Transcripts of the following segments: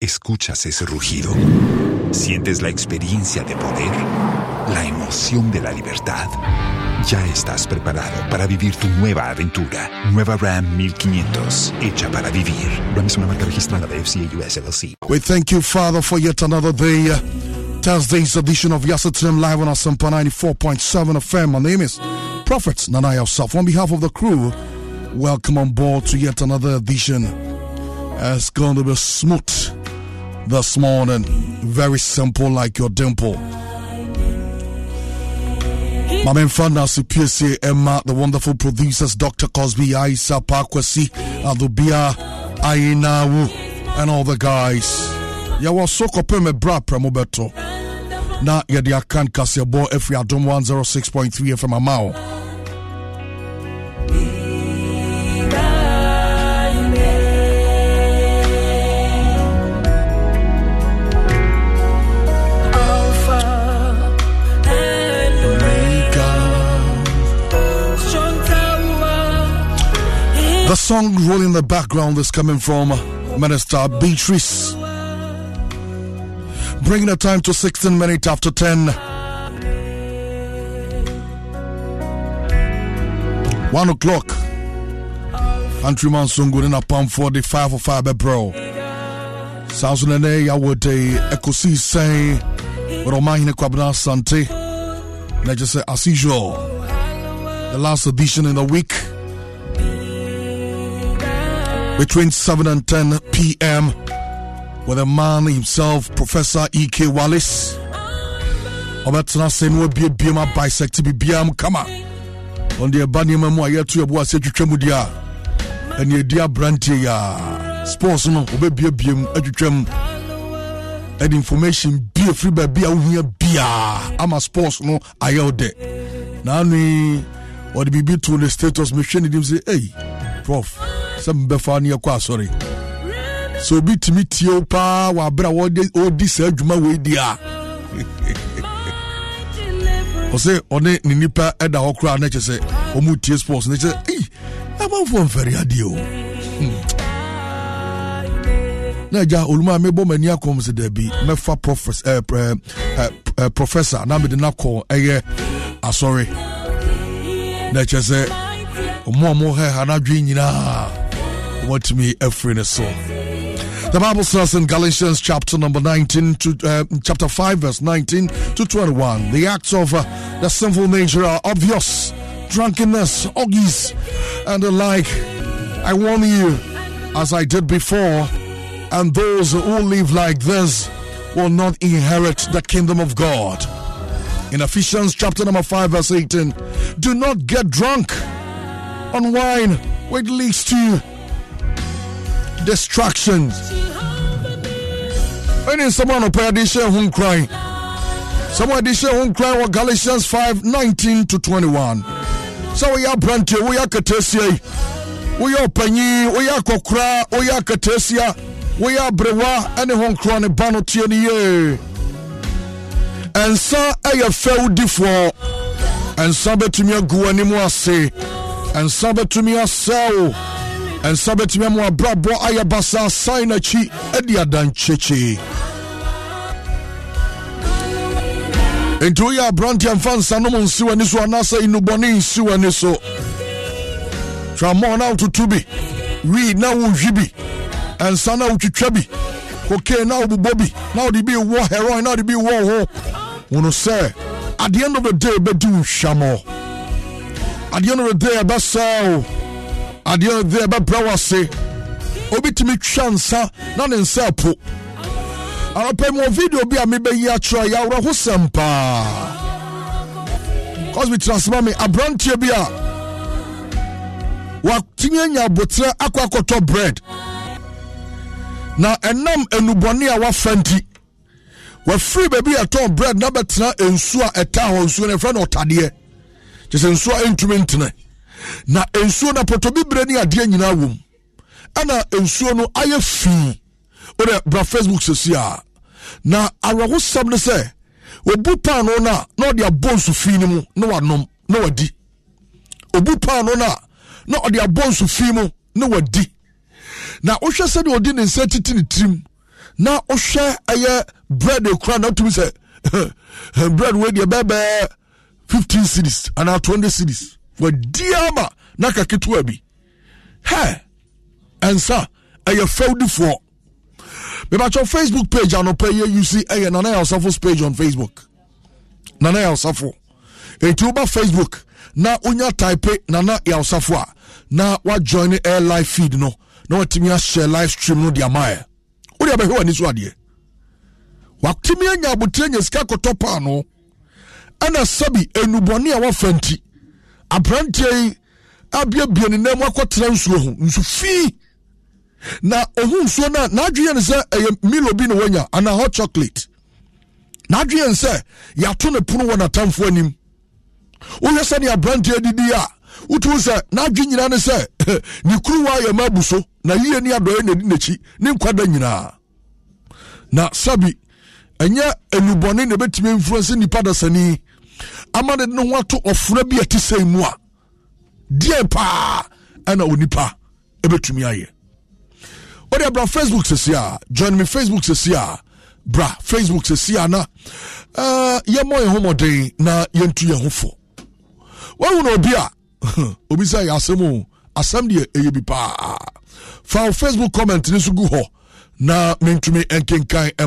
Escuchas ese rugido. Sientes la experiencia de poder, la emoción de la libertad. Ya estás preparado para vivir tu nueva aventura. Nueva Ram 1500, hecha para vivir. Ram es una marca registrada de FCA US LLC. We thank you, Father, for yet another day. Thursday's edition of Yasatrim Live on Asampa 94.7 FM. My name is Prophet Nanaya Saf. On behalf of the crew, welcome on board to yet another edition. It's going to be smooth. this morning. Very simple, like your dimple. My main friend Nancy PSA Emma, the wonderful producers, Dr. Cosby, Aisa, Pakwasi, Adubia, Ainawu, and all the guys. Yeah, well, so kopem a bra Na yeah, the account kasi bo if we are done 106.3 FM amount. The song rolling in the background is coming from Minister Beatrice. Bringing the time to 16 minutes after 10. One o'clock. Countryman Sungun in a pump 45 or 5 eh, bro. Sounds in the day, I would ekosi eh, say, but in my eh, kwabna sante. Let's just say, as usual, the last edition in the week between 7 and 10 p.m. with a man himself, Professor E.K. Wallace. ɔbɛtena se ne wabiebiam abisect biribiaa m kama On the nneɛma mu a yɛto yɛboa sɛ twitwa mu deɛ a ɛne ɛdi aberanteɛ yi sports no wɔbɛbiabiem atwitwa mu and information bie firi baabi a wohia biaa ama sports no ayɛ wo dɛ naanoi ɔde biribi too ne status mehwɛ ne dim sɛ ei prof sɛ mbɛfa ne yɛkɔ asɔre sɛ obi tumi tie wo paa wɔ aberɛ a wɔdi saa adwuma wei di a ɔsɛ ɔne ne nipa ɛda hɔ koraa na kyɛ sɛ ɔmu tie sports na kyɛ sɛ mfɛre adeɛ o hmm. na agya oluma a mebɔ m'ani sɛ daabi mɛfa eh, eh, eh, professor na mede no ɛyɛ asɔre na sɛ ɔmo a ha no nyinaa what me every so the bible says in galatians chapter number 19 to uh, chapter 5 verse 19 to 21 the acts of uh, the sinful nature are obvious drunkenness orgies and the like i warn you as i did before and those who live like this will not inherit the kingdom of god in ephesians chapter number 5 verse 18 do not get drunk on wine which leads to distractions. And in someone of Perdition who cry. Someone edition who cry what Galatians 5 19 to 21. So we are brand we are Katesia. We are Penny, we are Kokra, we are Katesia, we are Brewa, and the Hong Kong Bano Tianye. And so I fell before. And so to me, I And so to me, I ɛnsa bɛtumi ama abrabɔ ayɛ basaa san n'akyi adi adankyekye enti woyɛ aberanteɛ mfa nsanom nsi w'ani so anaasɛ inubɔne nsi w'ani so twammɔɔ na wototo bi wii na wowwi bi ɛnsa na wotwitwa bi kokae na wobobɔ bi na wode bi wɔ heroin na wode bi wɔ ho wono sɛ at the end of the day bɛdi wo hwammɔ at the end of the day ɛbɛsɛe o. adeɛ ɔde ɛbɛbrɛ wɔ se obitumi twa nsa na ne nsa po anɔpɛ mu wɔ video bi a mebɛyi akyerɛ yɛawerɛho sɛm paa cause mekyerɛ asoma mi aberanteɛ bi a watumi anya abotire akɔ akɔtɔ bread na ɛnam enubɔne a wafa nti wafiri baabi yɛtɔn bread na bɛtena nsuo a ɛtaa hɔ nsuo no ɛfrɛ no ɔtadeɛ kyɛ sɛ nsuo a ɛntumi ntena na nsuo no apɔtɔbibire ne adeɛ nyinaa wom ɛna nsuo no ayɛ fii wode bra facebook sɛsi a na awerɛhosɛm ne sɛ obu paano no a na ɔde abɔ nsu fii no mu na wanom na wadi obu paano no a na ɔde abɔ nsu fii mu na wadi na wohwɛ sɛdeɛ ɔde ne nsa titi ne tirim na wohwɛ ɛyɛ bread ekura na wotumi sɛ bread wei deɛ bɛbɛɛ fifteen series anaa twenty series wadiama na kaketewa bi hɛ ɛnsa ɛyɛ fɛwdifoɔ mebakyɛ facebook page anɔpɛ yɛ us ɛyɛ nana yɛ ɔsafo's page on facebook nana yɛ ɔsafo enti woba facebook na wonya type nana yɛ ɔsafo a na woajoin air e life feed no na watumi ahyɛ live stream no de amaɛ wode abɛhwɛ w'ani so adeɛ watumi anya abotire nya sika kɔtɔ paa no ɛna sɛbi enubɔne a wafa nti aberanteɛ yi abiabia ne nam akɔtena nsuo ho nsu fii na ohu nsuo na n'adwene ne sɛ ɛyɛ milo bi na wanya anaa hot chocolate n'adwene sɛ yato ne pono wɔ n'atamfo anim wohwɛ sɛ ne aberanteɛ didi a wotu sɛ n'adwene nyinaa ne sɛ ne kuruwa yɛ ma abu so na yie ne adɔeɛ na edi n'akyi ne nkwada nyinaa na sabi ɛnyɛ enubɔne na ebɛtumi influence nipa dasani ama ne ne ho ato ɔfora bi a ti sɛn mu a deɛ paa ɛna onipa ɛbɛtumi ayɛ wọ́n yà facebook sisi a join me facebook sisi a bra facebook sisi a na yẹ mọ yẹn ho mọden na yẹn tu yẹn ho fọ wọn wù na obi a obi sẹ yà asẹm o asẹm deɛ ɛyɛ bi paa fa facebook comment ni so gu hɔ na mentumi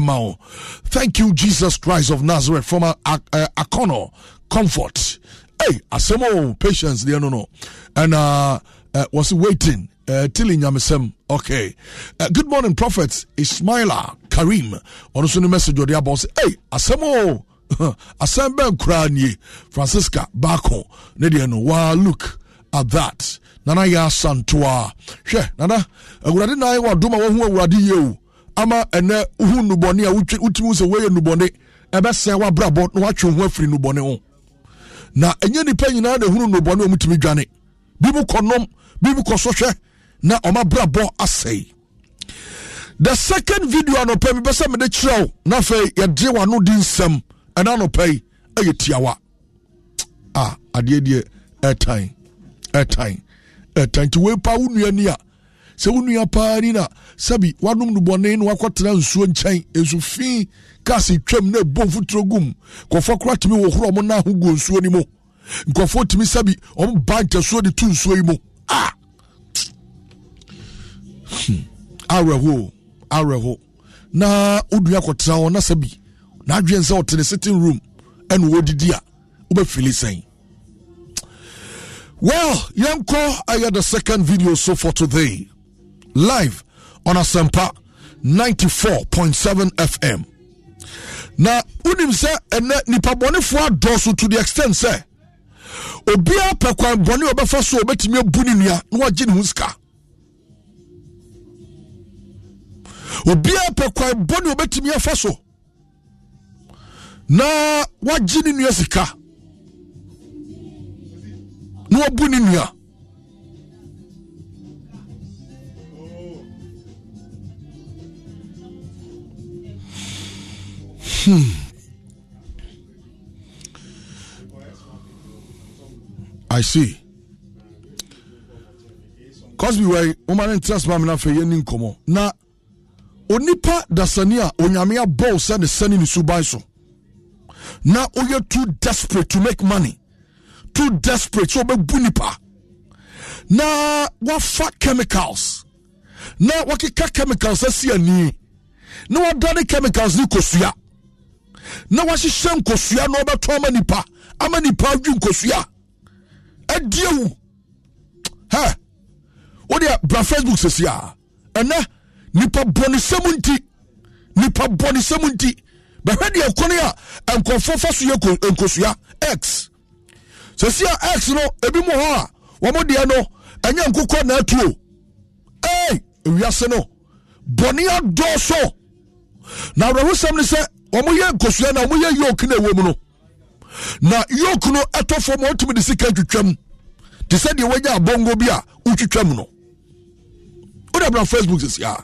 wo thank you jesus christ of nazareth from uh, uh, akono comfort hey asɛm o patience deɛ no no and uh, uh was waiting uh, Tilly Nyamesem. Okay. Uh, good morning, Prophet Ismaila Karim. send a message of the boss. Hey, Asemo. Asemben Kranye. Francisca Bako. Nediano. Wow, look at that. Nana ya santua. Hwɛ, nana, awurade nan wa duma wɔn ho awurade yie o. ama ɛnɛ hu nnubɔne a wotumi sɛ woyɛ nnubɔne ɛbɛsɛn wabrabɔ na watwe ho afiri nnubɔne ho na ɛnyɛ nipa nyinaa na ehunu nnubɔne a wɔmutumi dwane bi mu kɔ nom bi mu kɔ so hwɛ na ɔma brabɔ asɛe the second video anɔpɛ mi bɛ sɛ mede kyerɛ wo na afei yɛde w'ano di nsɛm ɛna anɔpɛ yi ɛyɛ tiawa a ah, adeɛ deɛ ɛtan ɛtan ɛtan ti wei pa wo nua ni a sɛ wo nua paa ni na sɛbi wadom no bɔne na wakɔtena nsuo nkyɛn ɛsu fii kase twam na ɛbɔ mfuturo gum nkɔfoɔ kora tumi wɔhoro ɔmo na ho gu nsuo no mu nkɔfoɔ tumi sɛbi ɔmo ba nkyɛsoɔ de to nsuo yi mu a hmm. awerɛho awerɛho na wodua kɔtena hɔ na sɛbi n'adwene sɛ ɔte ne sitting room ɛna wɔdidi a wobɛfili sɛn well yɛnkɔ ayɛ the second video so for today live on Asempa 94.7 FM. Na unim sɛ ɛnɛ nipa bɔnefoɔ adɔɔso to the extent sɛ obiara pɛ kwan bɔne ɔbɛfa so obɛtumi abu ne nua na wagye ne ho sika. Obiara pɛ kwan bɔne obɛtumi afa so na wagye ne nua sika na wabu ne nua. Hmm. I see. Cosby way woman interest ma na feye ninkomo Na onipa dasani onyamia onyame abɔ sɛ ne sɛne so. Na oye too desperate to make money. Too desperate so ɔbɛbu bunipa Na wafa chemicals. Na wakeka chemicals asi ni Na wadane chemicals ni kosua. na wahyehyɛ nkosua na ɔbɛtɔ ama nipa ama nipa adwi nkosua ɛdie wu hɛ wodeɛ bra facebook sesi a ɛnɛ nipa bɔnesɛm nti nipa bɔnesɛm nti bɛhwɛ deɛ kɔne a nkɔfoɔ fa yɛ nkosua x sesi a x no ebi mu hɔ a wɔn deɛ no ɛnyɛ nkokɔ na atuo ɛɛ ewiase no bɔne adɔɔso na awurawo sɛm ne sɛ wɔmoyɛ nkosua no wɔmoyɛ yoke no ɛwɔ mu no na yoke no ɛtɔ fam wɔtumi de sika twitwam te sɛ deɛ wɔanya abɔngo bi a wotwitwam no wode bra facebook sisi a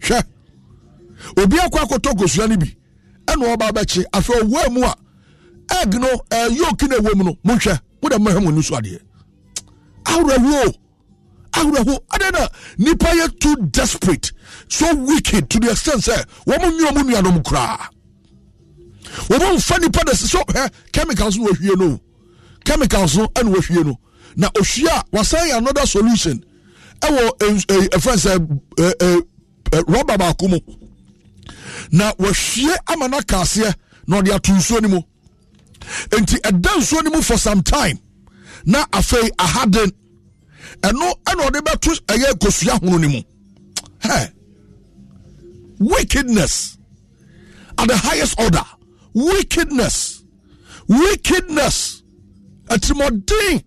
hwɛ obi akɔ akɔtɔ nkosua no bi ɛna ɔba bɛkye afei ɔwɔ mu a egg no ɛɛ eh, yoke no ɛwɔ mu no monhwɛ wode mmɛhɛ wɔn nisu adeɛ awerɛhoɔ awerɛho adɛn na nipa yɛ too desperate so wicked to the extent sɛ wɔn mu nua mu nuanom koraa wɔma mfa nipa de sɛ hɛ chemicals no wahwie no chemicals no ɛne wahwie no na Oshia a saying another solution ɛwɔ ɛfɛn eh, eh, eh, sɛ rɔba baako mu na wahwie ama no di na ɔde ato nsuo no mu nti ɛda nsuo mu for some time na afei ahaden ɛno ɛna ɔde bɛto ɛyɛ kosua hono no mu hɛ wickedness at the highest order wickedness wickedness atirimuɔden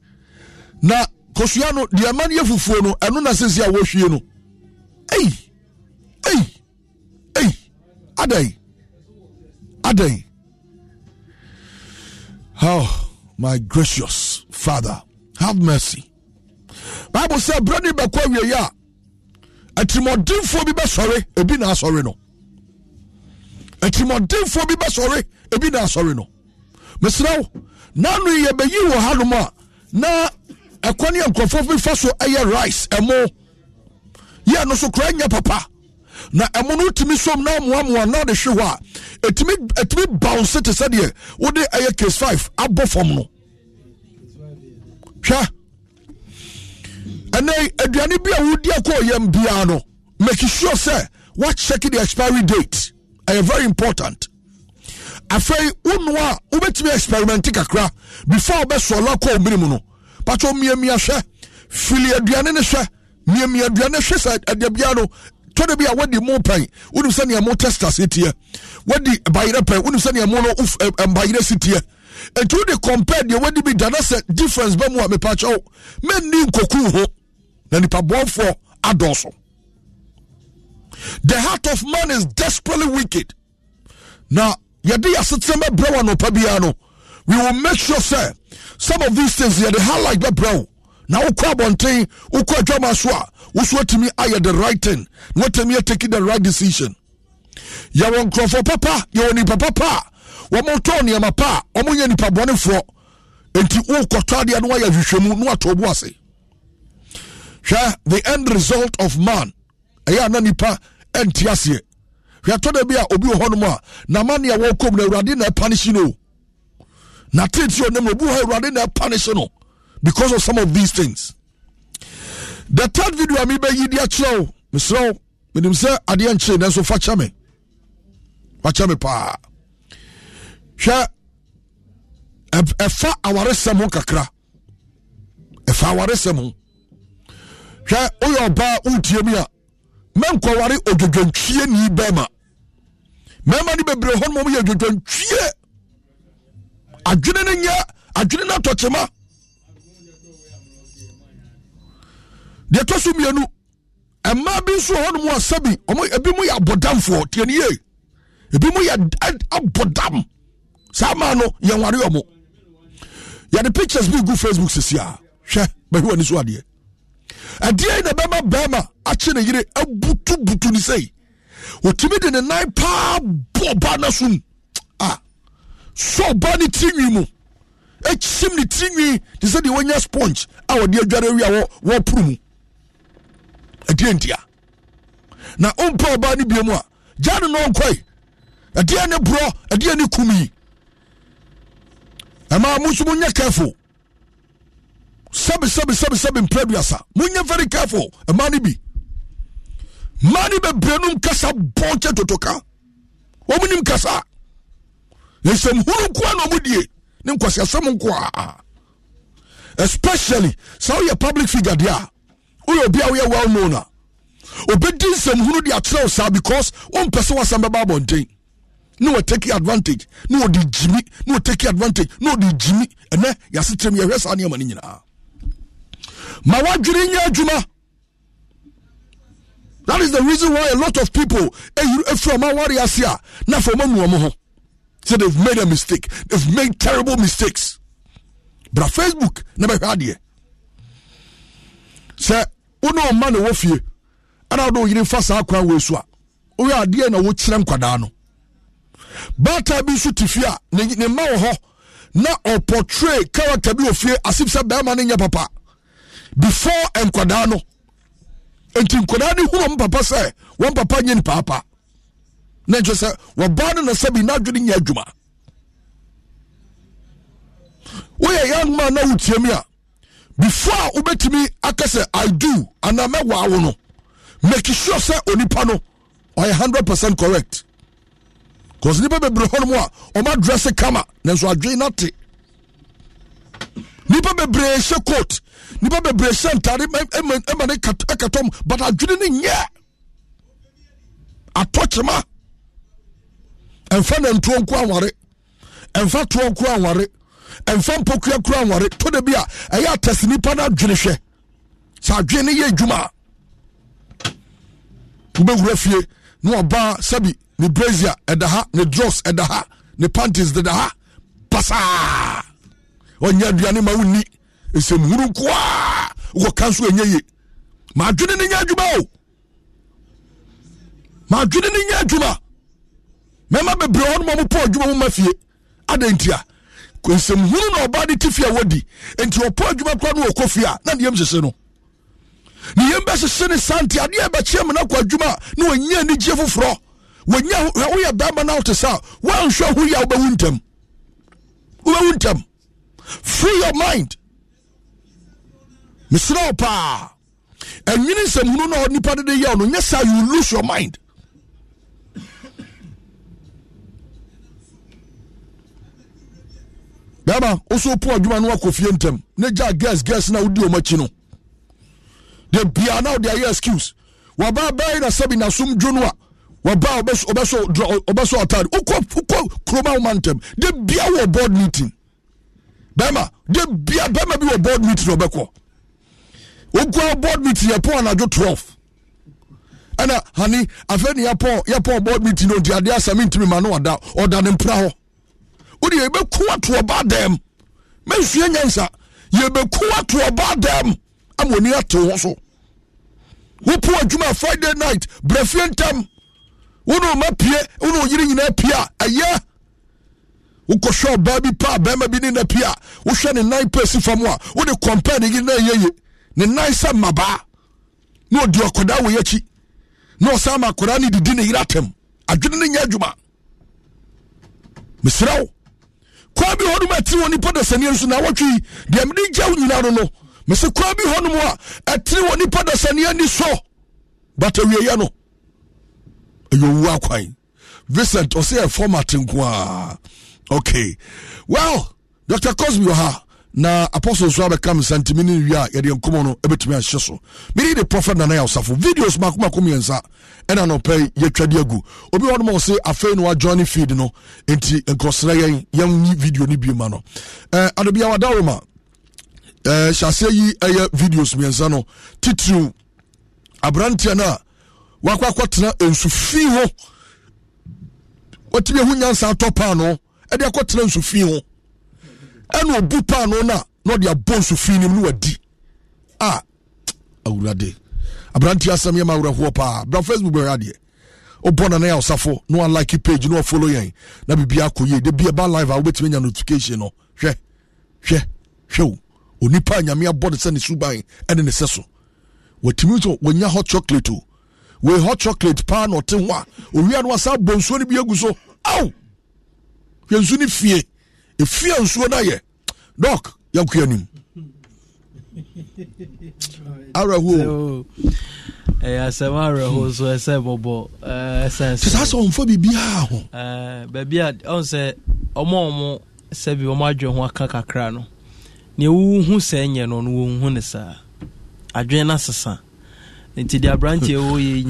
na kosua no deɛ ɛma no yɛ fufuo no ɛno na sisi a wɔhwie no ei ei ei adai, adai. oh my gracious father have mercy bible sɛ berɛ ya." bɛkɔ awieyi a atirimuɔdenfoɔ bi bɛsɔre ebi na asɔre no atirimuɔdenfoɔ bi Sorry. ebi da asɔre no mesrɛ wo nanu yɛbɛyi wɔ hanom a na ɛkɔ ne nkurɔfoɔ bi fa so ɛyɛ rice ɛmo yɛ no so kora nyɛ papa na ɛmo no tumi som na amoamoa na ɔde hwe hɔ a ɛtumi ɛtumi bounce te sɛdeɛ wode ɛyɛ case five abɔ fam no hwɛ ɛnɛ aduane bi a wodi akɔ yɛm biara no make sure sɛ check the expiry date ɛyɛ very important afei wonu a wobɛtumi experiment kakra before wobɛsɔla kɔ omiri mu no patro mmiamia hwɛ fili aduane ne hwɛ mmiamia aduane hwɛ sɛ adabia no tɔde bi a wadi mu pɛn wonim sɛ nea mo testa se teɛ wadi bayerɛ pɛn wonim sɛ nea mo no mbayerɛ si teɛ nti wode compare deɛ wadi bi dana sɛ difference bɛ mu a mepakyɛw mɛnni nkoku ho na nipaboafoɔ adɔɔso the heart of man is desperately wicked na yɛde yɛasetena bɛbrɛ wɔ anɔpa biara no we will make sure sɛ some of these things yɛde highlight bɛbrɛ wo na wokɔ abɔnten wokɔ adwama so a wo so atumi ayɛ the right thing na watumi ataki the right decision yɛwɔ nkurɔfoɔ papa yɛwɔ nipa papa a wɔmotɔɔ nneɛma pa a ɔmonyɛ nipa bɔnefoɔ enti wokɔtɔ adeɛ no wayɛ hwehwɛmu na watɔ bo ase hwɛ the end result of man ɛyɛ ana nipa ɛnte aseɛ hwɛtɔ da bi a obi wɔ hɔnom a nama nea ɛwɔ kom no awurade na ɛpa no na tete ɔnam obi wɔ hɔ awurade na ɛpa no because of some of these things the third video a mebɛyi de akyerɛ wo mesrɛ wo menim sɛ adeɛ nkyere nanso fa kyɛ me fa kyɛ me paa hwɛ ɛfa awaresɛm ho kakra ɛfa awaresɛm ho hwɛ woyɛ ɔbaa wotie mu a mankɔware odwodwantwie ni bɛma mmarima ni bebree hɔ no mɔm yɛ dwodwantwie adwene no nyɛ adwene no atɔkyema deɛ ɛtɔ so mmienu mmaa bi nso hɔ no mu asa bi ebi mu yɛ abɔdamfoɔ tiɛ ni ebi mu yɛ abɔdam saa mmaa no yɛn wari ɔmo yɛde pictures bi gu facebook sisi a hwɛ bɛyi ni so adeɛ ɛdeɛ na bɛma bɛrima akyi ne yere abutubutu ne sɛyi wotumi de ne nan paa bɔ ɔbaa no so mu a sɔ ɔbaa no tirinwi mu ɛkyim ne tirinwi te sɛ deɛ wɔnya sponge a wɔde adware awi a wɔporo mu ɛdeɛ ntia na ɔmpa ɔbaa no bia mu a gya no na ɔnkɔe ɛdeɛ ne borɔ ɛdeɛ ne kum yi ɛma mo nso monyɛ careful sɛbesɛbesɛbesɛbe mpraduasa monyɛ very careful ɛma no bi mmaa no bebree nom kasa bɔnkyɛ totoka wɔn nim kasa nsɛm huru na wɔn die ne nkoa especially sɛ woyɛ public figure deɛ a woyɛ obi a woyɛ well known a obɛdi nsɛm huru de akyerɛw saa because wɔn mpɛ sɛ wɔasɛm bɛba abɔnten ne wɔ take advantage ne wɔ de gyimi ne wɔ take advantage ne wɔ de gyimi ɛnɛ yɛasekyerɛ mu yɛhwɛ saa nneɛma no nyinaa ma wadwene nyɛ adwuma that is the reason why a lot of people eh, eh, from our Awariasia, not from Anuamoho, say they've made a mistake. They've made terrible mistakes. But Facebook never had here. Say, uno man wɔ fie ɛna ɔdɔ yiri fa saa kwan wɔ so a are adeɛ na wɔkyerɛ nkwadaa no baata bi nso te fie a ne ne mma wɔ hɔ na ɔpɔtwe character bi wɔ fie asip sɛ man in your papa before nkwadaa no nti nkwadaa ne hu wɔn papa sɛ wɔn papa nye nipaapa na nkyɛ sɛ wɔbaa no nasabi n'adwene nyɛ adwuma woyɛ young man na wotie mi a before a wobɛtumi aka i do anaa mɛwaa no make sure sɛ onipa no ɔyɛ hundred percent correct cause nipa bebree hɔ nom a ɔmo adresse kama nanso adwene na nipa bebree hyɛ coat nipa bebree hyɛ ntaade ɛma ne ɛkatɔm but adwene ne nyɛ atɔkyema ɛnfa nantuo nko anware ɛnfa toɔ nko anware ɛnfa mpokua koro anware to de bi a ɛyɛ atɛsi nipa no adwene hwɛ sɛ adwene ne yɛ adwuma wobɛwura fie na ɔbaa sɛbi ne brasia ɛda ha ne dros ɛda ha ne panties deda ha basaa ɔnyɛ aduane ma wonni ɛsɛmhunu koaa wokɔka nso ɛnyɛ ye maadwene no nyɛ adwuma o maadwene no nyɛ adwuma mɛma bebree hɔ no ma mopɔ adwuma mu ma fie adɛn nti nsɛmhunu na ɔbaa de te a wadi enti ɔpɔ adwuma kora no wɔkɔ fie a na neyɛm hyehye no ne yɛm bɛhyehye ne sa nti adeɛ ɛbɛkyeɛ me no akɔ adwuma a na wɔnya anigye foforɔ wɔnya woyɛ bɛrima no wote sa woanhwɛ ho yɛ a wobɛwu ntam wobɛwu ntam free your mind mesrɛ wo paa ɛnwene nsɛmhunu no a nipa dede yɛ no nyɛ saa you lose your mind bɛma wo so po adwuma no wakɔ fie ntɛm ne gya gas gas na wodi ɔm akyi no deɛ bia na wode ayɛ excuse wabaa bɛɛ na sɛbi nasom dwo no a wabaa ɔbɛsɔ ɔtade wokɔ kuroma woma ntɛm de bia wɔ board meeting bɛrima de bia bɛrima bi wɔ board meeting na ɔbɛkɔ okura board meeting yɛ pɔn anadwo twelve ɛna hani afɛ ni yɛpɔn yɛpɔn board meeting na ntiade asɛm ntumi ma no ɔda ɔda ne mpira hɔ o de yɛbɛku ato ɔba dɛm mɛnsua nyansa yɛbɛku ato ɔba dɛm ama oni ato hɔ so wopo adwuma friday night brɛfie ntam wɔn a wɔn apue wɔn a wɔn yiri nyinaa apue a ɛyɛ wokɔhwɛ ɔbaa bi paa bɛrima bi ne na pi a wohwɛ ne nan pɛsi fam a wode kɔmpɛ ne yere na yɛye ne nan sɛ mmabaa na ɔdi ɔkɔdaa wɔ yɛkyi na ɔsan ma akɔdaa ne didi ne yere atɛm adwene ne nyɛ adwuma mesrɛ wo kwan bi hɔ nom atiri e wɔ nipa dasani nso na awɔtwe deɛ mede gya wo nyina no no mese kwan bi hɔ a atiri wɔ nipa dasani ani so but awieyɛ no ɛyɛ owua kwan vincent ɔsɛ yɛ fɔmate nko a okay well dr cosby ha na apostle so abɛka me santimi ne wie a yɛde nkɔmmɔ no bɛtumi ahyɛ so mede de prophet nana yɛwosafo videos maakomako mmiɛnsa ɛna nɔpɛ yɛtwade agu obi hɔ no ma wɔ se afei no wajoine feed no enti nkɔsrɛ yɛn yɛnyi video no bioma no eh, adebiawada wo ma eh, hyɛaseɛ yi ɛyɛ videos mmiɛnsa no titiriw aberanteɛ no a wakɔ akɔtena nsu fii hɔ watumi ahu nyansa atɔ paa no ɛde akɔtena nsufin ho ɛna obu paano na na ɔde abɔ nsufin nim na wadi a awurade aberanteɛ asɛm yɛ ma awerɛhoɔ paa bra facebook bɛhwɛ adeɛ wobɔ nana yɛ ɔsafo na walike page na wafollow yɛn na biribi akɔ yie de bi ɛba live a wobɛtumi anya notification no hwɛ hwɛ hwɛ o onipa a nyame abɔ ne sɛ ne suban ɛne ne sɛ so watumi nso wanya hot chocolate o wei hot chocolate paa na ɔte ho a owia no wasa bɔ nsuo no bi agu so ao hwɛ nsu ne fie e nsuo na yɛ dɔk yakuya anim awerɛhoɔ ɛyɛ asɛm awerɛho so ɛsɛ bɔbɔ ɛsɛnsɛ saa sɛ ɔmfa biribiaa ho a ɔn sɛ ɔma ɔmo sɛbi ɔmo aka kakra no nea sɛ no ne adwene nti aberanteɛ wɔ yɛ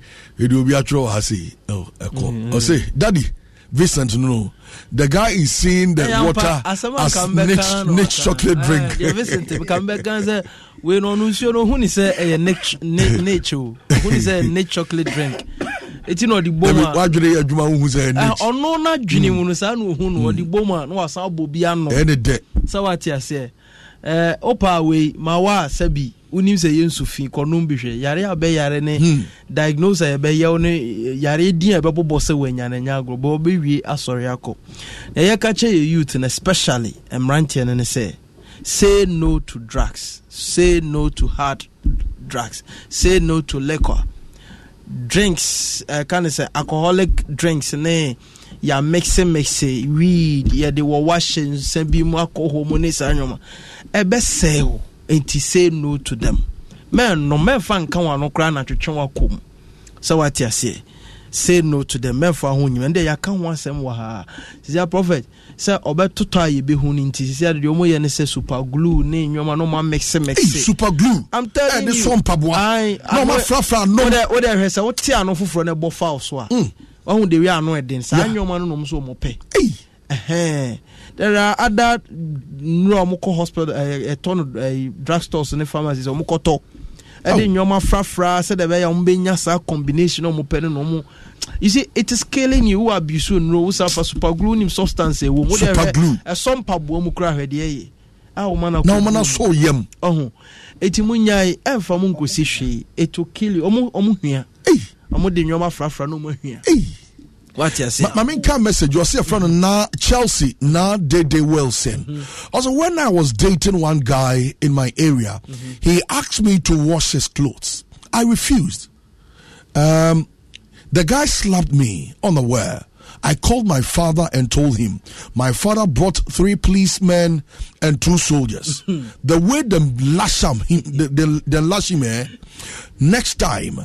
yɛde obi atwerɛ wɔ ha sei ɛkɔ mm-hmm. ɔse daddy Vincent no the guy is seeing the yeah, water as next next chocolate drink. Ah, yeah, Vincent Kambekan sɛ wei no ɔno nsuo no hu ni sɛ ɛyɛ next next o hu ni sɛ next chocolate drink eti na ɔde bom a wadwere adwuma ho hu sɛ ah, next. ɔno na dwene mu no saa na ohun no mm. ɔde bom a na wasan abɔ bi ano. ɛyɛ ne dɛ. sɛ wate aseɛ ɛɛ opa wei ma wa sɛbi. wonim sɛ yɛnsu fi kɔnom bi hwɛ yare a bɛyare ne hmm. diagnose a yɛbɛyɛw ne yare din a ɛbɛbobɔ sɛ wɔanyananya agorɔ bɛ wɔbɛwie asɔre akɔ na yɛka kyɛ yɛ youth no especially mmeranteɛ no ne sɛ say no to drugs say no to hard drugs say no to liquor drinks uh, ka ne sɛ alcoholic drinks ne yà mixi mixi weed yɛde wɔwɔ ahyɛ nsa bi mu akɔ hɔ mu ne saa nneɛma ɛbɛsɛɛ o nti say no to them No mɛnno mɛmfa nka wɔn ano koraa na atwetwe wɔn akɔ mu sɛ wate aseɛ say no to them mɛmfa ho nyima ɛnde yɛaka ho asɛm wɔ ha sisia prophet sɛ ɔbɛtotɔ a yɛbɛhu no nti sisia deɛ ɔmo yɛ ne sɛ super glue ne nneɛma no ɔmo amɛkse mɛkse. ee super glue I'm telling you. ɛde sɔ mpaboa na ɔmo afrafra anum. wọ́n dẹ̀ hwɛ sɛ wọ́n ti ano foforɔ na ɛbɔ foul so a. wọ́n mm. ho de wi ano ɛden saa nneɛma no na ɔmo so ɔmo pɛ. there are other nnuro a wɔkɔ hospital ɛtɔ eh, eh, no eh, drug stores ne pharmacies a ɛde oh. nneɛma frafra sɛdeɛ ɛbɛyɛ a wɔbɛnya saa combination a wɔpɛ ne na wɔn you see it is you who nnuro super glue nim substance ɛwɔ ah, mu super glue ɛsɔ mpaboa mu kura ahwɛdeɛ yɛ a wɔn na wɔn so What you My main can message see a friend of Chelsea, na Dede Wilson. Mm-hmm. Also, when I was dating one guy in my area, mm-hmm. he asked me to wash his clothes. I refused. Um, the guy slapped me on the wear. I called my father and told him. My father brought three policemen and two soldiers. Mm-hmm. The way they lash him, they, they, they lash him, eh? next time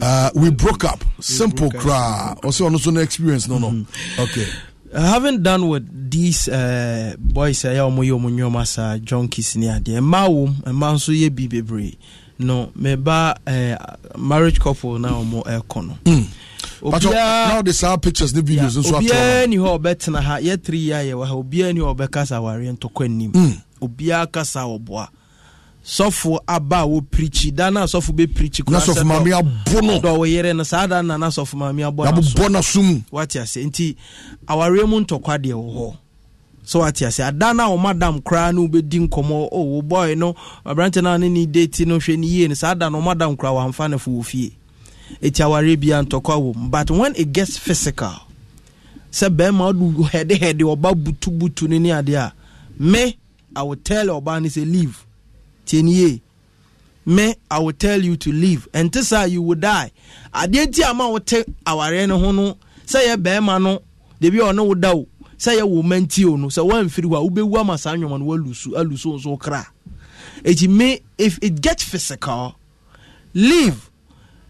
uh, we broke up. Simple cry. Also, also no experience. No, no. Mm-hmm. Okay. I uh, haven't done with these uh, boys. I am yo munyo masa junkies ni adi. Mma wo, mma nso ye bi bebre. No, me ba uh, marriage couple na omo eko uh, no. Mm. now they sell pictures the videos nso ato. Obia ni ho obetena ha. Ye 3 year ye wa ha. Obia ni ho obekasa wari ntokwa nim. Mm. Obia kasa oboa sɔfo aba a wɔpirikyi da na sɔfo bɛpirikyi nasɔfo maame abo no dɔ wɔyere no saa da na na sɔfo maame abɔ nabobɔ naso mu wate ase nti awareɛ mu ntɔkwa deɛ wɔ hɔ so wate ase ada no a wɔma dam koraa ne wobɛdi nkɔmmɔ o oh, wobɔe no aberante no ne ne deti no hwɛ no yie no saa da no wɔma dam koraa wɔamfa no fo wɔ fie ɛti awareɛ biaa ntɔkwa wɔ mu but when it gets physical sɛ bɛrima ɔdu hɛdehɛde ɔba butubutu no ne adeɛ a me i will tell ɔbaa no sɛ leave tieniye me i will tell you to leave and this saa you will die adeɛ ti a ma wote awareɛ no ho no sɛ yɛ bɛrima no debi a ɔne wo da o sɛ yɛ wo ma nti o no sɛ wɔamfiri hɔ a wobɛwu ama saa nnwoma no woalusu alusu nso kra eti me if it get physical leave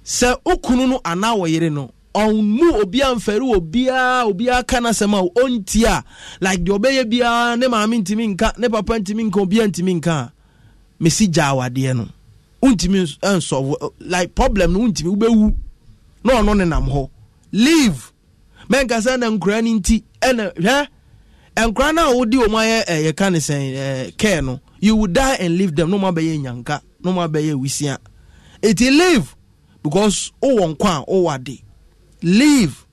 sɛ okunu no anaa wɔyere no ɔnmu obiara mfɛri obiara obiara ka n'asɛm a ɔnti a like deɛ ɔbɛyɛ biara ne maame ntumi nka ne papa ntumi nka obiara ntumi nka a. mesi gya awadeɛ no wontumi nsɔvo eh, eh, like problem no wontumi wobɛwu na ɔno ne nam hɔ leave mɛnka sɛ na nkura no nti ɛna hwɛ nkura no a wodi wɔn ayɛ ɛyɛ eh, ka ne sɛn ɛɛ care no you will die and leave them no mo bɛyɛ nyanka no mo bɛyɛ wisia eti leave because wowɔ nkwa a wowɔ ade leave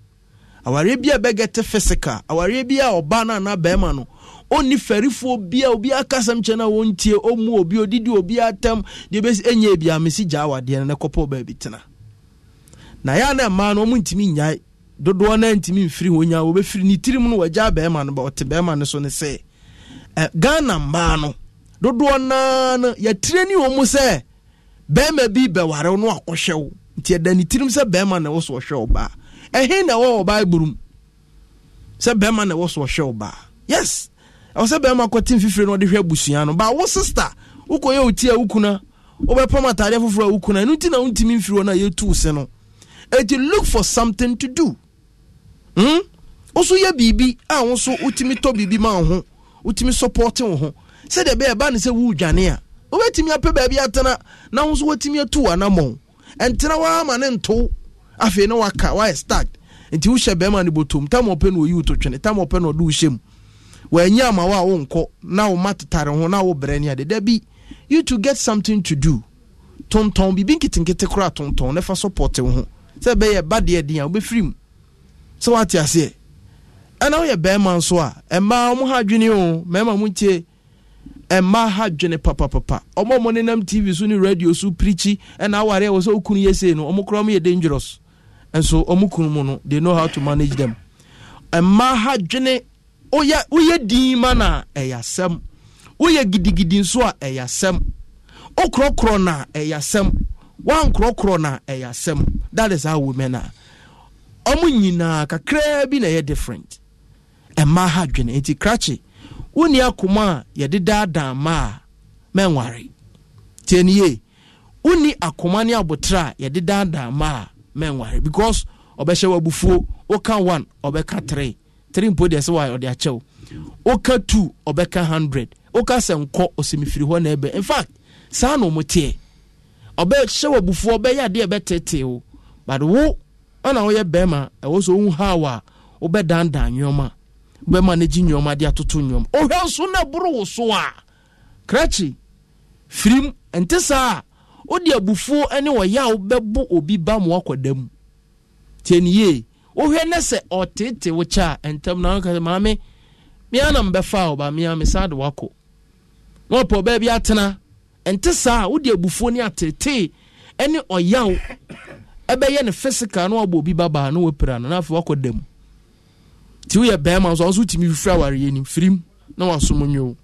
awareɛ bi a bɛgɛte physical awareɛ bi a ɔbaa no ana bɛrima no ɔnni fɛrifoɔ bia obi akasɛm kyɛ no a wɔntie ɔmu obi odidi obi atam deɛ bɛsi ɛnyɛ bia mesi gyaa wadeɛ no nɛkɔpɔ baabi tena na yɛ na mmaa no ɔmo ntumi nyae dodoɔ no ntumi mfiri hɔ nyaa wɔbɛfiri ne tirim no wɔagya bɛrima no ɔte bɛrima no so no sɛ eh, ghana mmaa no dodoɔ naa no yɛtire ne wɔ mu sɛ bɛrima bi bɛware no akɔhwɛ wo nti ɛda ne tirim sɛ bɛrima na ɛwɔ so ɔhwɛ ɔbaa ɛhe yes ɛwɔ sɛ bɛrima kɔte mfifire no ɔde hwɛ abusua no ba wo sister wokɔyɛ oti a wokuna wobɛpam atadeɛ foforɔ a wokuna ɛno nti na wontumi mfiri hɔ no a yɛtu se no ɛnti look for something to do hmm? woso yɛ biribi a wo so wotumi tɔ biribi ma wo ho wotumi support wo ho sɛdeɛ bɛyɛ ɛba ne sɛ woredwane a wobɛtumi apɛ baabi atena na wo so watumi atu anammɔn ɛntena waa ma ne nto afei ne waka wayɛ start nti wohyɛ bɛrima no bɔtom tam ɔpɛ no ɔyi wo to twene tam ɔpɛ no ɔde wo hyɛ mu wɔanyi ama wo a wonkɔ na wo ma tetare ho na wo brɛ ne ade da bi you to get something to do tontɔn biribi nketenkete koraa tontɔn ne fa support wo ho sɛ ɛbɛyɛ ba deɛ din a wobɛfiri mu sɛ woate aseɛ ɛna woyɛ bɛrima nso a ɛmmaa ɔmo ha adwene o mmarima mo ntie ɛmmaa ha adwene papapapa ɔmo ɔmo nenam tv so ne radio so pirikyi ɛna aware a wɔ sɛ okunu yɛ sei no ɔmo koraa yɛ dangerous nso ɔmo kunu mu no they know how to manage them ɛmmaa ha adwene woyɛ woyɛ din ma na ɛyɛ asɛm woyɛ gidigidi nso a ɛyɛ asɛm wokorɔkorɔ na ɛyɛ asɛm wankorɔkorɔ na ɛyɛ asɛm that is how women are ɔmo nyinaa kakraa bi na ɛyɛ different ɛma ha dwene nti krakye woni akoma a yɛde daadaa mmaa mɛnware tienie woni akoma ne abotire a yɛde daadaa mmaa mɛnware because ɔbɛhyɛ w'abufuo woka one ɔbɛka three three mpo deɛ sɛ wa ɔde akyɛw woka two ɔbɛka hundred woka sɛ nkɔ ɔsɛmifiri hɔ na ɛbɛ in fact saa na ɔmo teɛ ɔbɛhyɛ abufu ɔbɛyɛ adeɛ ɛbɛtetee wo but wo ɛna woyɛ bɛrima ɛwɔ so ohun haw a wobɛdandan nneɛma bɛrima no gye nneɛma de atoto nneɛma ohwɛ nso na ɛboro wo so a krakye firim nte saa a wode abufuo ne wɔyɛ a wobɛbo obi ba mmoa kɔda mu tie wohwɛ ne sɛ ɔtete wo kyɛ a ntam na woka maame mea na mbɛfa wo ba mea mesa de woakɔ na ɔpɛ ɔbaa bi atena ɛnte saa wode abufuo ne atetee ɛne ɔyaw ɛbɛyɛ ne physical na wabɔ obi babaa na wapira no na afei wakɔ da mu nti woyɛ bɛrima so ɔso tumi fifiri awareɛ nim firim na wasom nwo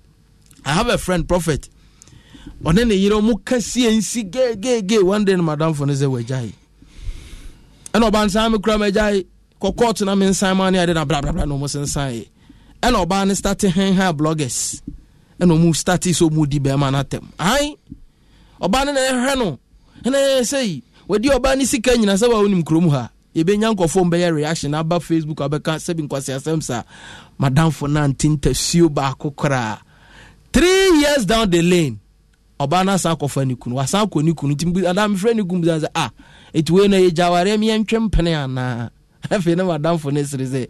i have a friend prophet ɔne ne yere mu kasie nsi gegege one day no madamfo no sɛ wagyae ɛna ɔbansaa me kura magyae kɔkɔɔ tena me nsan ma ne ade na blablabla na ɔmo sensan ɛna ɔbaa ne start hen ha bloggers ɛna ɔmo start so ɔmo di bɛrima n'atɛm ahan ɔbaa ne na ɛhwɛ no ɛna ɛsɛ yi wɔdi ɔbaa ne sika nyina sɛ wɔn nim kurom ha yɛbɛnya nkɔfoɔ mbɛyɛ reaction aba facebook abɛka sɛbi nkwasi asɛm sa madamfo nante ntasuo baako koraa three years down the lane ɔbaa no asan akɔfa ne kunu wasan akɔ ne kunu nti adam frɛ ne kunu bi sɛ ah eti wei na yɛ gyawareɛ mi yɛn mpene anaa. afei na madamfo no sere sɛ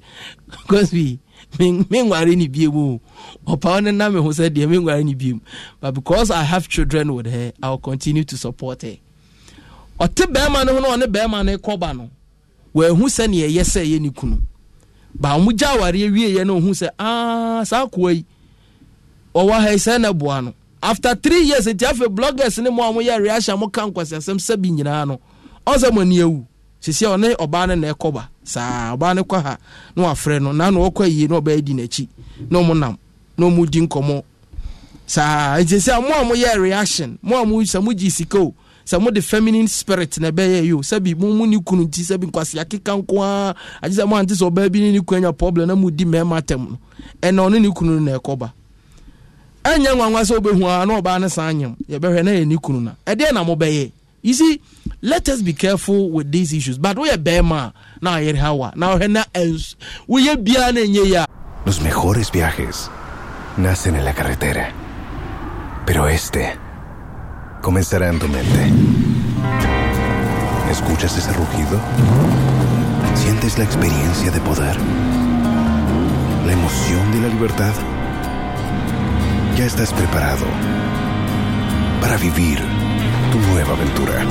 cosby menware ne biem o ɔpaw no nam ho sɛ deɛ menware ne biem but because i have children with her i will continue to support her ɔte bɛrima no ho na ɔne bɛrima no kɔba no wɔahu sɛneɛ ɛyɛ sɛ ɛyɛ ne kunu ba ɔmo gya awareɛ wieɛ na ɔhu sɛ aa saa koa yi ɔwɔ ha sɛ na boa no after three years nti afei bloggers ne mu a wɔyɛ reaction mo ka nkwasiasɛm sɛbi nyinaa no ɔn sɛ mo ani awu sisi ɔne ɔbaa no na ɛkɔba saa ɔbaa no kɔ ha na wafrɛ no na na ɔkɔ yie na ɔbɛyɛ di n'akyi na ɔmo nam na ɔmo di nkɔmɔ saa nti sɛ mo a mo yɛ reaction mo a mo sɛ mo gye sika o sɛ mo de feminine spirit na ɛbɛyɛ yi o sɛbi mo mo ni kunu ti sɛbi nkwasi akeka nko ara agye sɛ mo ante sɛ ɔbaa bi ne ne kunu anya problem na mo di mɛɛma atɛm no ɛna ɔne ne kunu na ɛkɔ ba ɛnyɛ nwanwa sɛ ɔbɛhu ara na ɔbaa ne san nyɛm yɛbɛhwɛ na yɛ ne kunu na ɛdeɛ na mo bɛyɛ You let us be careful with these issues. But we are Bema, now now We are Los mejores viajes nacen en la carretera. Pero este comenzará en tu mente. ¿Escuchas ese rugido? ¿Sientes la experiencia de poder? ¿La emoción de la libertad? Ya estás preparado para vivir tu nueva aventura.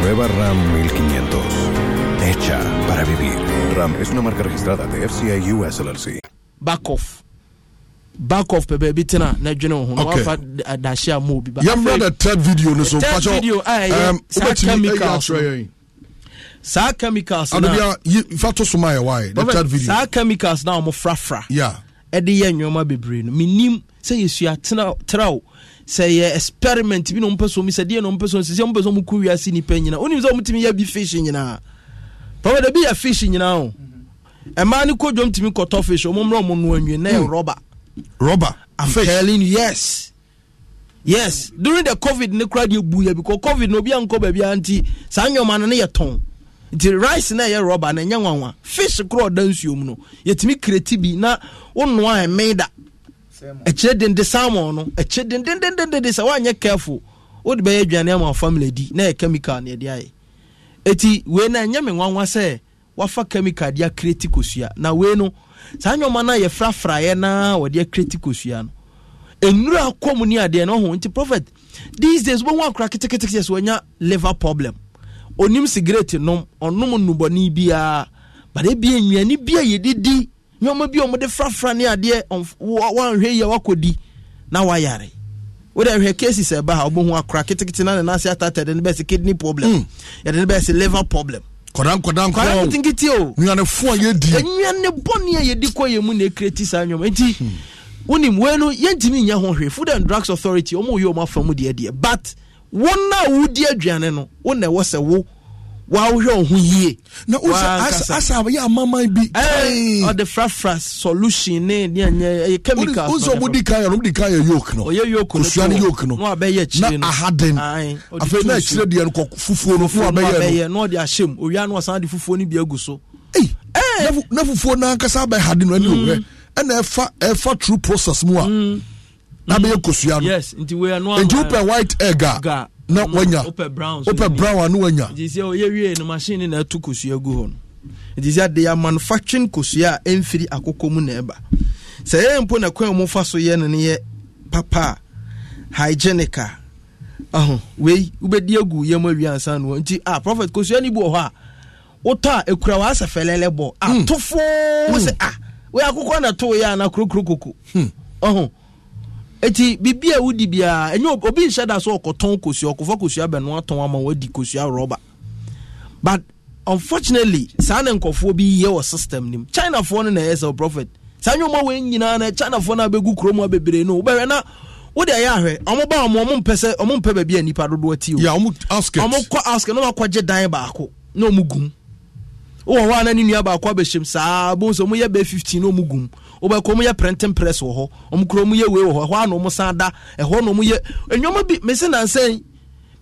Nueva RAM 1500. Hecha para vivir. RAM es una marca registrada de FCI US LLC. Back off. back off baby. baabi tena na dwene wo ho wafa eh, da a mu obi ba yɛmmra the third video no so third video a ɛyɛ saa chemicals saa chemicals na adebia fa to why the third video Sa chemicals na wɔn frafra yeah ɛde yɛ nneɛma bebree no ¿Minim? sɛ yɛsua tena traw sɛ yɛ experiment bi na ɔmpɛ so mu sɛ deɛ na ɔmpɛ so mu sɛ ɔmpɛ so mu ku wiase nipa nyinaa onim sɛ ɔmutumi yɛ bi fish nyinaa papa de bi yɛ fish nyinaa o mmaa mhm. ne kodwo ntumi kɔtɔ fish ɔmo mmerɛ ɔmo no anwie na yɛ hmm. rɔba rɔba i'm telling you yes yes during the covid ne kura deɛ bu yɛ because covid na obi a nkɔ baabi a nti saa nyɔma no ne yɛ tɔn nti rice na ɛyɛ rɔba na ɛnyɛ nwanwa fish korɔ ɔda nsuo mu no yɛtumi kireti bi na wɔnoa ɛmɛn ɛkyerɛ dende salmon no ɛkyerɛ dende sɛ woanyɛ careful wode bɛyɛ aduane ama family di na yɛ chemical ne yɛde ayɛ ɛti wei no ɛnyɛ me nwanwa sɛ wafa chemical de akreti kosua na wei no saa nnwoma no a yɛfrafraeɛ na wɔde akreti kosua no nnura akɔ ni adeɛ no ɔho nti prophet these days wobɛhu akora ketekete sɛ wanya liver problem onim cigarette nom ɔnom nnubɔne biara but ebia nnuane bi a yɛdedi nneɛma bi a wɔde frafra ne adeɛ wɔnhwɛ yie wakɔdi na wayare wode hwɛ cases ɛba ha wobɛhu akora ketekete na nenase atata ɛde ne bɛsɛ kidney problem hmm. yɛde ne bɛsɛ liver problem nnuane bɔne a yɛdi kɔ yɛ mu na ɛkreti saa nnwoma nti wonim hmm. wei no yɛntimi nyɛ ho hwee food and drugs authority ɔma woyɛ ɔm afa mu deɛdeɛ but wo no a wodi aduane no wo na ɛwɔ sɛ wo wahwɛ ɔho yie. na o sɛ asa yɛ amaman bi. ɛɛ ɔde frafra solution ne ne ɛyɛ chemical. o sɛ ɔmo di kan yɛ ɔmo di kan yɛ yoke no. ɔyɛ yoke no kosua ni yoke no. n'o abɛyɛ kyire no na ahaden. afei n'a kyire deɛ no kɔ fufuo no fún abɛyɛ no. n'o de ahyɛ mu owia no ɔsan de fufuo ni bi egu so. ɛyi ɛɛ fufuo n'ankasa abɛ haden no ɛni o wɛ ɛna true process mu a. Mm. n'abɛyɛ kosua no. yes nti wɛ no. nti o pɛ white egg a. na wanya wopɛ brown a na wanya nti sɛ ɔyɛ wie no machine na ɛto kosua gu hɔ no nti sɛ de ya manufacturing kosua a ɛmfiri akokɔ mu na eba sɛ ɛyɛ mpo na kwan mu fa so yɛ no no yɛ papa a hygienic a ɔho wei wobɛdi agu yɛm awie ansa no nti a prophet kosua no bi wɔ hɔ a wotɔ a ɛkura waasɛ fɛlɛlɛ bɔ hmm. atofoo sɛ a wei akokɔ na tooyɛ a na kurokuro koko hmm. ɔho eti biribi a e wodi biara enyo obi nhyɛ da sɛ ɔkɔtɔn kosua ɔkɔfɔ kosua bɛnua ama wadi kosua rɔba but unfortunately saa na nkɔfoɔ bi yɛ wɔ system nim no na ɛyɛ sɛ oh, profit saa wɔn nyinaa na chinafoɔ no kurom a bebree no wobɛhwɛ na wode ɛyɛ ahwɛ ɔmo ba ɔmo ɔmo mpɛ sɛ ɔmo mpɛ baabi a nipa dodoɔ ti o yeah ɔmo asket ɔmo kɔ na ɔmo dan a na ne nua baako abɛhyɛm saa ɔmo yɛ fifteen na wobɛkɔ ɔmu yɛ printing press wɔ hɔ ɔmu kura ɔmu yɛ wei wɔ hɔ ɛhɔ ana ɔmu san da ɛhɔ na ɔmu yɛ nneɛma bi mesi nansɛn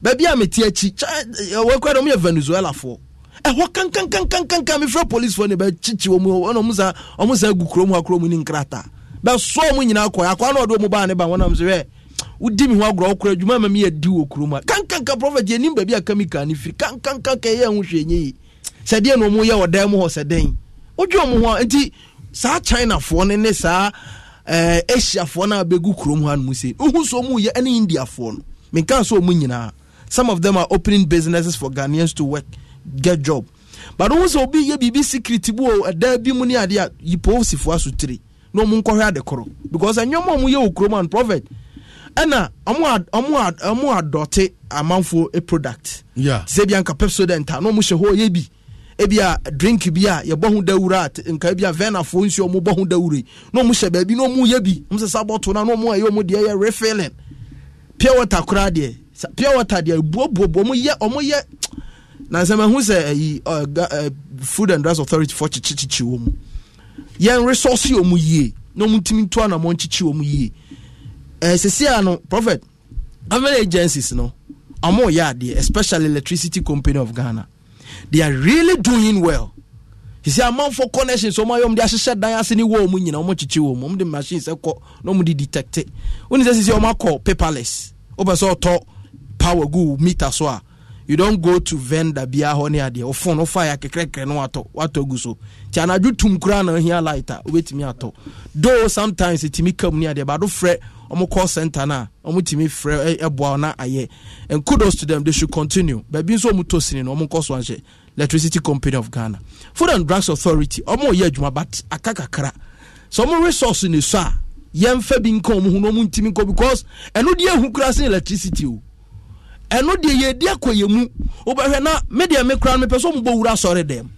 baabi a meti akyi kyɛ ɛwɔ kura ɔmu yɛ venezuela foɔ ɛhɔ kankankankankan mefrɛ police foɔ ne bɛkyikyi ɔmu ɛna ɔmu san ɔmu san gu kurom hɔ mu ɔmu ne nkrataa bɛsɔ ɔmu nyinaa kɔ akɔ ana ɔde ɔmu baa ne ba wɔnam so yɛ wodi mi ho agorɔ wokora adwuma ma meyɛ di wɔ kurom a kankanka prɔfɛt yɛnim baabi a kamika ne firi kankankanka ɛyɛ ho hwɛ nyɛ yi sɛdeɛ na ɔmu yɛ wɔ dan mu hɔ sɛ dɛn ɔmo ho a nti saa chinafoɔ no ne saa eh, asiafoɔ no a bɛgu kurom hɔ anom sei wohu so mu yɛ ne indiafoɔ no menka so mu nyinaa some of them are opening businesses for ghanaians to work get job but wohu sɛ obi yɛ biribi secret bi o ɛdaa bi mu ne adeɛ a yipoosifoɔ aso tiri na ɔmo nkɔhwɛ ade korɔ because ɛnyɛma ɔmo yɛ wɔ kurom and prophet ɛna ɔmo adɔte amanfoɔ product yeah. sɛ bi anka pepsodent a na ɔmo hyɛ hɔ yɛ bi Ebi ebia drink bi a yɛbɔ ho dawura nka ebia venafoɔ nsuo ɔmo bɔ ho dawura na ɔmo hyɛ baabi na ɔmo yɛ bi ɔmo sɛ sábɔ to na na ɔmo ayɛ ɔmo deɛ yɛ refilling pure water koraa deɛ pure water deɛ buobuobu ɔmo yɛ ɔmo yɛ nansɛm ɛho sɛ ɛyi ɛɛ food and drugs authority fɔ kyikyikyi wɔn mu yɛn resource ɔmo yie na ɔmo ntumi to anamɔ nkyikyi ɔmo yie ɛɛ sisi ano prophet government agencies no ɔmo yɛ adeɛ especially electricity company of ghana they are really doing well He sisi amanfo connection so ɔmo ayɛ ɔmo de ahyehyɛ dan ase ne wall mu nyina ɔmo kyikyi wɔ mu ɔmo de machine sɛ kɔ na ɔmo de detect wɔn sɛ sisi ɔmo akɔ paperless Over sɛ talk. power go meet us. a you don't go to vendor Be bia hɔ ne adeɛ ɔfon ɔfa yɛ akɛkɛrɛkɛrɛ no watɔ watɔ gu so ti anadwo tum kura na ohia light a obetumi atɔ though sometimes etimi come near adeɛ baado frɛ ɔmo call center na ɔmo tìmi frɛ ɛboa eh, na ayɛ and kudos to them they should continue baabi nso ɔmo to sini na ɔmo nkɔ so ahyɛ electricity company of ghana food and drugs authority ɔmo yɛ adwuma but aka kakra so ɔmo resource ni so a yɛmfa bi nka ɔmo ho na ɔmo ntìmi nkɔ because ɛno deɛ ehu kura sin electricity o ɛno deɛ yɛ edi akɔ yɛ mu ɔbɛhwɛ na me deɛ me kura me pɛ so ɔmo bɔ wura asɔre dɛm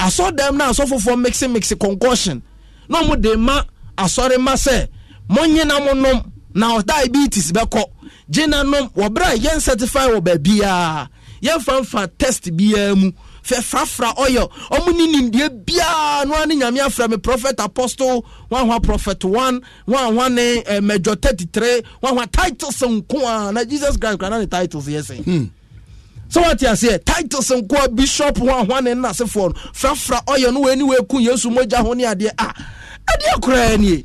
asɔre dɛm na asɔfofoɔ mixing mixing concoction na ɔmo de ma asɔre ma sɛ. monye na monom na diabetes bɛkɔ gye na nom wɔberɛ a yɛn certify wɔ baabiaa yɛmfamfa test biara mu fɛfrafra ɔyɛ ɔmo ne nimdeɛ biara no ne nyame me prophet apostle wanhwa prophet 1 ne eh, major 33 wanhwa titles nko a na jesus christ kra na ne titles yɛ sɛ hmm. so, wate aseɛ titles nko a bishop wanhwa ne nnasefoɔ no frafra ɔyɛ no yesu mogya ho ne adeɛ a ah.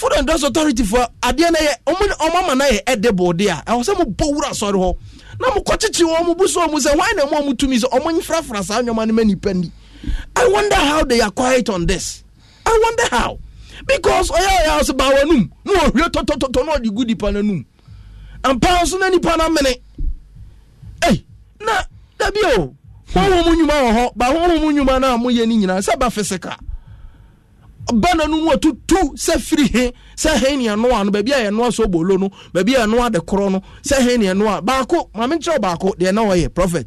food and drugs authority for adeɛ no yɛ ɔmo ama no yɛ ɛde bɔɔde a ɛwɔ sɛ mobɔ wura asɔre hɔ na mokɔkyekye wɔ mo buso mu sɛ hwan na mu a motumi sɛ ɔmo mfrafra saa nnwɔma no ma nnipa ni i wonder how they are quiet on this i wonder how because ɔyɛ ɔyɛ ɔsɛ baa w'anum na ɔhwie tɔtɔtɔtɔ na ɔde gu nipa no anum ampa nso na nipa no amene ei na dabi o honhom nnwuma wɔ hɔ ba honhom nnwuma no a moyɛ no nyinaa sɛ ba fisika bana no mu atutu sɛ firi he sɛ he ne ɛnoa no baabi a yɛnoa sɛ obolo no baabi a yɛnoa de korɔ no sɛ he ne ɛnoa baako maame nkyerɛ baako deɛ na ɔyɛ prophet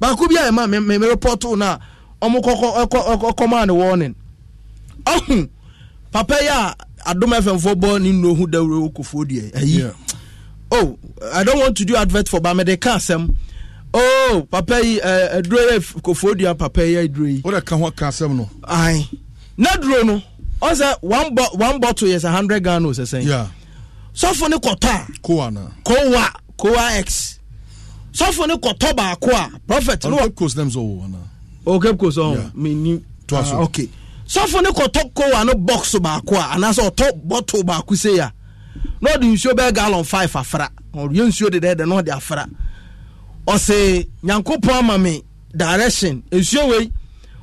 baako bi a ɛma me me report no a ɔmo kɔkɔ ɛkɔ ɛkɔmaa ne warning ɔhu papa yi a adom fmfoɔ bɔ ne nnuro ho dawuro okofoɔ deɛ ayi oh i don't want to do advert for ba mede ka asɛm oh papa yi ɛɛ eh, aduro eh, yɛ kofoɔ dua papa yi aduro yi. o de ka ho ka asɛm no. ayi. na no one bottle yɛ sɛ hundred ghana o sɛsɛn yeah. sɔfo a kowa na kowa kowa x sɔfo ne kɔtɔ baako a prɔfɛt ne wa coast oh, coast ɔn oh, mi ah, oh. ni ah kowa no box baako a anaasɛ ɔtɔ bottle baako se ya na ɔde nsuo bɛɛ gallon five afra ɔyɛ nsuo de dɛɛdɛ na ɔde afra ɔsɛ nyankopɔn ama mi direction nsuo wei.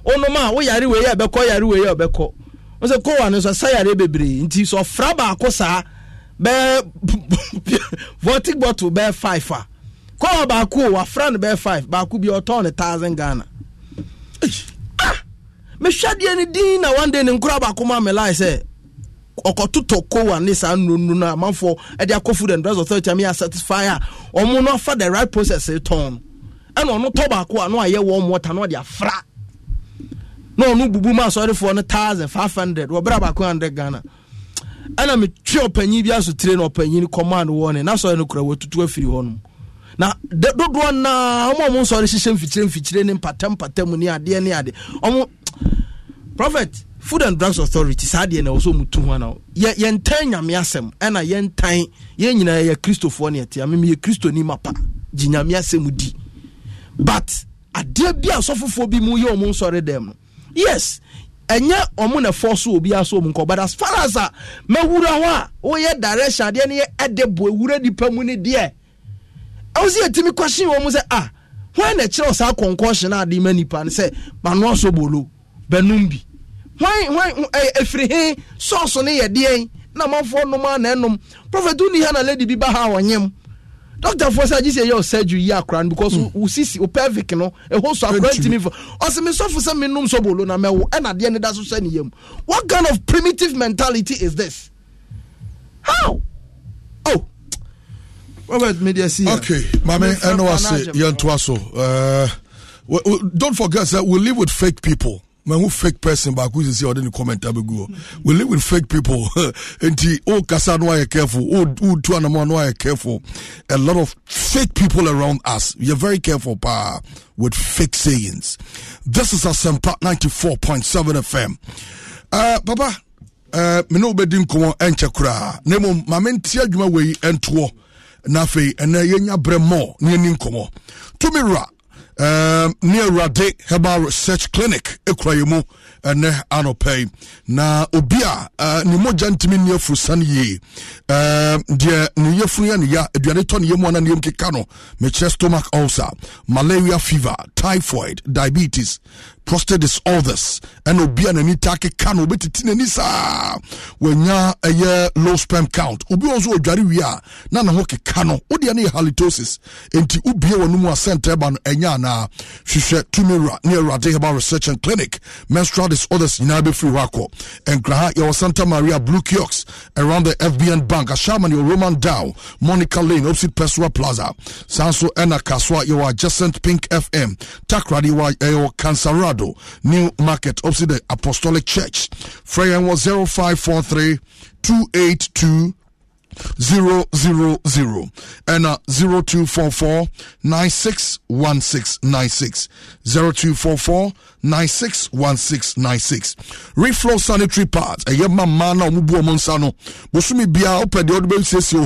onom a woyare wei ɛbɛkɔ yare wei ɛbɛkɔ sɛ kowa no nso ɛsa yare bebree nti sɛ ɔfra baako saa bɛɛ votic bottle bɛɛ five a kowa baako o wafra no bɛɛ five baako bi ɔtɔn ne thousand ghana ah! mehwɛ deɛ ne din na one day ne nkora baako ma me lie sɛ ɔkɔtotɔ kowa ne saa nnuro no amanfoɔ ɛde akɔ food and drugs authority ameyɛ satisfy a ɔmo no afa the right process tɔn no ɛna ɔno tɔ baako a no ayɛ wɔm wɔta no ɔde afra na ɔno bubu ma asɔrefoɔ no thousand five hundred wɔbrɛ baako hundred ghana ɛna metwe ɔpanyin bi aso tire na ɔpanyin command warning na sɔre no kura wɔatutu afiri hɔ na dodoɔ naa ɔmo ɔmo nsɔre hyehyɛ mfikyire mfikyire ne ne adeɛ ne ɔmo food and drugs authority saa deɛ na ɔsɔ mutu ho ana yɛ yɛntan nyame asɛm ɛna yɛntan yɛn nyinaa yɛ kristofoɔ ne kristo ni nyame asɛm di but adeɛ bi a sɔfofoɔ bi mu yɛ ɔmo nsɔre dɛm no yes enye ɔmo na ɛfɔ so obi aso ɔmo nkɔ but as far as a mɛwura hɔ a wɔyɛ direction adeɛ no yɛ ɛde bo ewura nipa mu ne deɛ ɛwɔ si etimi wɔn mo sɛ ah, na ɛkyerɛ saa kɔnkɔɔhyin na adi ma nipa no sɛ manu bolo bɛnum bi wɔn wɔn efiri hi sɔɔso ne yɛ na amanfoɔ nom na ɛnom ni ha na lady bi ba ha doctor fo sɛ gyesɛ yɛ surgery yi akora no because hmm. wo sisi wo pelvic no ɛhɔ so akora ntimi fa ɔsɛ mesɔfo sɛ menom sɔbolo na mɛwo ɛna adeɛ ne da so sɛ ne yam what kind of primitive mentality is this how oh robert media si okay maame ɛno ase yɛntoa so uh, don't forget that we live with fake people man who fake person back who is see order the comment abeguo we live with fake people and oh kasa no are careful oh oh two and no are careful a lot of fake people around us we are very careful pa with fake sayings this is asempa 94.7 fm uh papa uh me no obedi nkomo kura na mum mame ntia adwuma wei entoɔ na afei ɛnɛ yɛnya brɛ mɔ um, ehm, ne awurade herbal research clinic ɛkura yɛ mu ɛnɛ anɔpɛ yi na obi a uh, eh, ne mogya ntumi ne afurusane yie uh, deɛ ne yɛfunu yɛ ne ya aduane tɔ ne yɛmu ana ne yɛm keka no mekyerɛ stomach ulcer malaria fever typhoid diabetes prostate disorders ɛna obi a n'ani ta keka na obetiti n'ani saa wanya ɛyɛ low sperm count obi wɔn nso odware wie a na ne ho keka no o deɛ ne yɛ halitosis nti ubie wɔn mu asɛntere ba no ɛnya anaa hwehwɛ tumira ne awurade herbal research and clinic menstrual disorders nyinaa bɛfiri hɔ akɔ nkraha yɛwɔ santa maria blue kiosk around the fbn bank ashaman yɛ roman dow monica lane opposite pessoa plaza saa nso ɛna kasoa yɛwɔ adjacent pink fm takrade yɛwɔ kansarad New Market, opposite the Apostolic Church. Freya was 0543 282 zero zero zero and uh, zero two four four nine six one six nine six zero two four four nine six one six nine six. Reflow sanitary pads. Ɛyɛ mmaa na ɔmo bu ɔmo nsa no. Bosumi biara ɔpɛ deɛ ɔde bɛsiesie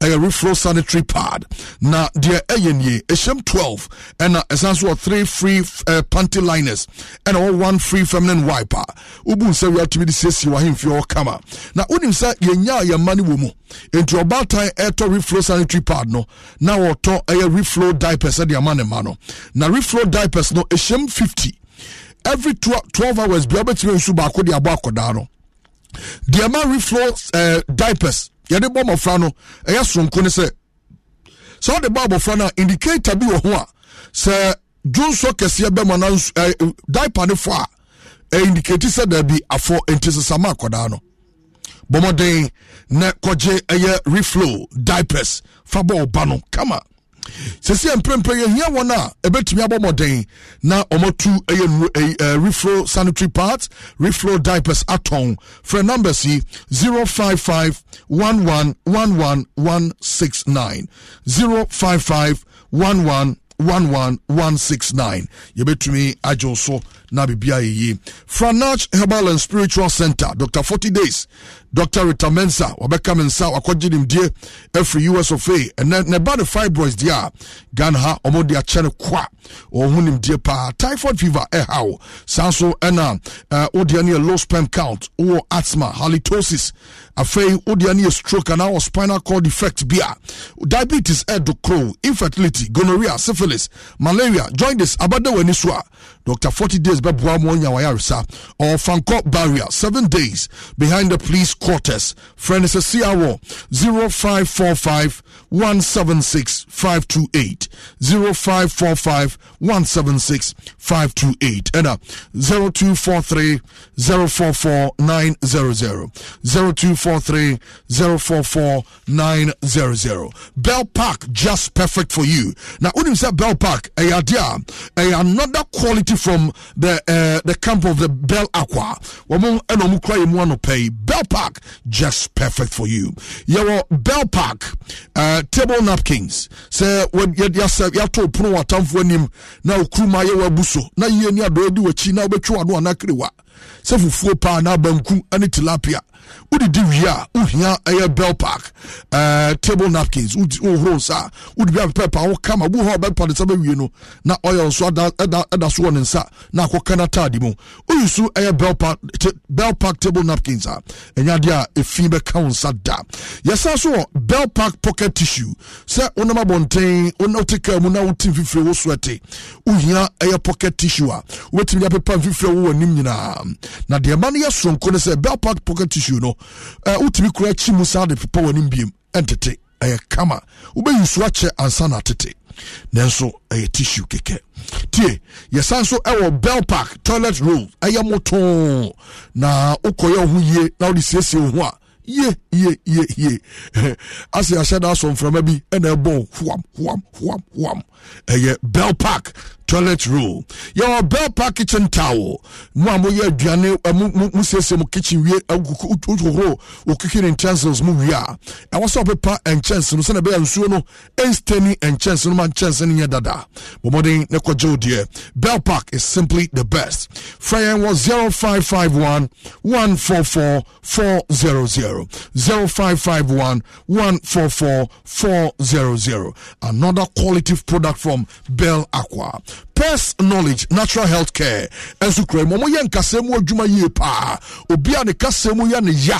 a reflow sanitary pad. Na deɛ ɛyɛ nie ehyɛm twelve ɛna ɛsan so wɔ three free uh, panty liners and all one free feminine wiper. Ubu nsa wia tumi de siesie wɔ ahemfie wɔ kama. Na onim sɛ yɛn nya yɛn mma no wɔ mu nti ɔbaatan ɛtɔ reflow sanitary pad no na wɔtɔ ɛyɛ reflow diapers ɛde ama ne ma no na reflow diapers no ehyɛm fifty every twelve hours bia ɔbɛtumi nsu baako de abɔ akɔdaa no deɛ ma reflow ɛɛ eh, diapers yɛde bɔ mmɔfra no ɛyɛ soronko ne sɛ sɛ ɔde bɔ abɔfra no a indicator bi wɔ ho a sɛ dwonso kɛseɛ bɛma na nsu ɛɛ eh, diaper ne fo a ɛyɛ indicate sɛ daabi afɔ nti sisama akɔdaa no bɔmmɔden na kɔgye ɛyɛ reflow diapers fa bɔ ɔba no kama sɛsi mprɛmprɛ yɛhia wɔn a ɛbɛtumi abɔ mmɔden na ɔmatu ɛyɛ reflow sanitary part reflow diapers atɔn frɛ numbers yi 055 1111169 one 11 11169 yɛbɛtumi agyew so na biribia yɛyi franach herbal and spiritual center dr 40 days dr rita mensa wɔbɛka me nsa wakɔgye nimdie us of a ɛnɛ ne ba ne fibroids Dia, ganha ghana Dia ɔmo de akyɛ kwa typhoid fever ehao, eh, Sanso ena ɛna eh, wodeɛ low sperm count uo asthma halitosis afei wodeɛ stroke anaa wɔ spinal cord defect bi diabetes Edo eh, koro infertility gonorrhea syphilis malaria join this abada weniswa. dr 40 days bɛboa mo anya or ɔfankɔ barrier 7 days behind the police quarters. Friend, it's a CRO 0545 176 528. 0545 176 528. And 0243 044 0243 044 Bell Park, just perfect for you. Now, when you say Bell Park, a idea, not another quality from the uh, the camp of the Bell Aqua. Bell Park, just perfect for you. Your Bell Park, uh, Eh, table napkins sɛ yɛato pono wɔ atamfoɔ anim na okuruma yɛ wabu so na yie ni adɔeɛ di w'akyi na wobɛtwe wado anaa kerewa sɛ fufuo paa na banku ne tilapia wodidi wie a wohia ɛyɛ bell park eh, table napkins wohoro nsa wode bi apepɛ pa wo kama wohɔ a bɛpa ne nsa bɛwie no na ɔyɛ nso ɛda so wɔ ne nsa na akɔka no atade mu woyi so ɛyɛ bell park, bell park table napkins a ɛnya deɛ a ɛfi bɛka wo nsa da yɛsa so wɔ bell park pocket tissue sɛ wonam abɔnten wote kaa mu na wotim fifiri wo soɛte wohia ɛyɛ pocket tissue a wobɛtumi de apepa mfifiri wo wɔ anim nyinaa na deɛ ma no yɛ sonko ne sɛ bell park pocket tissue you no eh, wotumi kora akyi mu saa de pepa w'anim biem ɛntete ɛyɛ kama wobɛyi so akyɛ ansa na atete nanso ɛyɛ tissue kɛkɛ tie yɛsan so ɛwɔ bell park toilet roll ɛyɛ motoo na wokɔyɛ wo ho yie na wode siesie wo a ye ye ye ye ase ahyɛ da asɔ mframa bi ɛna ɛbɔ huam huam huam huam ɛyɛ bell park toilet roll yɛwɔ bell park kitchen towel mu a moyɛ aduane mu siesie mu kitchen wie wohohoro wokikiri nkyɛnse mu wie a ɛwɔ sɛ wɔpepa nkyɛnse no sɛna ɛbɛyɛ nsuo no ɛnstani nkyɛnse no ma nkyɛnse no nyɛ dada bɔmmɔden ne kɔgye wo deɛ bell park is simply the best frɛ yɛn wɔ 0551 144 400 0551 144 400 another quality product from bell aqua pest knowledge natural health care And kura mu ɔmo yɛ nkasa juma adwuma yie paa obi a ne kasa mu yɛ ne ya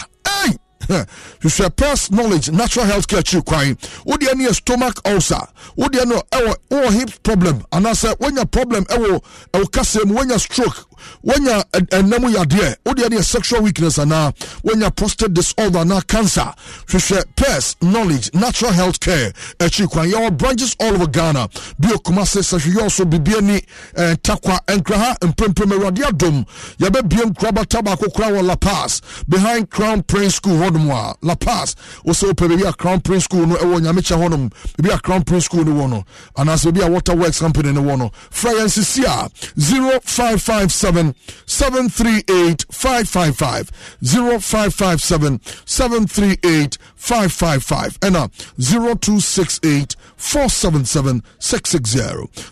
knowledge natural health care kyiri kwan wodeɛ no yɛ stomach ulcer wodeɛ you ɛwɔ wowɔ hip problem when woanya problem ɛwɔ ɛwɔ kasa mu woanya stroke wanya ɛnam yadeɛ wodeɛ deɛ sexual weakness you're prostate disorder now cancer hwehwɛ pers knowledge natural health care akyi eh, kwan yɛwɔ branches all over ghana bio kumase sɛhwe yɛ so bibia and eh, takwa nkraha and awurade adom yɛbɛbie nkurabata baako kora la paz, behind crown prince school hɔnom la lapas wo sɛ a crown prince school no ɛwɔ eh, nyamekyɛ hɔnom baabi a crown prince school no wɔ no a water company no wɔ no fra yɛn 0557 757 738 555. And now 0268 477 660.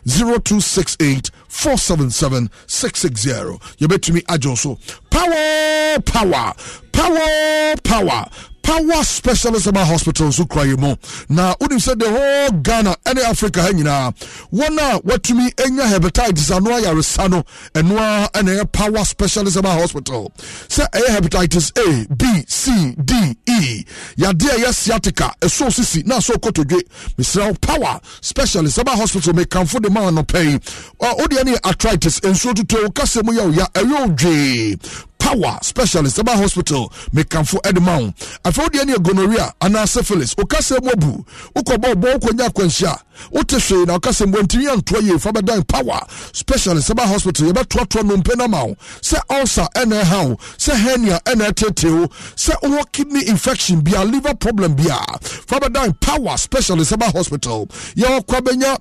0268 477 660. You bet to me, Ajoso. Power, power, power, power power specialist ɛma hospital nso kora more? Now, na you sɛ the whole ghana any africa ha now, wɔn a watumi oh, anya hepatitis ano ayaresa no ɛno ara ɛna ɛyɛ power specialist ɛma hospital Say ɛyɛ hepatitis a b c d e Ya yadeɛ ɛyɛ sciatica ɛso sisi Now so kotodwe mesrɛ oh, power specialist ɛma hospital mekamfo de ma anɔpɛ yi wodeɛ ne arthritis nsuo tutuo kasɛ mu yɛ wo ya ɛyɛ power specialist ɛba hospital mekamfo ɛdema wo afei wodeɛ ne yɛ gonoria anaa syphilis wokasɛ mu abu wokɔbɔ ɔbɔ wokɔnya akwanhyia wote hwee na wokasɛ mmɔntimi antoa yie fa bɛdan power specialist ɛba hospital yɛbɛtoatoa nompɛ no ma wo sɛ ulcer ɛna ɛha wo sɛ hernia ɛna ɛtetee wo sɛ wowɔ kidney infection bia liver problem bia fa bɛdan power specialist ɛba hospital yɛwɔ kwa bɛnya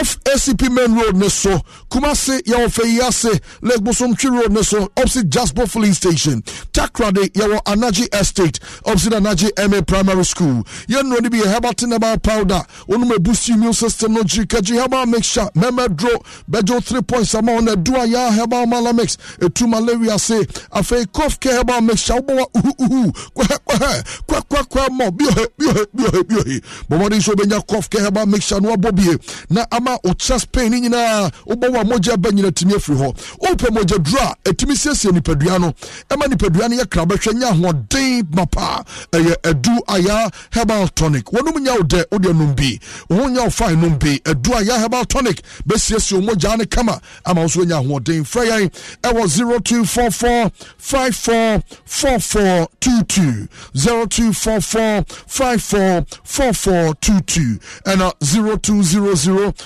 off ACP Main Road ne so Kumasi yɛwɔ fɛyi ase Lake Bosomtwi Road ne so opposite Jasper Filling Station Takrade Yawo Anaji Estate opposite Anaji MA Primary School yɛn nnuro no be yɛ herbal about powder wɔn mu boost immune system no gyi kagyi herbal mixture mɛmɛ duro bɛgye three points ama wɔn adua ya herbal malamix etu malaria se afei cough care herbal mixture wɔbɔ wa uhuhu kwɛhɛ kwɛhɛ kwɛhɛ mɔ biohe biohe biohe biohe bɔmɔden so benya cough care herbal mixture no wabɔ bie na am ama wo chest nyinaa wobɔ a mogya ba nyina tumi afiri hɔ wopɛ mogya duro a ɛtumi siesie nipadua no ɛma nipadua no yɛ krabɛhwɛ nyɛ ahoɔden ma paa ɛyɛ adu aya herbal tonic wɔnom nya wo dɛ wode anom bi wo nya wo fae nom bi adu aya herbal tonic bɛsiesie wo mogya ne kama ama wo so nya ahoɔden frɛ yɛn ɛwɔ 0244 544422 0244 544422 ɛna 0200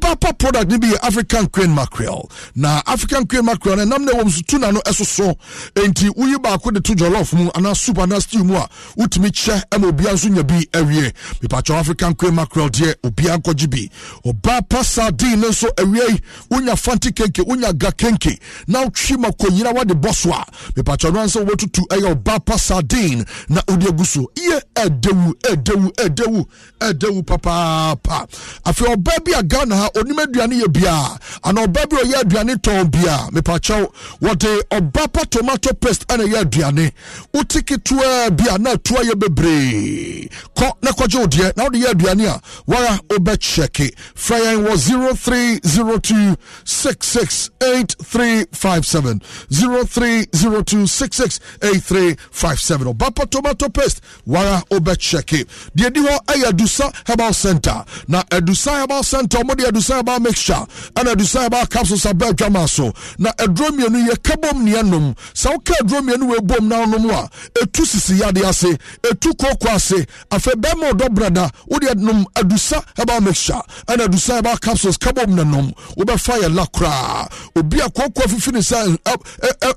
pa product no bi yɛ african crane mackerel na african crane mackerel no ɛnam na ɛwɔ mso tu na no ɛsoso enti woyi baako de to jollof mu anaa soup anaa stew mu a wotumi kyɛ ma obia nso nya bi awie mepakyɛw african crane mackerel deɛ obia nkɔgye bi ɔbaapa sardine no nso awie yi wonya fanti kenke wonya ga kenke na wotwe ma kɔyina wode bɔ so a mepakyɛw no ansɛ wobɛtutu ɛyɛ pa sardine na wode agu so ye ɛdewu ɛdewu ɛdewu ɛdewu papaapa afei ɔbaa bi a a ghana ha onim aduane yɛ biara anaa ɔba bi a ɔyɛ aduane tɔn biara mepakyɛw wɔde ɔba pa tomato paste ɛna ɛyɛ aduane wote ketewa bi a na atuwa yɛ bebree kɔ na kɔgye wo deɛ na wode yɛ aduane a wara wobɛkyɛke fra yɛn wɔ 0302 668357 0302668357 ɔba pa tomato paste wara wobɛkyɛke deɛ di hɔ ɛyɛ adusa herbal center na adusa herbal center nti ɔmo de adusan ɛbaa mixture ɛna adusan ɛbaa capsules abɛ adwama so na aduro mmienu yɛ kabom nea nom sɛ woka aduro mmienu wɔ ebom na nom a etu sisi yade ase etu koko ase afɛ bɛrima ɔdɔ brada wode nom adusa ɛbaa mixture ɛna adusan ɛbaa capsules kebom na nom wobɛfa yɛ la koraa obi a kooko afifi ne nsa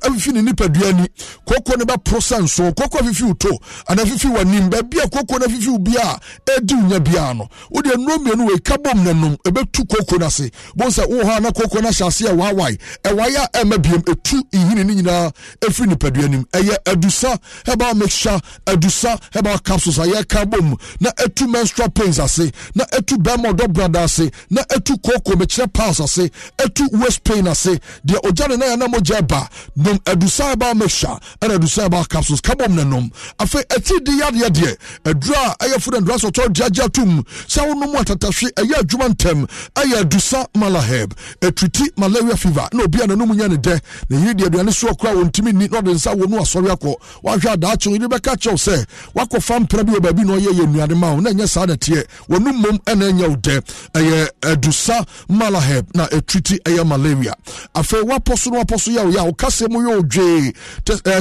afifi ne nipadua ni kooko ne bɛporo sɛ nso koko afifi wo to anaa afifi wɔ anim baabi a kooko no afifi wo bia ɛdi wo nya biara no wode nnuro mmienu wɔ ekabom na nom Ebe tu koko na se. bo sɛ wo hɔ a na koko no ahyɛ aseɛ waawae ɛwaeɛ e ɛma biom ɛtu ihini no nyinaa ɛfiri nipadua nim ɛyɛ adusa herbal mixture adusa herbal capsules a yɛka bom na etu menstrual pains ase na etu bɛma ɔdɔ brada ase na etu koko mekyerɛ pals ase ɛtu waste pain ase deɛ ɔgya ne na yɛ na mogya ba nom adusa herbal mixture ɛna adusa herbal capsules ka bom nanom afei ɛti di yadeɛ deɛ adura a ɛyɛ food and drugs authority agya sɛ wonom atatahwe ɛyɛ adwuma ntɛm ntɛm ɛyɛ adusa malahab ɛtuti malaria fever na obi a n'anum nya ne dɛ ne yiri deɛ aduane soɔ kora wɔn ntumi nni na ɔde nsa wɔ no asɔre akɔ wahwɛ adaakye yiri bɛka kyɛw sɛ wakɔ fa mpira bi wɔ baabi na ɔyɛ yɛ nnuane ma wo na ɛnyɛ saa na teɛ wɔn mmom ɛna ɛnyɛ wo dɛ ɛyɛ adusa malahab na ɛtuti ɛyɛ malaria afei wapɔ so na wapɔ so yɛ wo yɛ a wokasɛ mu yɛ odwee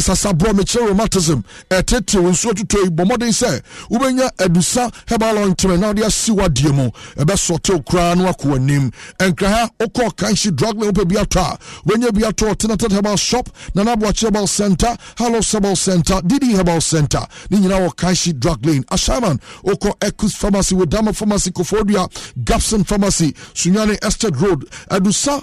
sasaborɔ mekyerɛ rheumatism ɛtete wo nsuo toto yi bɔ mmɔden na wode asi wadeɛ mu ɛbɛsɔte wo biara no akɔ anim ɛnkra ha wokɔɔ kanhye druglan wopɛ bi atɔ a wanya bi atɔ tenatat herbal shop nanaboakye herbal center halos herbal center didi herbal center ne nyinaa wɔ kanhye druglan ashaman wokɔ ecus pharmacy wodama pharmacy kofodua gapson pharmacy sunyane ested road adusa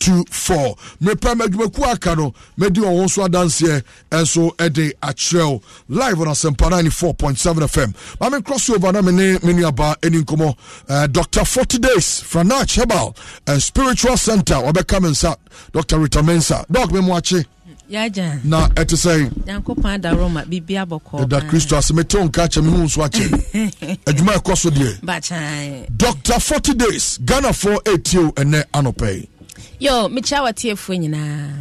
two four mepɛ m'adwumakuo aka no mɛdi wɔn ho nso adanseɛ nso ɛde akyerɛw live on asɛmpa ninety four point seven fm maame crossover na me ne me nuaba ɛni nkɔmɔ ɛɛ eh, doctor forty days franach herbal and eh, spiritual center wɔbɛka me nsa doctor rita mensa doc me mu akyi. yagya na ɛte sɛ nyankopɔn adaroma biribi abɔkɔ ɛda kristo ase mete wo nka kyɛ mehu nso akyɛ adwuma ɛkɔ so deɛ dr 40 days ghanafoɔ ɛtio oh, ɛnɛ anɔpɛi yo mekyia wɔteɛfoɔ nyinaa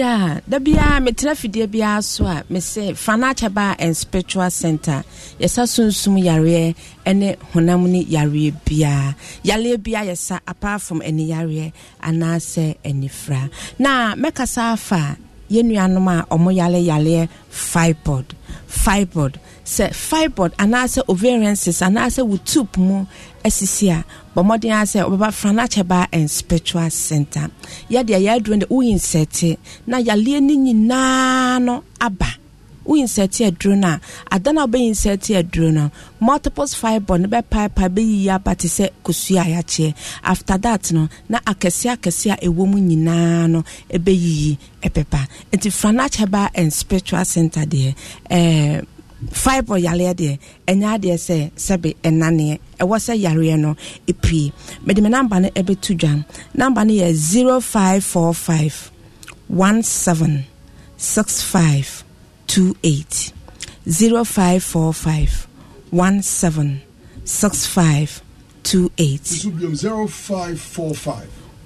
ya da biara metena fidie biara so a mesɛ fanakyɛ ba and spiritual center yɛsa sunsum yareɛ ne honam ne yareɛ biara yareɛ biara yɛsa apart from ani yareɛ anaasɛ anifra na mɛkasa afa yɛn nuanom a ɔmo yare yareɛ sɛ fibroid anaasɛ ovarian cyst anaasɛ wo tube mu asisi a bɔ mmɔden asɛ ɔbɛba franakyɛ baa and spiritual center yɛdeɛ yɛaduro de woyinsɛte na yaleɛ no nyinaa no aba woyinsɛte aduro no a ada no a wobɛyinsɛte aduro no multiples fibroid no bɛpaepa bɛyiyi aba te sɛ kosua a after that no na akɛseɛ akɛseɛ a ɛwɔ mu nyinaa no ɛbɛyiyi ɛbɛba nti franakyɛ baa and spiritual center deɛ eh, fibro yareɛ deɛ ɛnyɛ adeɛ sɛ sɛbe ɛnaneɛ ɛwɔ sɛ yareɛ no ɛpie mede me namba no ɛbɛto dwa namba no yɛ seven six five two eight zero five four five one seven, six five five five two eight. Zero four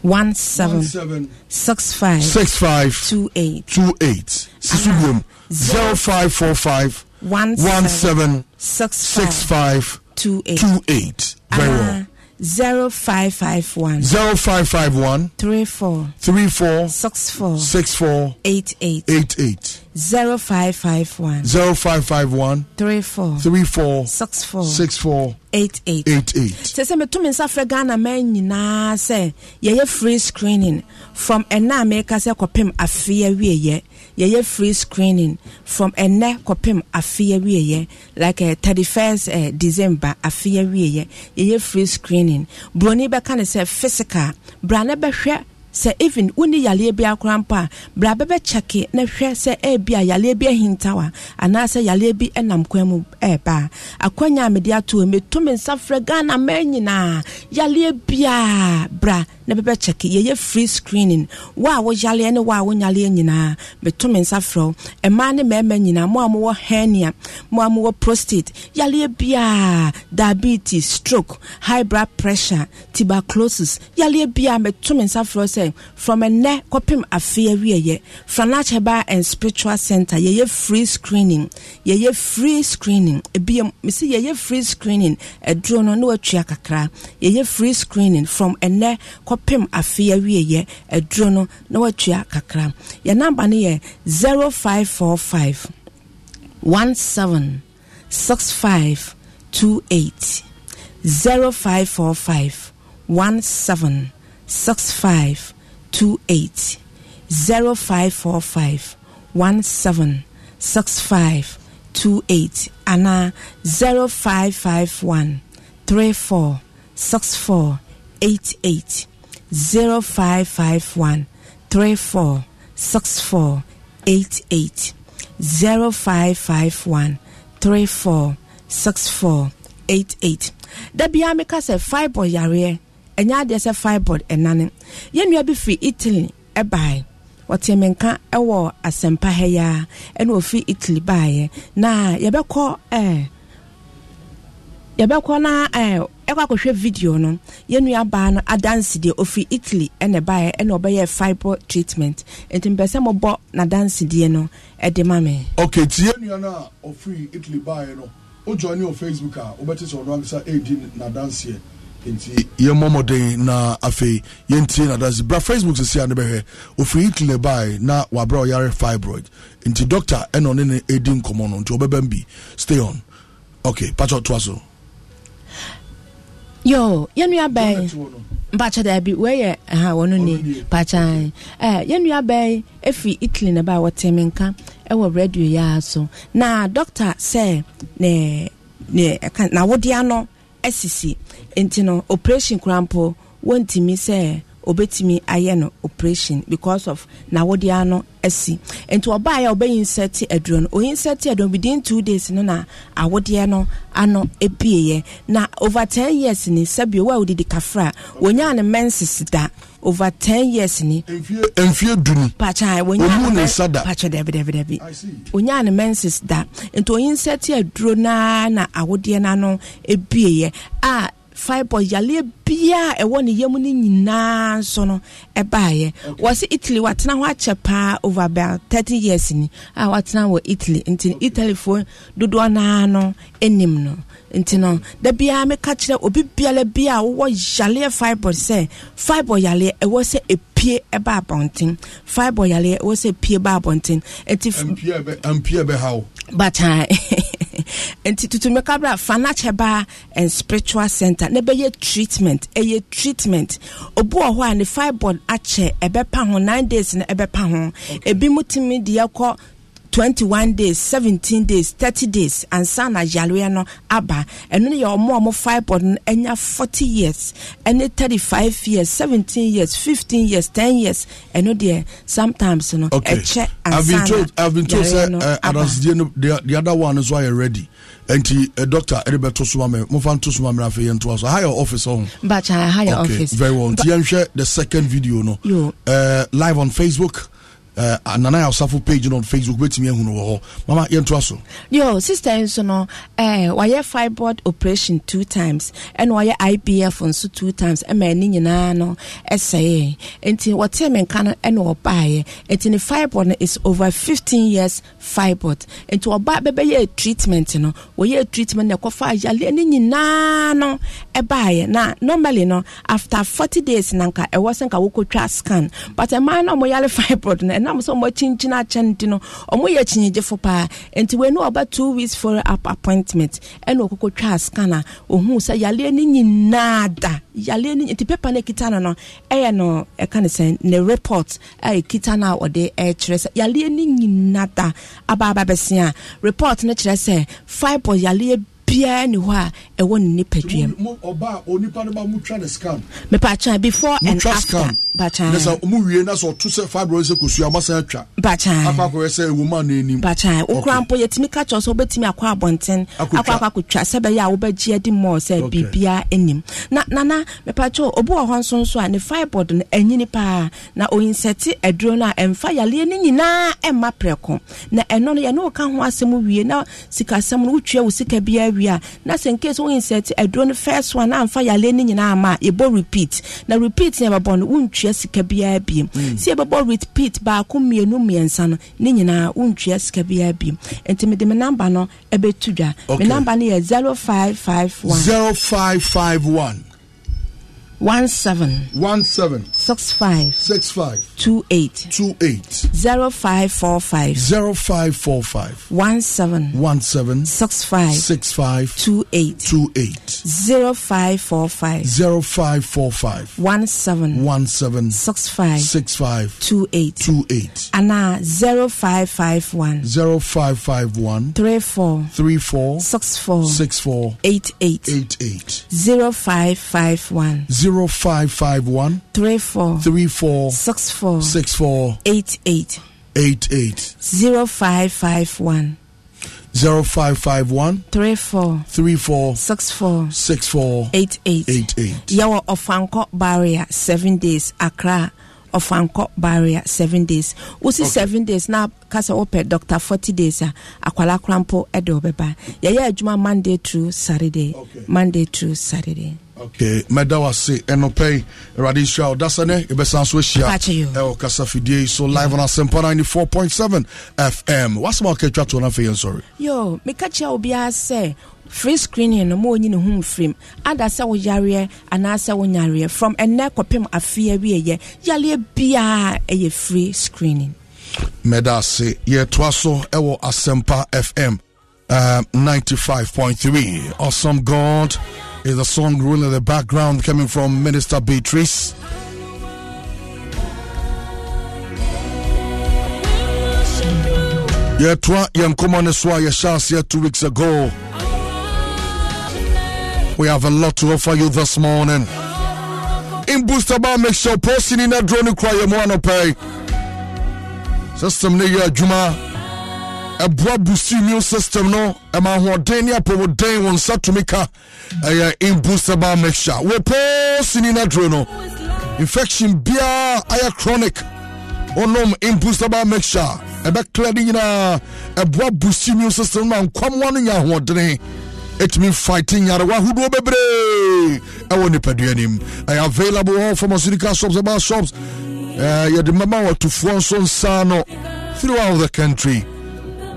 one seven six five six five two eight two eight. Sisubum zero five four five one seven six five six five two eight two eight. Very well. Uh, 0551 0551 34 34 64 64 88 88 0551 0551 34 34 64 64 88 88 sɛ sɛ metumi nsa frɛ ghana ma nyinaa sɛ yɛyɛ free screening from ena amerika sɛ kɔpem afei awieyɛ yɛyɛ free screening from ɛnɛ kɔpem afeɛ wieyɛ like uh, 31st uh, december afeɛ wieyɛ yɛyɛ free screening buroni bɛka ne sɛ physical bra ne bɛhwɛ sɛ even wonni yaleɛ bi akora mpo a bra bɛbɛkyɛke na hwɛ sɛ ebi a yaleɛ bi ahintaw a anaasɛ yaleɛ bi nam kwan mu ɛreba akwanya a mede atoɔ metu me nsa frɛ ghana ma nyinaa yaleɛ biaa bra na bɛbɛkyɛke yɛyɛ free screening wo a woyaleɛ ne wo a wonyaleɛ nyinaa meto me nsa frɛ ɛmaa ne mmarima nyinaa mo a mowɔ hernia mo a mowɔ prostate yaleɛ biaa diabetes stroke high blood pressure tuberculosis yaleɛ biaa meto me nsa frɛ sɛ sɛ from ɛnɛ kɔpem afei from a herbal and spiritual center ye free screening ye free screening See ye ye free screening aduro no na watua kakra ye free screening from ɛnɛ kɔpem afei awieɛ aduro no na chia kakra yɛ number no yɛ 0545 17 0545 Six six six five five five five five five five five two two eight eight eight eight zero zero zero four four four one one one seven ana three three four six four eight eight zero five five one three four six four eight eight. da biara meka five boy yareɛ ɛnyɛ adeɛ sɛ fibroid ɛnane yɛn nua bi firi italy ɛbaeɛ wɔte menka ɛwɔ asɛmpa ha yi a ɛna ofi italy baeɛ na yɛbɛkɔ ɛɛ yɛbɛkɔ na ɛɛ ɛkɔ akɔhwɛ video no yɛn nua baa no adansi deɛ ofi italy ɛna ɛbaeɛ ɛna ɔbɛyɛ fibroid treatment nti mpɛ sɛ mo bɔ n'adansi deɛ no ɛde ma mi. ok tie nua no a ofiri italy baeɛ no o o facebook a o bɛ ti sɛ ɔno ankasa edi n'adansi nti yɛn mmɔmɔden na afei yɛn tie na dansi bra facebook sisi a ne bɛhwɛ ofiri italy bae na wabra ɔyare fibroid nti doctor ɛna ɔne ne edi nkɔmɔ no nti ɔbɛbɛn bi stay on okay patro toa so. yo yɛnua bɛn mpatsa daabi wɔyɛ ha wɔn ni patsa ɛɛ yɛnua bɛn efi italy na ba wɔte mi nka ɛwɔ radio yɛ so na doctor sɛ ne ne ɛka na wɔde ano sisi nti no operation korampo wɔntumi sɛ obetumi ayɛ no operation because of na wɔde ano asi nti ɔbaa yɛ ɔbɛyi nsɛte aduro no oyi nsɛte aduro within two days no na awodeɛ no ano epueyɛ na over ten years ni sɛbi owa odidi kafra wonya ne menses da over ten years ni. mfie dunu olu ne nsa da pakyɛ dɛbi dɛbi dɛbi onyaa ne menses da nti oyin nsɛti aduro naa na awodeɛ n'ano ebie yɛ a fibroid yaleɛ biaa ɛwɔ ne yam no nyinaa nso no ɛbaeɛ wɔse italy watena hɔ akyɛ paa over about 30 years ni a watena wɔ italy nti italyfoɔ dodoɔ naa no anim no nti no da biara meka kyerɛ obi biara bi a wowɔ yaleɛ fibroid sɛ fibroid yaleɛ ɛwɔ sɛ epie ɛba abɔnten fibroid yaleɛ ɛwɔ sɛ epie ba abɔnten nti. ampie bɛ ampie bɛ ha o. bataa ah, nti tutumika bra fanakyɛ baa and spiritual center na bɛyɛ treatment ɛyɛ treatment obu wɔ hɔ a ne fibroid akyɛ ɛbɛpa ho nine days na pa ho ebi mu timi deɛ kɔ. 21 days 17 days 30 days ansa na yareɛ no aba ɛno no yɛ ɔmo a ɔmo fibroid no anya 40 years ɛne 35 years 17 years 15 years 10 years ɛno deɛ sometimes no ɛkyɛ ansa na yareɛ no uh, aba the other one nso ayɛ ready nti uh, doctor ɛde bɛ to soma mɛ mofa nto to mɛ afei yɛn to aso ha yɛ office ɔhun. bacha ha office. okay very well nti yɛn hwɛ the second video no. yo uh, live on facebook uh, nana asafo page no facebook bɛtumi ahu no wɔ hɔ mama yɛntoa so yo sister nso no eh, wayɛ fibroid operation two times ɛna wayɛ ibf nso two times ɛma ani nyinaa no ɛsɛe nti wɔtee me nka no ɛna ɔbaeɛ nti ne fibroid is over fifteen years fibroid nti ɔbaa bɛbɛyɛ treatment no wɔyɛ treatment na ɛkɔfa yale ne nyinaa no ɛbaeɛ na normally no after forty days nanka ɛwɔ sɛ nka wokɔtwa scan but ɛmaa no ɔmɔyale fibroid no ɛnam sɛ ɔmo akyinkyini akyɛ nti no ɔmo yɛ kyinyigyefo paa nti wɔn ani ɔba two weeks for up appointment ɛna ɔkoko twa scanner ohun sɛ yaleɛ ne nyinaa da yaleɛ ne nti paper ne kita no no ɛyɛ no ɛka ne sɛ ne report a ekita no a ɔde ɛkyerɛ sɛ yaleɛ ne nyinaa da abaaba bɛsia report ne kyerɛ sɛ fibres yaleɛ obiara ni hɔ a ɛwɔ ne nipadua mu. ɔbaa onipa no ma mu twa ne scam. mipatsa before and after. bàtà. nesa mu wie na sọ ọtú sẹ fábùrọ̀ ẹsẹ kò su àmọ́ sẹ ẹtwa. bàtà. akọ akọ ẹsẹ ewu maa na enim. bàtà okura mpọ yẹtìmí kàtsọ sọ obetumi akọ abọnten akọ akọ akotwa sẹbẹ yẹ a wọbẹgye ẹdi mọọ sẹ bìbíà ẹnim na nana mipatsa obi wɔ hɔ nso nso a ne fibroid no ɛnyini paa na oyinsɛti aduro no a ɛnfa yaleɛ ne nyinaa ɛmma prɛko na ɛno no yɛn no ka ho asɛm wie na sikasɛm no wotwia wo sika biara wie awie a na sɛ nkase wo insert aduro no first one amfa yale no nyinaa ma yɛbɔ e repeat na repeat ne hmm. yɛbɛbɔ no wontua sika biara biam sɛ yɛbɛbɔ repeat baako mmienu mmiɛnsa no ne nyinaa wontua sika biara biam nti mede me namba no ɛbɛtu dwa me namba no yɛ 0551 0551 17 17 six five six five two eight two eight zero five four five zero five four five one seven one seven six five six five two eight two eight zero five four five zero five four five one seven one seven six five six five two eight two eight and zero five five one zero five five one three four three four six four six four eight eight eight eight zero five five one zero five five one three four four three four six four six four eight eight eight eight zero five five one. 0551 34 34 yɛwɔ ɔfankɔ barrier 7 days accra ɔfankɔ barrier 7 days wosi okay. 7 days na kasa wopɛ dr 40 days a akwala korampo de wɔbɛba yɛyɛ adwuma monday through saturday okay. monday through saturday okay mɛda wase ɛnɔpɛ yi awurade nhyira ɔda sɛ ne yɛbɛsan so ahyia ɛwɔ kasa fidie yi so live on Asempa asɛmpa 94.7 fm wasɛm a wokatwa to no afei yɛnsɔre yo meka kyerɛ obiara sɛ free screening no ma ɔnyi ne ho mfirim ada sɛ woyareɛ anaasɛ wonyareɛ from ɛnɛ kɔpem afea wieyɛ yareɛ biaa ɛyɛ free screening mɛda ase yɛtoa so ɛwɔ asɛmpa fm point three. awesome god is a song rolling in the background coming from Minister Beatrice. yɛtoa yɛn nkɔmmɔ ne so a two weeks ago we have a lot to offer you this morning in booster bar make sure posini na drone kora yɛ mu anɔpɛi system ne yɛ ɛboa busu immune system no ɛma ahoɔden ne apɔmuden wɔn nsa tumi ka ɛyɛ imbustable mixture wɔpoo sini no aduro no infection biara ayɛ chronic wonom imbustable mixture ɛbɛkla ne nyinaa ɛboa busu immune system no ma nkwamoa no nya ahoɔdene ɛtumi fighte nyarewa ahodoɔ bebree ɛwɔ nipadua nim ɛyɛ available hɔ pharmaceutical shops ɛba shops yɛde mɛma wɔ atufoɔ nso nsa no throughout the country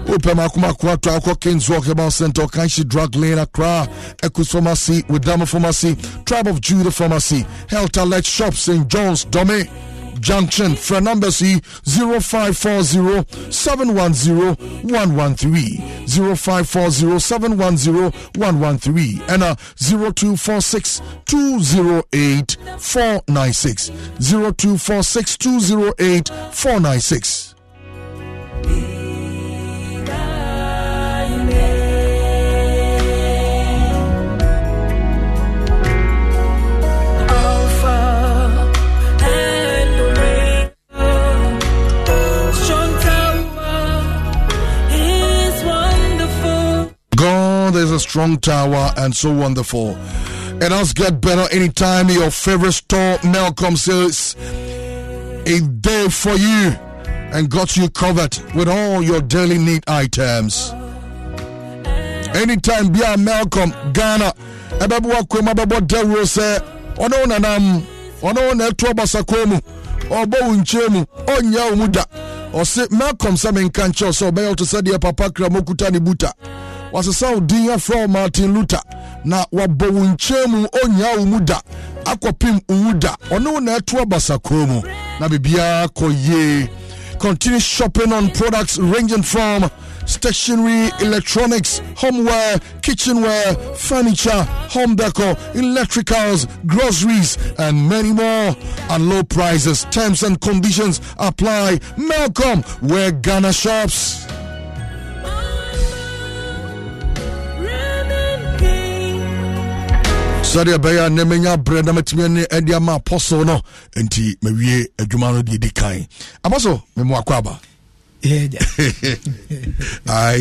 Upema Kumakura to Alco Kings Walkabout Center, Kanshi Drug Lane, Accra, Equus Pharmacy, Widama Pharmacy, Tribe of Judah Pharmacy, Health Alert Shop, St. John's, Dome. Junction, phone number C 0540 113, and a uh, 0246 208 496, 0246 208 496. is a strong tower, and so wonderful. It us get better anytime your favorite store, Malcolm says a day for you and got you covered with all your daily need items. Anytime, be a Malcolm, Ghana, Ababu Akwem, Ababu Delro, say, Ono Nanam, Ono Netu Abasakomu, Obo Unchemu, Onya Umuda, or say, Malcolm, Samin Kancho, so Bayo to Sadia Papa Kramokuta Buta wɔasesa wo din afrɛ martin luther na wɔabɔ wo nkyɛn mu ɔnyaa wo mu da akɔpem wo da ɔne wo na ɛto abasakoro mu na yie continue shopping on products ranging from stationery, electronics, homeware, kitchenware, furniture, home decor, electricals, groceries, and many more at low prices. Terms and conditions apply. Malcolm, where Ghana shops. sɛdeɛ ɛbɛyɛ a na mɛnya berɛ na matumi ne ɛde ama apɔsol no enti mawie adwuma no deɛ di kan apɔsol memoakɔ aba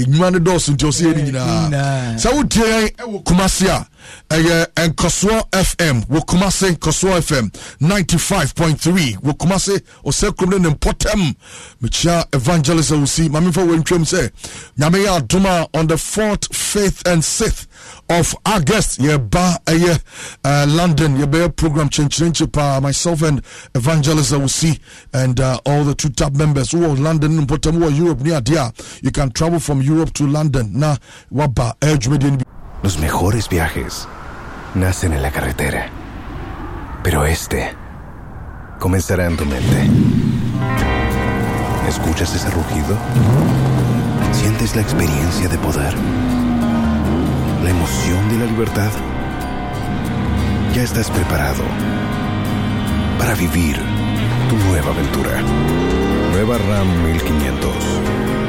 nnwuma no dɔɔso nti ɔsɛ yɛne eh, nyinaa sɛ wotie yɛn wɔ kumase a ɛyɛ nkɔsoɔ fm wɔ kumase nkɔsoɔ fm 95.3 wɔ kumase ɔsɛ kurom ne ne mpɔtam mekyia evangelist a wosi ma memfa wɔantwam sɛ nyame yɛ adom a on the fourth faith and 6 of August. Yɛba ba uh, London. Yɛbɛyɛ program change paa. Myself and Evangelist Awusi and uh, all the two top members who are London and Potem who are Europe near there. You can travel from Europe to London. Na waba ɛdwumadie Los mejores viajes nacen en la carretera, pero este comenzará en tu mente. ¿Escuchas ese rugido? ¿Sientes la experiencia de poder? la emoción de la libertad? Ya estás preparado para vivir tu nueva aventura. Nueva RAM 1500.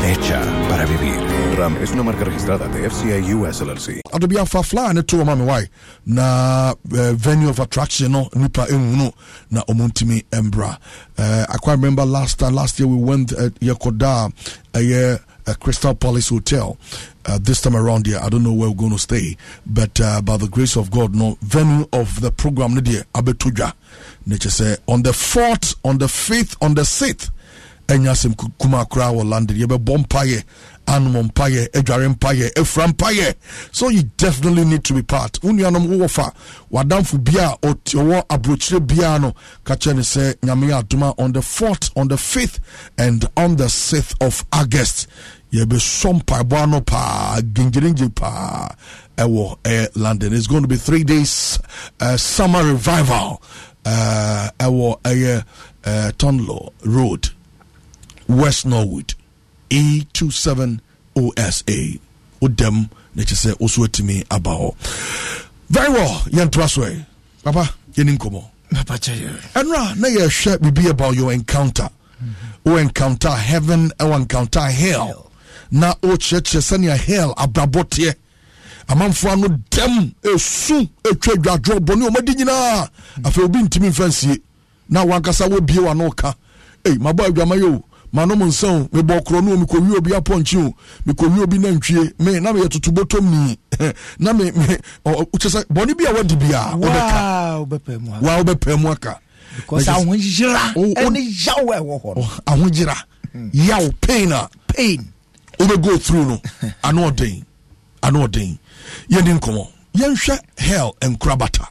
Hecha para vivir. RAM es una marca registrada de FCI US LLC. Adobe bi fly ne Tour mama why na eh, venue of attraction no nipa uno na omontimi embra. Eh, I quite remember last time last year we went at Yakoda, eh, a uh, Crystal Palace Hotel. Uh, this time around here, I don't know where we're going to stay, but uh, by the grace of God, no venue of the program, Nidia Abetuja, nature say on the fourth, on the fifth, on the sixth, and yasim kumakra or landed, yebe bompaye, anom mpaye, edware mpaye, efra mpaye. So you definitely need to be part. Unyanom wofa, wadamfu bia, otiwa abrochire bia no, kachene se, nyamiya duma on the fourth, on the fifth, and on the sixth of August yɛbɛsɔ mpaebɔ ano paa gyengyerengye paa ɛwɔ ɛyɛ london it's going to be three days uh, summer revival ɛwɔ uh, ɛyɛ uh, tonlo road west norwood e27osa wodam na ɛkyɛ sɛ wo so atumi aba hɔ very well yɛntoa so ɛ papa yɛni nkɔmmɔ ɛnora na yɛhwɛ biribi about your encounter mm mm-hmm. wo encounter heaven ɛwɔ encounter hell, hell. na ɔrekyerɛkyerɛ sɛnea hell abrabɔ teɛ amanfoɔ ano dɛm esu etwa adwadoro bɔne wɔn adi nyinaa afei obi ntumi nfa nsie na wankasa wobie wa no ka ei mabɔ adwama yi o manom nsa o mebɔ korɔ no o mekɔwie obi apɔnkye o mekɔwie obi nantwie me na meyɛ toto bɔtɔm ni na me me kyɛ sɛ bɔne bi a wadi biaa wobɛka wa wobɛpɛ mu aka ahogyera ɛne yaw ɛwɔ hɔ no ahogyera hmm. yaw pain a pain go through no ano ɔden ano ɔden yɛni nkɔmmɔ yɛnhwɛ hell nkorabata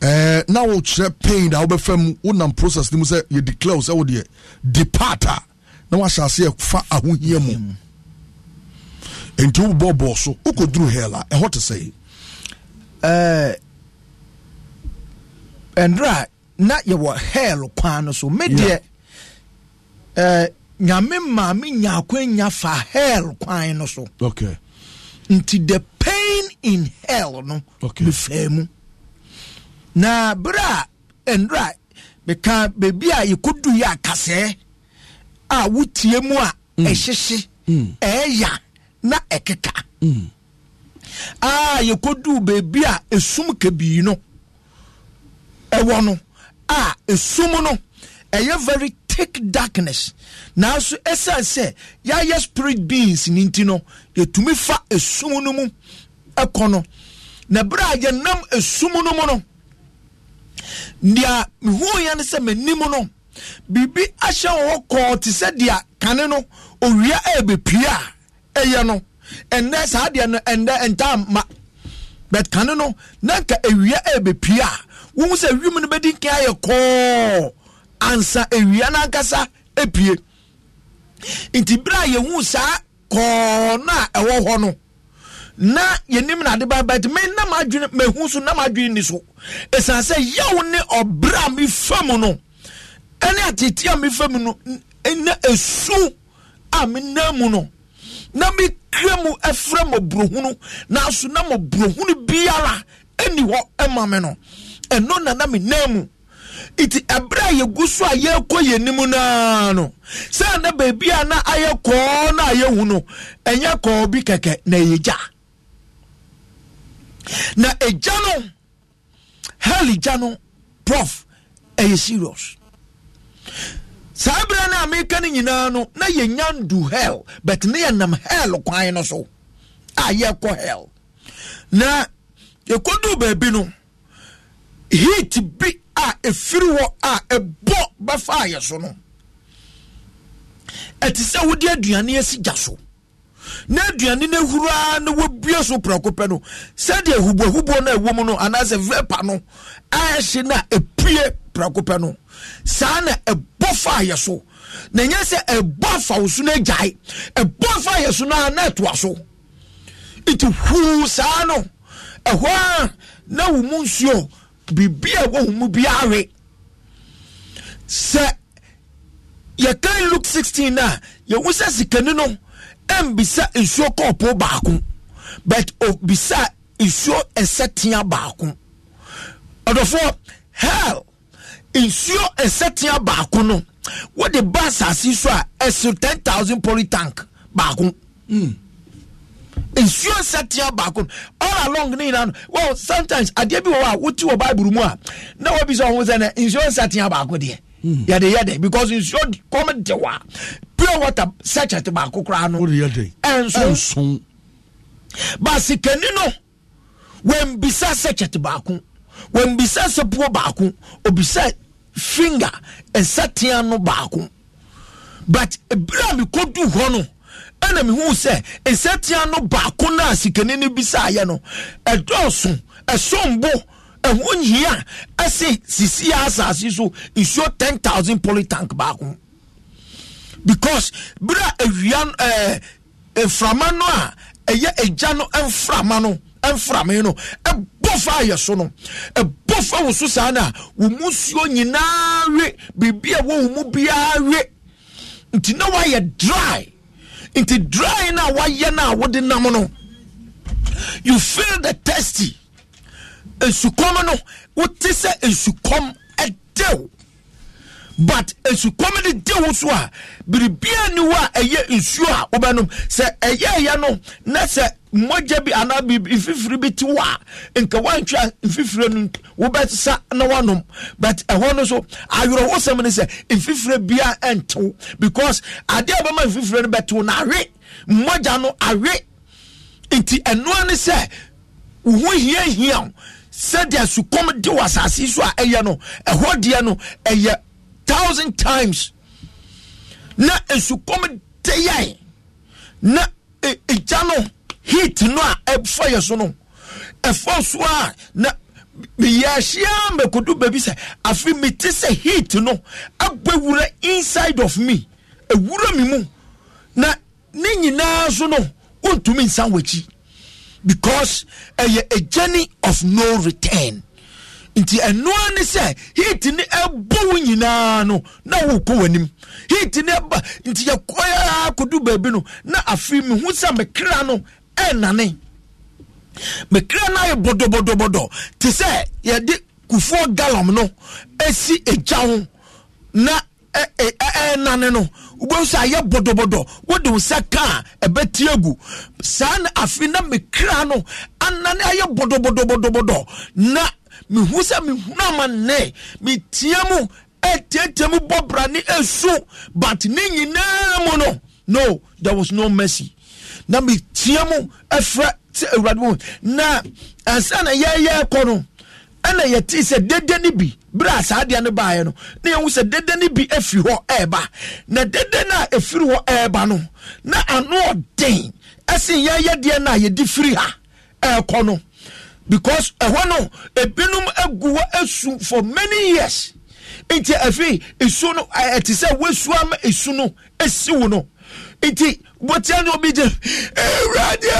ɛɛ na wokyerɛ pain a wobɛfa mu wonam process no mu sɛ yɛdeclare sɛ wodeɛ depart a na wahyɛ ase ɛfa ahohia mu mm-hmm. nti wobɔbɔɔ so wokɔduru hell a ɛhɔ te sɛ ɛɛ ɛndrɛ a na yɛwɔ hell kwan no so medeɛ ɛɛ nyame maame nya akwanya fa hell kwan no so okay. nti the pain in hell no okay. mefaa mu na berɛ a ɛnura meka baabi a yɛkɔdu yɛ akasɛɛ a wotie mu a mm. ɛhyehye mm. ɛɛya mm. na ɛkeka mm. a yɛkɔdu baabi a esum kabii no ɛwɔ no a esum no ɛyɛ very thick darkness nanso ɛsiane sɛ yɛayɛ spirit beings no nti no yɛtumi fa esum no mu ɛkɔ no na berɛ a yɛnam esum no mu no nea mehuuyɛ no sɛ m'anim no biribi ahyɛ wɔ hɔ kɔɔ te sɛ deɛ kane no owia ɛɛbɛpie ɛyɛ no ɛnɛ saa deɛ no ɛnɛ ntaa ma but kane no na nka ewia ɛɛbɛpie a wohu sɛ wiem no bɛdi nka ayɛ kɔɔ ansa ewia n'ankasa epie nti bere a yɛhu saa kɔɔ na a ɛwɔ hɔ no na yɛnim na ade baba ti mɛ nam adwene mɛhu so nam adwene ni so esan sɛ yaw ne ɔbra mi fam no ɛne atete a mi fam no ɛna esu a mi nam mu no na mi kira mu ɛfrɛ mo burohunu na aso na mo burohunu biara ɛni hɔ ɛma mi no ɛno na na mi nam mu. nti ɛberɛ a yɛgu so a yɛrekɔ yɛn nim naa no sɛ na baabi a na ayɛ kɔɔ na yɛhu e no ɛnyɛ kɔɔ bi kɛkɛ na ɛyɛ gya na ɛgya no hell gya e no prof ɛyɛ e serious saa berɛ no a meka no nyinaa no na yɛnya ndu hell but ne yɛnam hell kwan no so a yɛrekɔ hell na yɛkɔduu baabi no heat bi a ɛfiri hɔ a ɛbɔ bɛfa ayɛ so no ɛte sɛ wode aduane asi gya so na aduane no ahuraa na wɔbue so prɛko pɛ no sɛdeɛ huboahuboɔ no ɛwɔ mu no anaasɛ vepa no ahye no a ɛpue prɛko pɛ no saa na ɛbɔ fa ayɛ so na ɛnyɛ sɛ ɛbɔ afa wo so no agyae ɛbɔ afa ayɛ so no a na ɛtoa so nti huu saa no ɛhɔ a na wo mu nsuo biribi a ɛwɔ humu biara we sɛ yɛkan luke 16 a yɛhu sɛ sikani no ɛmbisa nsuo kɔɔpo baako but obisa nsuo ɛsɛtea baako ɔdɔfoɔ hell nsuo ɛsɛtea baako no wode ba asase so a ɛso 10000 poly tank baako mm nsuo nsateɛ baako no all along ne nyinaa no well sometimes adeɛ bi wɔ hɔ a wotu wɔ bible mu a na wabi sɛ ɔho sɛ no nsuo nsateɛ baako deɛ hmm. yɛde yɛde because nsuo kɔm de hɔ a pure water sachet baako koraa no ɛnson ba sikani no wɔmbisa sachet baako wɔmbisa sepuo baako obisa finger nsateɛ no baako but a mi kɔdu hɔ no ɛna mehu sɛ nsɛtea no baako no a sikani no bisaayɛ no ɛdɔɔso ɛsombo ɛho nyia ɛse sisia asase so nsuo 10000 polytank baako because bere a awia ɛɛ mframa no a ɛyɛ agya no mframa no mframe no ɛbɔ fa ayɛ so no ɛbɔ fa wo saa no a wo mu nsuo nyinaa we biribi a ɛwɔ wo mu biara we nti na woayɛ dry nti dry no a wayɛ no a wode nam no you feel the testy esukɔm no wote sɛ esukɔm ɛdew but esukɔm no de wo so a biribiara ni wo a ɛyɛ nsuo a wobɛnom sɛ ɛyɛ ɛyɛ no na sɛ mmɔgya bi anaa biribi mfifiri bi ti hɔ a nka wantwa mfifiri no wobɛsa na wanom but ɛhɔ no so awerɛhosɛm no sɛ mfifiri bia ɛntew because adeɛ a wɔbɛma mfifiri no bɛtew na awe mmɔgya no awe nti ɛnoa ne sɛ wo ho hia hia o sɛdeɛ sukɔm de wɔ asase so a ɛyɛ no ɛhɔ deɛ no ɛyɛ thousand times na esukɔm de yɛe na e, egya no. E, heat no a ɛfa yɛ so no ɛfa so a na meyɛ ahyia mɛkodu baabi sɛ afe mete sɛ heat no abɔ wura inside of me ɛwura me mu na ne nyinaa so no wontumi nsan w'akyi because ɛyɛ a journey of no return nti ɛnoa ne sɛ heat ne ɛbɔ wo nyinaa no na wokɔ w'anim heat ne ɛba nti yɛkɔɛ akodu baabi no na afei mehu sɛ mekra no ɛnane mekra no ayɛ bɔdɔbɔdɔbɔdɔ te sɛ yɛde kufuo gallon no ɛsi egya ho na ɛnane no wobɛhu sɛ ayɛ bɔdɔbɔdɔ wode wo sɛ ka a ɛbɛtie gu saa na afei na mekra no anane ayɛ bɔdɔbɔdɔbɔdɔbɔdɔ na mehu sɛ mehunu ama nnɛ metia mu ɛtiatia mu bɔbra ne ɛsu but ne nyinaa mu no no there was no mercy na metia mu ɛfrɛ sɛ awurade mu na ansa na yɛyɛ kɔ no ɛna yɛte sɛ dede no bi berɛ a saa adeɛ no baeɛ no na yɛhu sɛ dede no bi afiri hɔ ɛɛba na dede na a ɛfiri hɔ ɛɛba no na ano ɔden ɛsen yɛyɛ deɛ na a yɛde firi ha ɛɛkɔ no because ɛhɔ no ebinom agu hɔ asu for many years nti afei esu no ɛte sɛ wasua ma esu no esi wo no nti bɔtia ne obi gye awurade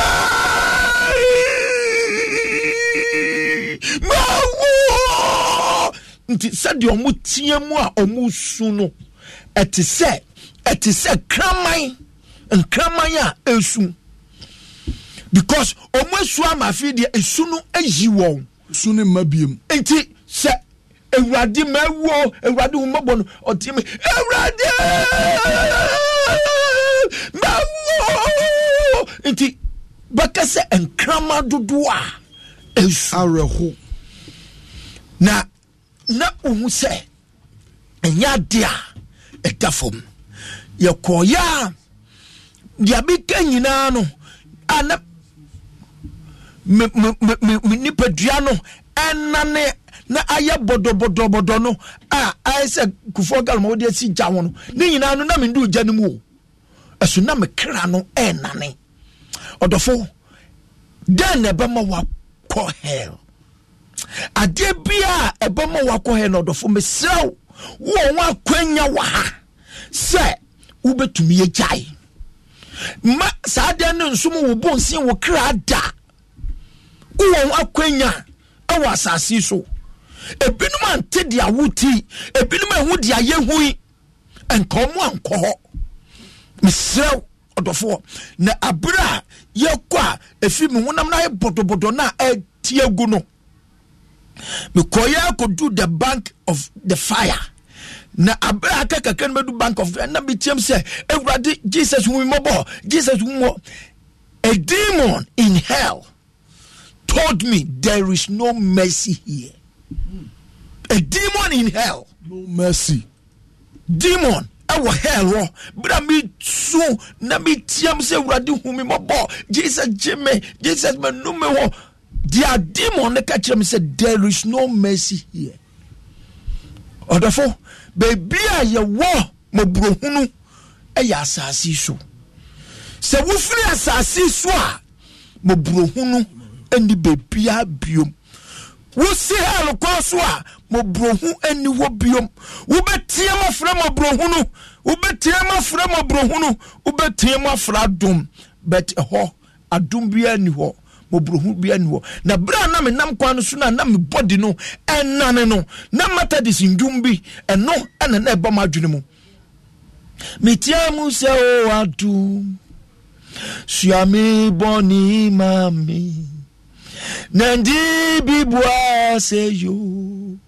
mawo nti sɛdeɛ ɔmo teɛ mu a ɔmo su no ɛte sɛ ɛte e sɛ kraman nkraman a esu because ɔmo esu ama fi di esu no ayi wɔn su ne mma biem nti sɛ awurade ma ewu o awurade wo mabɔ no ɔte mi awurade na nti bɛka sɛ nkrama dodoɔ a ɛsu na na ohu sɛ ɛnyɛ ade a ɛda fam yɛkɔɔyɛ a yɛabɛka nyinaa no a na nipadua no ɛnane na ayɛ bɔdɔbɔdɔbɔdɔ no a ayɛ sɛ kufoɔ galoma wode asi gya ho no ne nyinaa no na mende ogya no mu o ɛso na me kra no ɛnane ɔdɔfo dɛn na ɛbɛma wakɔ hell adeɛ bia a ɛbɛma wakɔ hell na ɔdɔfo mesrɛ wo wowɔ akwanya wɔ ha sɛ wobɛtumi yɛgyae ma saa adeɛ no nsom wo bo wo kra da wowɔ wo akwanya ɛwɔ asase so ebinom ante deɛ awo ti ebinom ehu deɛ ayɛ hui nkɔmɔ ankɔ hɔ mesrɛ wo ɔdɔfoɔ na abere a yɛkɔ a ɛfiri me honam no ayɛ bɔdɔbɔdɔ no a ɛtie gu no mekɔyɛ akɔdu the bank of the fire na abere aka kakra no bɛdu bank of na metiam sɛ awurade jesus hu mmɔbɔ jesus hu mmɔ a demon in hell told me there is no mercy here a demon in hell no mercy demon ɛwɔ hell hɔ bra mi su na mi tiam sɛ awurade hu mi mɔbɔ jesus gye jesus ma nu me hɔ deɛ ade ma ka kyerɛ me sɛ there is no mercy here ɔdɔfo baabi a yɛwɔ mɔburohunu ɛyɛ asase so sɛ wofiri asase so a mɔburohunu ɛni baabi a biom wosi hell kɔ so a mɔborɔhu ani hɔ biom wobɛtie mu afrɛ mɔborɔhu no wobɛtie mu afrɛ mɔborɔhu no wobɛtie mu afrɛ adom but ɛhɔ adom biara ni hɔ mɔborɔhu biara ni hɔ na berɛ a na menam kwan no so no a na mebɔde no ɛnane no na methodis ndwom bi ɛno ɛna na ɛba m adwene mu metia mu sɛ o adom sua me bɔne ma me na bi boa sɛ yoo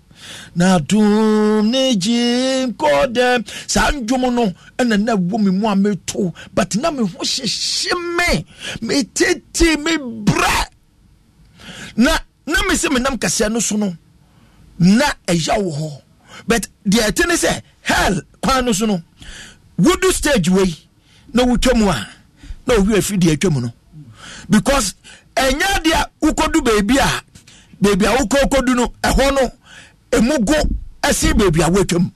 na dum ne gye nkɔ dɛ saa ndwom no ɛna na ɛwɔ me mu a meto but na me ho hyehye me metete me brɛ na na me sɛ menam kaseɛ no so no na ɛya e wɔ hɔ but deɛ ɛte ne sɛ hell kwan no so no wodu stage wei na wotwa mu a na owi afi deɛ atwa mu no because ɛnyɛ deɛ wokɔdu baabi a baabi a wokɔkɔdu no ɛhɔ e no emu go ɛsi baabi a wɔatwam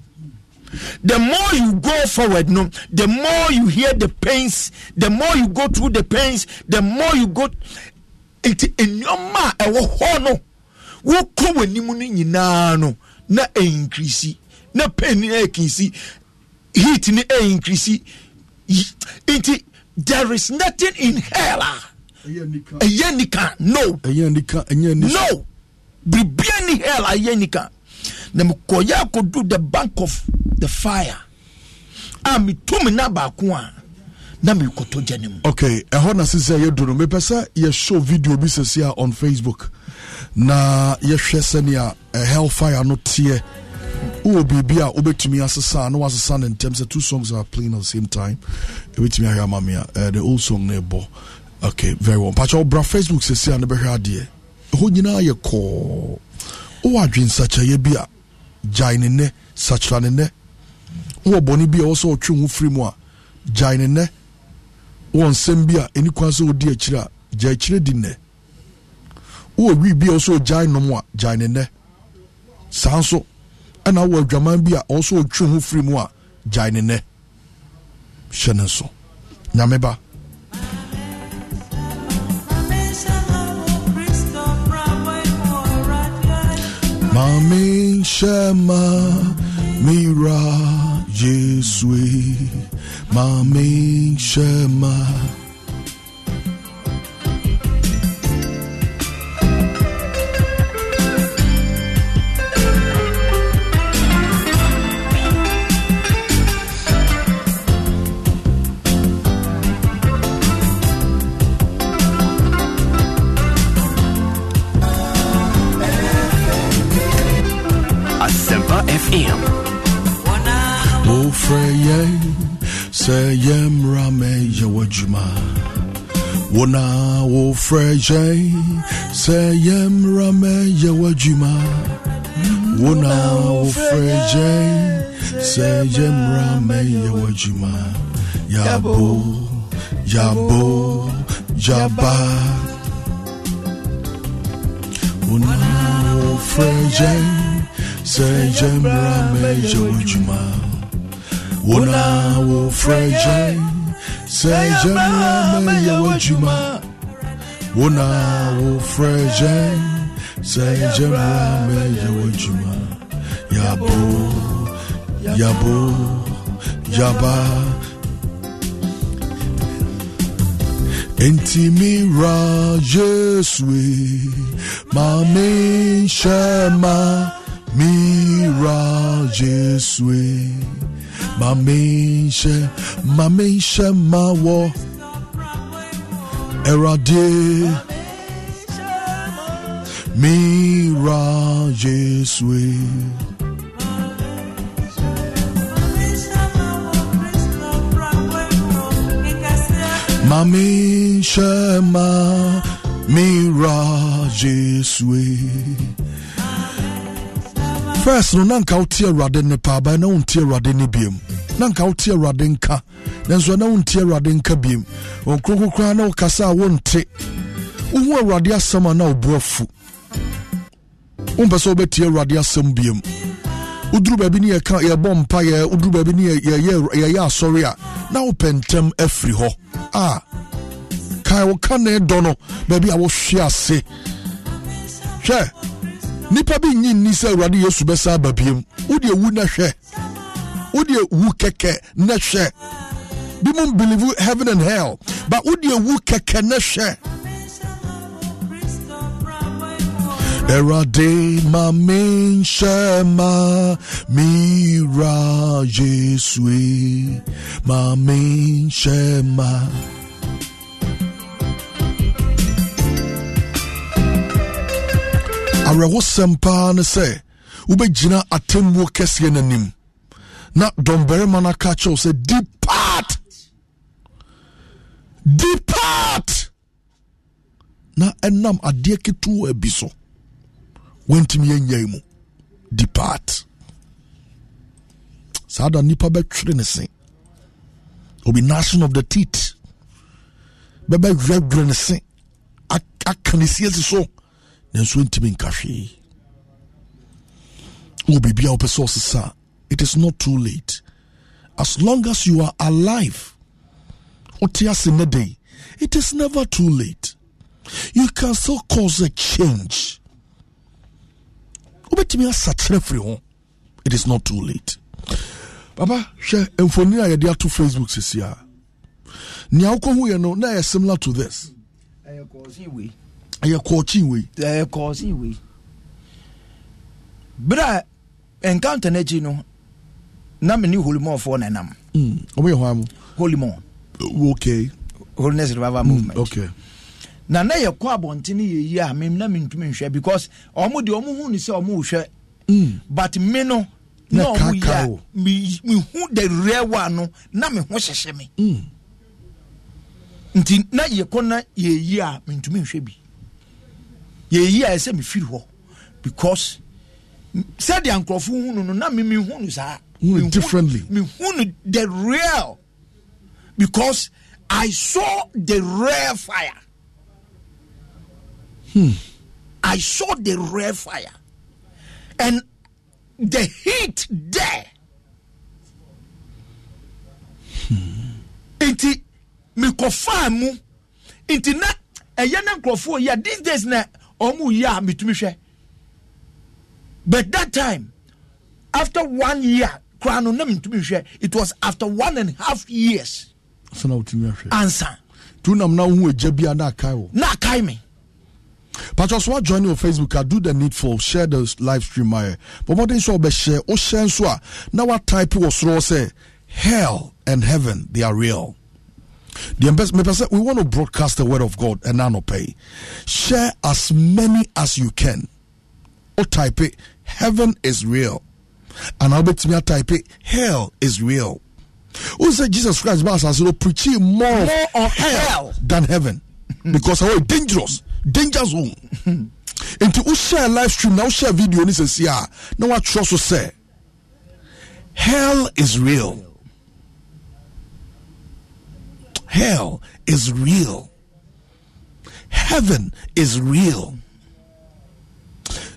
the more you go forward no the more you hear the pains the more you go through the pains the more you go nti nneɛma a ɛwɔ hɔ no wokɔ w'anim no nyinaa no na ɛnkirisi na pain no ɛkirisi heat no ɛnkirisi nti there is nothing in hell a ɛyɛ nika no no biribia ni hell a ɛyɛ nika. na mekɔyɛ akɔdu the bank of the fire a metu me na baako a na mekɔtɔ gya ne mu ok ɛhɔ na sesɛ yɛdu no mepɛ sɛ yɛhyɛ video bi sɛsi a on facebook na yɛhwɛ sɛnea eh, hell fire no teɛ wowɔ biribi a wobɛtumi asesa na woasesa no ntɛm sɛ two songs are playing at the same time ɛbɛtumi ahwɛ ama me a uh, the old song na ɛbɔ okay very well mpakyɛ wobra facebook sɛsi a ne bɛhwɛ adeɛ ɛhɔ nyinaa yɛ kɔɔ wowɔ adwensakyɛeɛ bi a gyae ne nnɛ sakyera ne nnɛ wowɔ bɔne bi a ɛwɔ sɛ ɔtwe ho firi mu a gyae ne nnɛ wowɔ nsɛm bi a ɛni sɛ wodi akyiri a gya akyire di nnɛ wowɔ wii bi a ɛwɔ ɔgyae nom a gyae ne nnɛ saa nso ɛna wowɔ adwaman bi a ɔwɔ sɛ ɔtwe ho firi mu a gyae ne nnɛ hyɛ ne nso nyame ba Mami Shema Mira Yesui Mami Shema say yem Rame yawajuma. Wuna say yem Rame yawajuma. Yabo, Yabo, Jaba. Wuna say yem Rame yawajuma. Wuna say yem Rame yawajuma. wona wo frɛ yɛn sɛ yɛmmra mɛyɛwɔ adwuma yabo yabo yaba enti mira yesue maame nhyɛ ma mira yesue maame nhyɛ maame nhyɛ ma e. wɔ Erade Mira Jesus, Mami Shema Mira Jesus. first no na nka wote awurade ne paaba na wonte awurade ne biam na nka wote awurade nka nanso na wonte awurade nka biam ɔnkronkro koraa na wokasa a wonte wohu awurade asɛm a na wobu afu wompɛ sɛ wobɛtie awurade asɛm biam woduru baabi ne yɛka yɛbɔ mpa yɛ woduru baabi ne yɛyɛ asɔre a na wopɛ ntɛm afiri hɔ a kae woka ne dɔ no baabi a wohwe ase hwɛ nipa bi nyi nni sɛ awurade yesu bɛsa aba biem wode wu na hwɛ wode wu kɛkɛ na hwɛ bi mu believe heaven and hell but wode wu kɛkɛ na hwɛ Erade ma min shema mira Jesu, ma min shema. awerɛhosɛm paa ne sɛ wobɛgyina atemmuo kɛseɛ no na dɔmbarima no aka kyerɛw sɛ depart depart na ɛnam adeɛ ketewa bi so wantumi yɛnyɛe mu depart saa da nipa bɛtwere ne se obi nation of the teeth bɛbɛwerɛwerɛ ne se aka ne so nanso ntumi nka hwee wɔ biribi a wopɛ sɛ ɔsesa it is not too late as long as you are alive wote ase ne day? it is never too late you can still cause a change wobɛtumi asakyerɛ firi ho it is not too late baba hwɛ mfoni a yɛde ato facebook sisi a nea wokɔhuyɛ no na ɛyɛ similar to this ɛyɛ kɔɔkyin wei ɛyɛ kɔɔkyin wei bere a encounter n'akyi no na me ne holimɔfoɔ na ɛnam hmm. ɔmo yɛ hɔ amu holimɔ oh, okay holiness revival hmm, movement mm, okay na na yɛ kɔ abɔnten yɛ yie a mem na mentumi nhwɛ because ɔmo deɛ ɔmo hu ne sɛ ɔmo hwɛ mm. but me no na ɔmo yɛ a mehu the real one no na me ho hyehyɛ me mm. nti na yɛ kɔ na yɛ yie a mentumi nhwɛ bi yɛyi ayɛ sɛ mefiri hɔ because sɛdeɛ nkurɔfo hunu no na meme hu no saa mehunu the real because i saw the real fire hmm. i saw the real fire and the heat there nti mekɔfaa mu nti na ɛyɛ na nkurɔfoɔ yia these days na ɔmo yi a metumi hwɛ but that time after one year koraa no na metumi hwɛ it was after one and a half years sana wotumi ahwɛ ansa tu nam na wohu agya bia na akae wo na akae me patro so wajoin your facebook a do the needful share the live stream ayɛ but mmɔden sɛ wobɛhyɛ wohyɛ nso a na watype wɔ soro sɛ hell and heaven they are real we want to broadcast the word of God and pay. Share as many as you can. Or type it, heaven is real. And I'll bet me type it, hell is real. Who said Jesus Christ was as you preach more, more of hell, hell than heaven? because how dangerous, danger zone. Into who share live stream now share video he says yeah. Now I trust to say hell is real hell is real, heaven is real.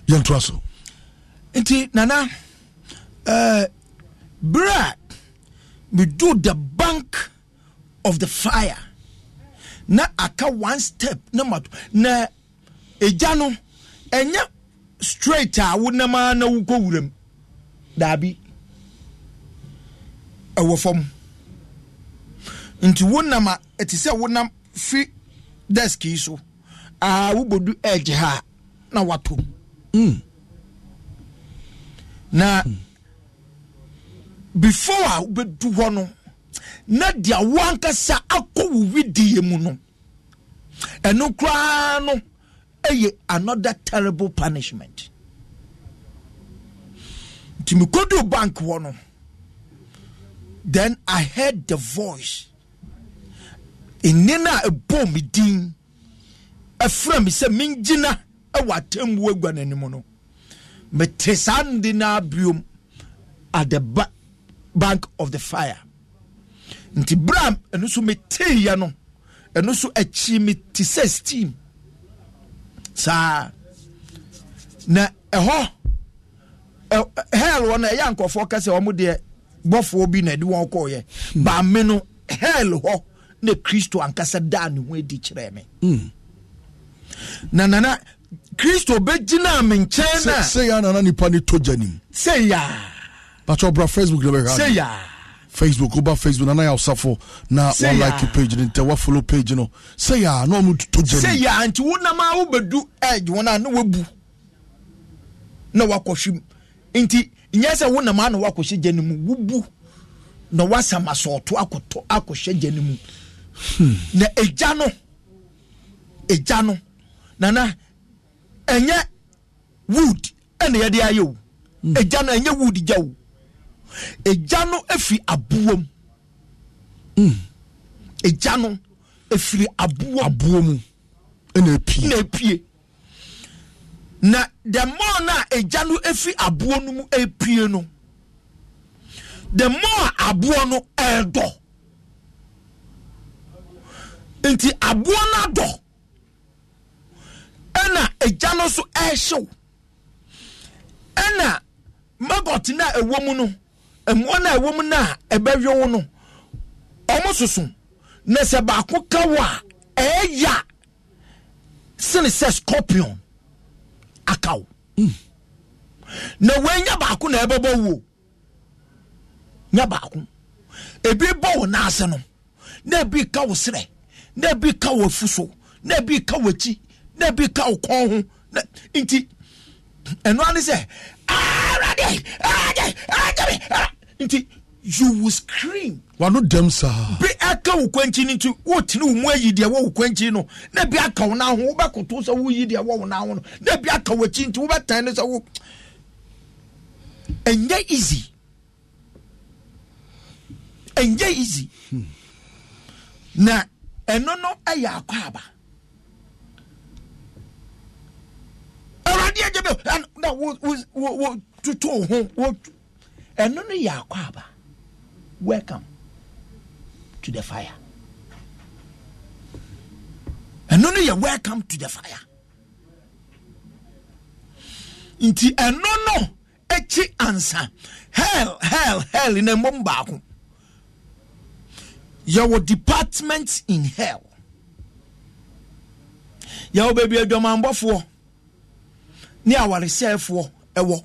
Young so. Nti Nana, uh, Brad, we do the bank of the fire. Na aka one step na ma na egya no ɛnyɛ straight a wonam a na wokɔ wuram daabi ɛwɔ from. nti wonam a ɛte sɛ wonam fi desk yi so a wobɔdu ɛgye ha na watom mm. na mm. before a wobɛdu hɔ no na deɛ woankasa akɔ wo widiɛ mu no ɛno koraa no ɛyɛ another terrible punishment nti mekodu bank hɔ no then i heard the voice nne no a ɛbɔ me din ɛfrɛ me sɛ mengyina ɛwɔ atammuo agua n'anim no mete saa nde no at the ba bank of the fire nti berɛ a ɛno so meteeɛ no ɛno so akyi me te sɛ steam saa na ɛhɔ hell wɔ no ɛyɛ nkɔfoɔ ka sɛ ɔmo deɛ bɔfoɔ bi na ɛde wɔn kɔɔyɛ baame no hell hɔ ne kristo ankasa da ne ho adi kyerɛɛ me hmm. na nana kristo bɛgyinaa me nkyɛn no sɛyɛ nana nipa ne tɔ gya nim sɛyaa bakyɛ ɔbra facebook na bɛhwɛ sɛyaa facebook woba facebook nana yɛ awosafo na walike page no ntɛ wafollow page no sɛyaa na ɔno tɔ gya sɛyaa nti wonam a wobɛdu edge wɔn a na wabu na wakɔhwem nti nyɛ sɛ wonam a na wakɔhyɛ gya no mu wobu na wasama sɔɔto akɔtɔ akɔhyɛ gya no mu na egya no egya no nana ɛnyɛ wood ɛna yɛde ayɛ o hmm. egya no ɛnyɛ wood gya o egya no efi aboɔ mu egya no efiri aboɔ hmm. aboɔ mu ɛna epie ɛna epie na the more na egya no efi aboɔ no mu epie no the more aboɔ no ɛɛdɔ. E nti aboɔ no adɔ ɛna agya no nso ɛrehyew ɛna magɔt no a ɛwɔ mu no mmoa no a ɛwɔ mu no a ɛbɛwe no ɔmo soso na sɛ baako ka wo a ɛɛya sene sɛ scorpion akaw na wɔanya baako na ɛbɛbɔ wo nya baako ebi bɔ wo naase no na ebi ka wo serɛ na bi ka wɔ afu so na bi ka wɔ akyi na bi ka wɔ kɔn ho na nti ɛnoa ne sɛ ah, awurade awurade awurade nti you will scream. wano dɛm saa. bi aka wo kwankyi ni nti wotini wo mu ayi deɛ wɔ wo kwankyi no na bi aka wo n'aho wo bɛ koto sɛ wo yi deɛ wɔ wo n'aho no na bi aka wo akyi nti wo bɛ tan ne sɛ wo ɛnyɛ easy ɛnyɛ easy hmm. na ɛno no ɛyɛ akwaaba awurade agye bɛ na wo wo wo tutu wo ho wo ɛno no yɛ akwaaba welcome to the fire ɛno no yɛ welcome to the fire nti ɛno no akyi ansa hell hell hell na mmom baako yɛwɔ department in hell yɛwɔ baabi adwamanbɔfoɔ ne awaresɛefoɔ ɛwɔ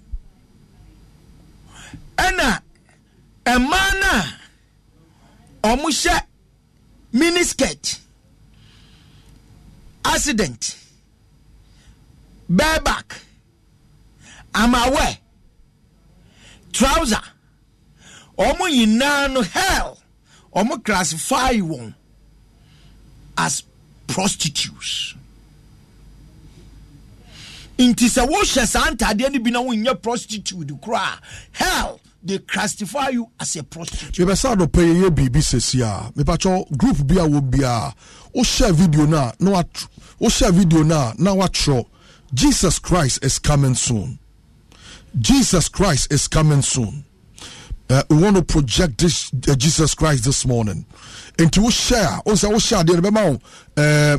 ɛna mmaa no a ɔmohyɛ minisket accident bareback amawɛ trouser ɔmo nyinaa no hell ɔmo classify wɔn as prostitutes nti sɛ wohyɛ saa ntadeɛ no bi na wonyɛ prostitute koraa hell they classify you as a prostitute. mebɛsa adɔpɛ yɛyɛ biribi sɛsi a mepakyɛ group bi a wɔ bi a wohyɛ video na a na wohyɛ video na na wa watwerɛ jesus christ is coming soon jesus christ is coming soon Uh, we want to project this uh, Jesus Christ this morning. Into wo share, Also, oh, say share there be ma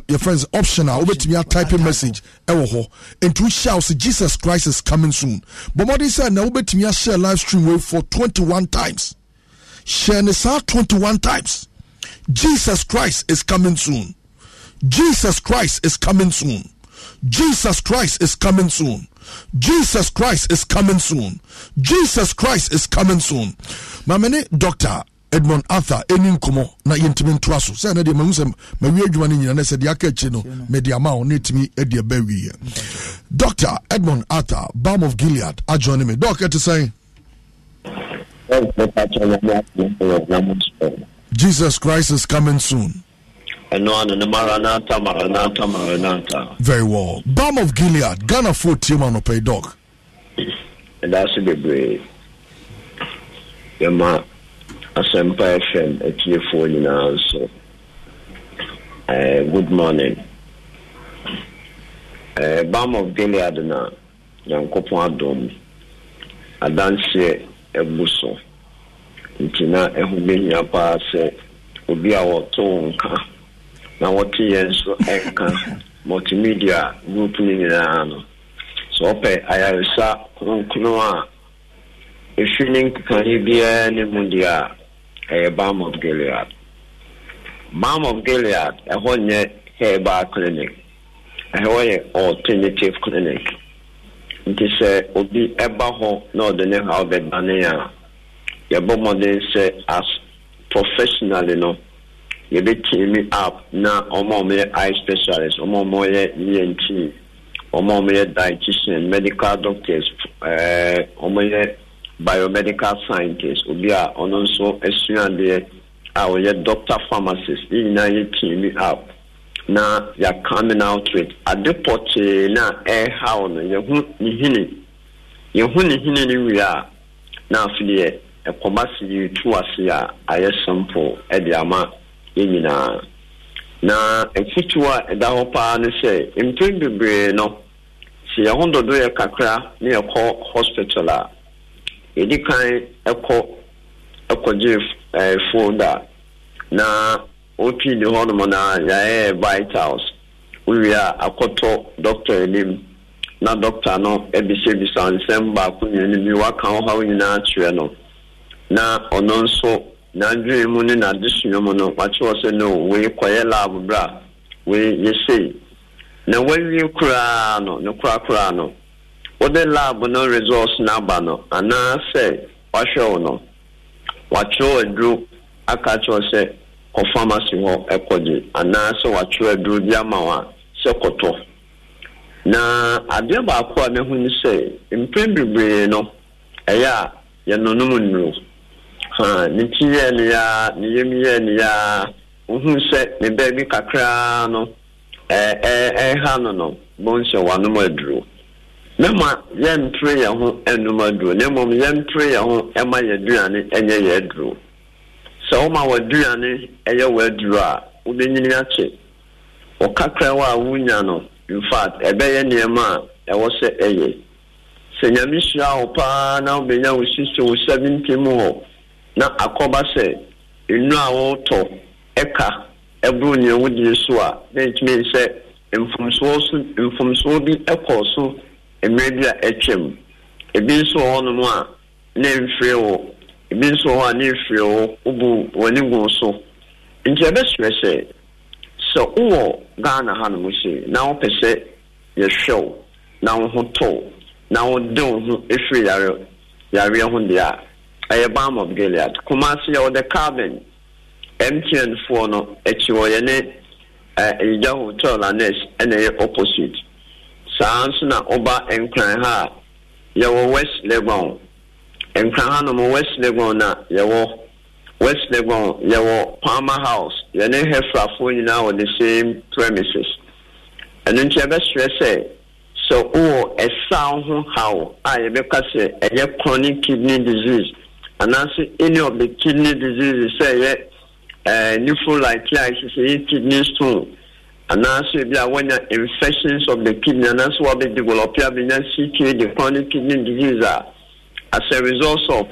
your friends optional obetimi a typing message e eh, wo ho. Into share oh, Jesus Christ is coming soon. But what is say na obetimi a share live stream way for 21 times. Share is out 21 times. Jesus Christ is coming soon. Jesus Christ is coming soon. Jesus Christ is coming soon. Jesus Christ is coming soon. Jesus Christ is coming soon. Mamene doctor Edmond Arthur ɛni nkɔmɔ na yɛntumi ntoa so sɛ ɛnɛ deɛ mahu sɛ mawie adwuma no nyina nɛ sɛ deɛ aka akyi no mede ama wo ne ɛtumi adi aba wieɛ dr edmond arthur balm of gilead ajoine me dɔk ɛte sɛn jesus christ is coming soon ɛno n'ata ne n'ata maranata n'ata. very well bam of gilead ghana fo tie ma anɔpɛi dɔk ɛda so bebree yɛma asɛmpa fm atiefoɔ nyinaa nso uh, good morning uh, bam of gilead na nyankopɔn adom adanseɛ ɛbu so nti na ɛho bɛhia paa sɛ obi a wɔto wo nka na wɔte yɛn nso ɛka multimedia group no nyinaa no sɛ ɔpɛ ayaresa kronkron a ɛfi ne nkekane biara ne mu deɛ a ɛyɛ balm of gilead balm of gilead ɛhɔ nyɛ herbal clinic ɛhɔ yɛ alternative clinic nti sɛ obi ɛba hɔ na ɔde ne haw bɛdane a yɛbɔ mmɔden sɛ as professionally no yɛbɛtumi up na ɔma ɔmo yɛ eye specialist ɔma ɔmo yɛ ent ɔma ɔmo yɛ dietitian medical doctors ɛɛ eh, ɔmo yɛ biomedical scientist obi a ɔno nso esua adeɛ a ɔyɛ doctor pharmacist ne nyinaa yɛtumi app na yɛ coming out with ade pɔtee na ɛɛha e ɔno yɛho ne hini yɛho ne hini ne wie na afei deɛ ɛkɔba e si yɛ tu ase a ayɛ simple ɛde ama. yɛn nyinaa na mfutuwa a ɛda hɔ paa ne sɛ bebree no sɛ yɛn dodo yɛ kakra ne yɛkɔ hospital a yɛdi kan ɛkɔ ɛkɔgye ɛɛ na otwi ne hɔ na yɛayɛ vitals wowie a akɔtɔ doctor anim na doctor no ebisabisa nsɛm baako bi waka nyinaa no na ɔno nso. na ndwene mu ne n'adesua mu no wakyerɛ sɛ no wei kɔyɛ lab berɛ a wei yɛsei na wawie koraa no ne korakoraa no wode lab no results no aba no anaasɛ wahwɛ wo no wakyerɛ aduro aka kyerɛ sɛ kɔ pharmacy hɔ e aduro bi ama a sɛ na adeɛ baako a ne sɛ mpɛn bebree no ɛyɛ e a yɛnonom nnuro ne ti yɛ ne ya ne yam yɛ ne ya ohun sɛ ne baabi kakra no ɛha eh, eh, eh, no no bɔnhyɛ wanom aduro mɛma yɛmpere yɛn ho anum aduro na mmom yɛmpere yɛn ho ma yɛ aduane nyɛ yɛ aduro sɛ woma w'aduane ɛyɛ w'aduro a wobɛnyini akye ɔkakra wɔ awunya wonya no infact ɛbɛyɛ nneɛma a ɛwɔ sɛ ɛyɛ sɛ nyame hyira wo paa na wobɛnya wo sisi wo 70 mu hɔ na akɔba sɛ nnu a wɔretɔ ɛka ɛboro nneɛmudie so a na ntumi sɛ mfomsoɔ so mfomsoɔ bi ɛkɔ so mmerɛ bi a ɛtwam ebi nso wɔ hɔnom a na mfiri wɔ ebi nso wɔ hɔ a na mfiri wɔ gu so nti sɛ sɛ ghana hanom se na sɛ yɛhwɛ na ho tɔ na ho yareɛ ho deɛ a ɛyɛ balm of gilead kumase yɛ wɔde carbon mtn foɔ no akyi wɔyɛ ne ɛyɛ hotel anes ɛna ɛyɛ opposite saa nso na ɔba nkran ha a yɛwɔ west legon nkran ha nom west legon na yɛwɔ west legon yɛwɔ palmer house yɛne hefrafoɔ nyinaa wɔ the same premises ɛno nti yɛbɛsrɛ sɛ sɛ wowɔ ɛsa ho haw a yɛbɛka sɛ ɛyɛ chronic kidney disease anaasị any of the kidney diseases sị ịyɛ ɛɛ nephrolithiasis ɛyɛ eh, kidney stone anaasị ebi a wɔnya infections of the kidney anaasị wɔabɛ develop abɛnya CKD chronic kidney disease a as a result of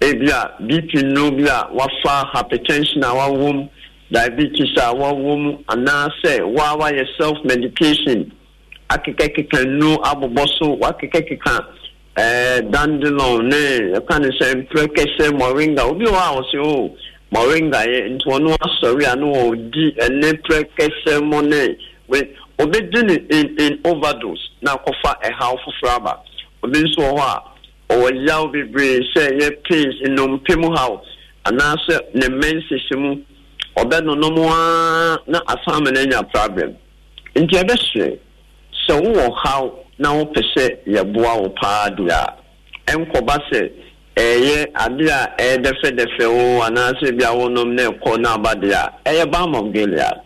ebi a bp no bi a wafa hypertension a wawɔ mu diabetes a wawɔ mu anaasɛ wawa yɛ self medication akekakeka no abobɔ so wakekakeka. Eh, dandelon ne ɛka mprekese sɛ mprɛ kɛsɛ moringa obi wɔ a wɔse o moringa yɛ nti ɔno asɔre a ne ɔdi ɛne prɛ kɛsɛ mo ne obɛdi in in overdose na akɔfa ɛhaw e foforɔ aba obi nso wɔ hɔ a ɔwɔ yaw bebree sɛ yɛ pins nnompe mu haw anaasɛ ne mɛnsisi mu ɔbɛnonom a na asan anya problem nti ɛbɛsɛ sɛ wowɔ haw na wopɛ sɛ yɛboa wo paa deɛ a ɛnkɔba sɛ ɛyɛ ade a ɛyɛ dɛfɛdɛfɛ o anaasɛ bia wonom na ɛkɔ na aba dị a ɛyɛ bamam gilead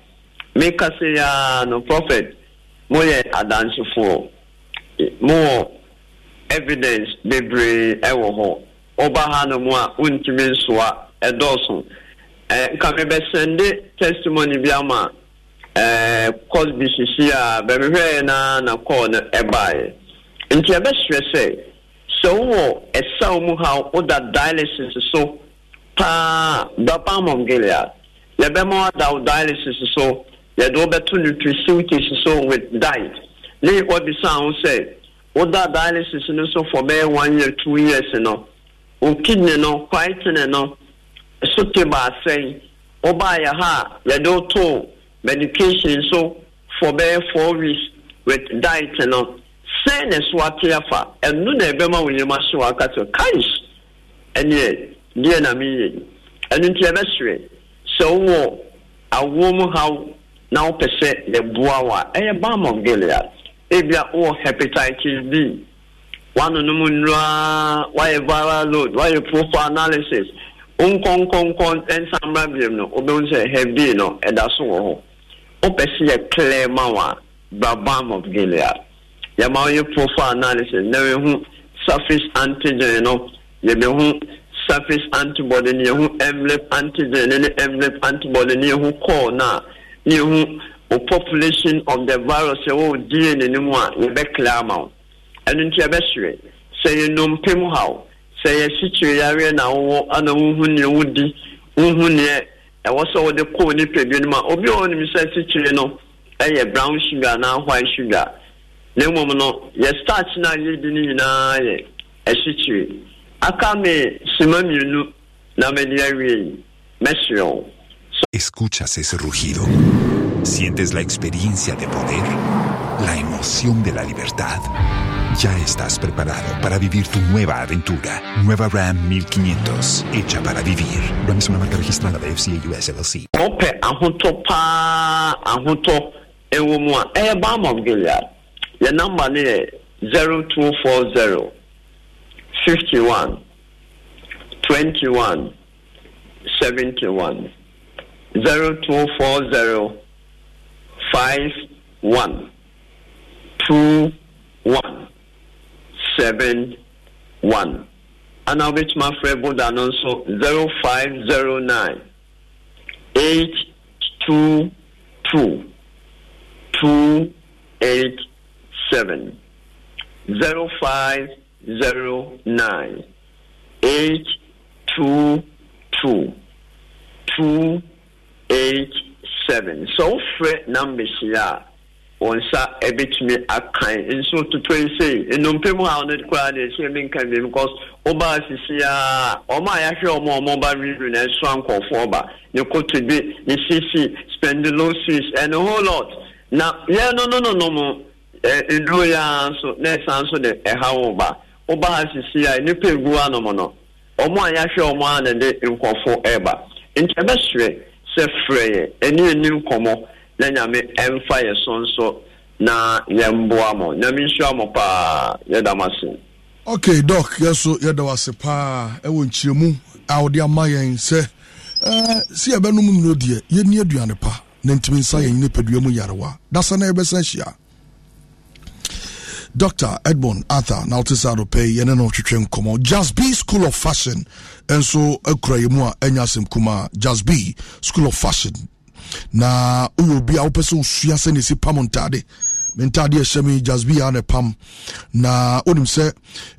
meka sɛ yɛa no prophet moyɛ mụ mowɔ evidence bebree ɛwɔ hụ woba ha no mu a wontumi nsoa ɛdɔɔso nka mebɛsɛnde testimony bi mụ a cos eh, bi sisi a bɛhwehwɛeɛ na na kɔɔ no ɛbaeɛ nti ɛbɛhyerɛ sɛ sɛ wowɔ ɛsaw mu haw woda dialysis so paa bapamom gilead yɛbɛma wada wo dialysis so yɛde wobɛto nutriceutis so with diet ne wabisa ho sɛ woda dialysis no so for bɛyɛ one year two years no wo kidney no kwaetene no so te baasɛn wobaayɛ ha a yɛde wotoo medication so for bɛyɛ four weeks with diet and all. sɛn na so ate afa ɛnu na ɛbɛma wɔn nyɛma so aka so kais ɛneɛ deɛ na meyɛ ɛnu nti ɛbɛsrɛ sɛ wowɔ awoɔ mu haw na wopɛ sɛ yɛboa wo a ɛyɛ balm of gilead ebia wowɔ hepatitis b wanonom nnura wayɛ viral load wayɛ profile analysis nkɔnkɔnkɔn nsamra biam no wobɛhu sɛ hep b no ɛda so wɔ hɔ wopɛ sɛ yɛ clear ma wo a brabam of gilead yɛma woyɛ profile analysis na yɛhu surface antigen no yɛbɛhu surface antibody ne yɛhu envelope antigen ne ne envelope antibody ne yɛhu call no a ne yɛhu o population of the virus ɛwɔ o dna no mu a yɛbɛkla ama wo ɛno nti yɛbɛhwerɛ sɛ yɛnompem haw sɛ yɛsikyire yareɛ na wowɔ ana wohu neɛ wodi wohu neɛ ɛwɔ sɛ wɔde kɔɔ nipa bi no mu a obi a ɔnim sɛ titiri no ɛyɛ brown sugar na white sugar na mmom no yɛ starch no a yɛdi no nyinaa yɛ ɛsikyiri aka me sima mmienu na mɛde awie mɛhyew. Escuchas ese rugido. Sientes la experiencia de poder, la emoción de la libertad. Ya estás preparado para vivir tu nueva aventura. Nueva Ram 1500, hecha para vivir. Ram es una marca registrada de FCA US LLC. Ope, ahuto pa, un eh, vamos, gilead. number es 0240 51 21 71 0240 51 21 seven one and ana wobɛtumi afrɛ boda no nso zero five zero nine eight two two two eight seven zero five zero nine eight two two two eight seven so wofrɛ number yi a wɔn nsa ɛbɛtumi akan nso toto yi sei nnompe mu a ɔno koraa na ɛhyɛ mi nka bi because ɔbaa sisi a ɔmo a yɛahwɛ ɔmo a ɔmo ba riri na ɛso ankɔfo ɔba ne koto bi ne sisi spendylosis and a whole lot na yɛn no no no no mo ɛɛ eh, eduro yɛ ara nso na ɛsan so de ɛha e wɔ ba ɔbaa sisi a nipa egu anom no ɔmo a yɛahwɛ ɔmo a na de nkɔfo ɛɛba nti ɛbɛsrɛ sɛ frɛ yɛ ɛne ɛnim kɔmɔ na nyame ɛmfa yɛ so nso na yɛmboa mo nyame nhyira mo paa yɛda mo ase ok dɔk yɛ so yɛda wo ase paa ɛwɔ nkyerɛmu a wode ama yɛn sɛ eh, sɛ yɛbɛnom nnuro deɛ yɛni aduane pa na ntimi nsa yɛn nipadua mu yarewa dasa na yɛbɛsa hyia dr edmond arthur na wote saa adɔpɛ yɛne no twetwe nkɔmmɔ jasb school of fashion nso akura yɛ mu a ɛnya asɛm kuma jasb school of fashion na woyɛ bi a wopɛ sɛ wosua sɛ ne ɛsi pam ntade me ntade ɛhyɛ me jasbia ne pam na wonim sɛ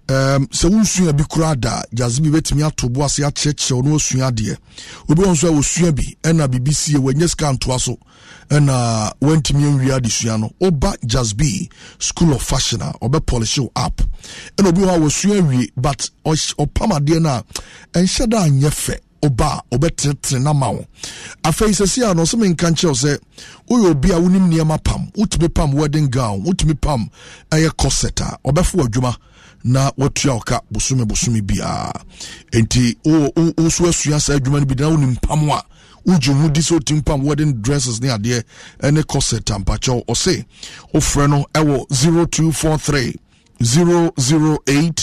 um, sɛ wonsua bi koraa da jasbi bɛtumi ato bo ase akyerɛkyerɛ no asua adeɛ obi wɔ nso a wɔsua bi ɛna biribi sie wɔanyɛ sika ntoa so ɛna wantumi anwia adesua no woba jasbi school of fashion a ɔbɛpɔlehye wo app ɛna obi hɔ a wɔsua awie but ɔpam adeɛ no a ɛnhyɛ da anyɛ fɛ ɔba a ɔbɛtenetene no ama wo afei sɛsi a no ɔsɛ menka nkyerɛw sɛ woyɛ obi a wonim nneɛma pam wotumi pam wedding gown wotumi pam ɛyɛ corset a ɔbɛfo adwuma na watua ɔka bosome bosome biara enti wo so asua saa adwuma no bi na wonim pam a wogye ho di sɛ wotim pam wedding dresses ne adeɛ ɛne corset a mpakyɛw ɔse wofrɛ no ɛwɔ 0243 008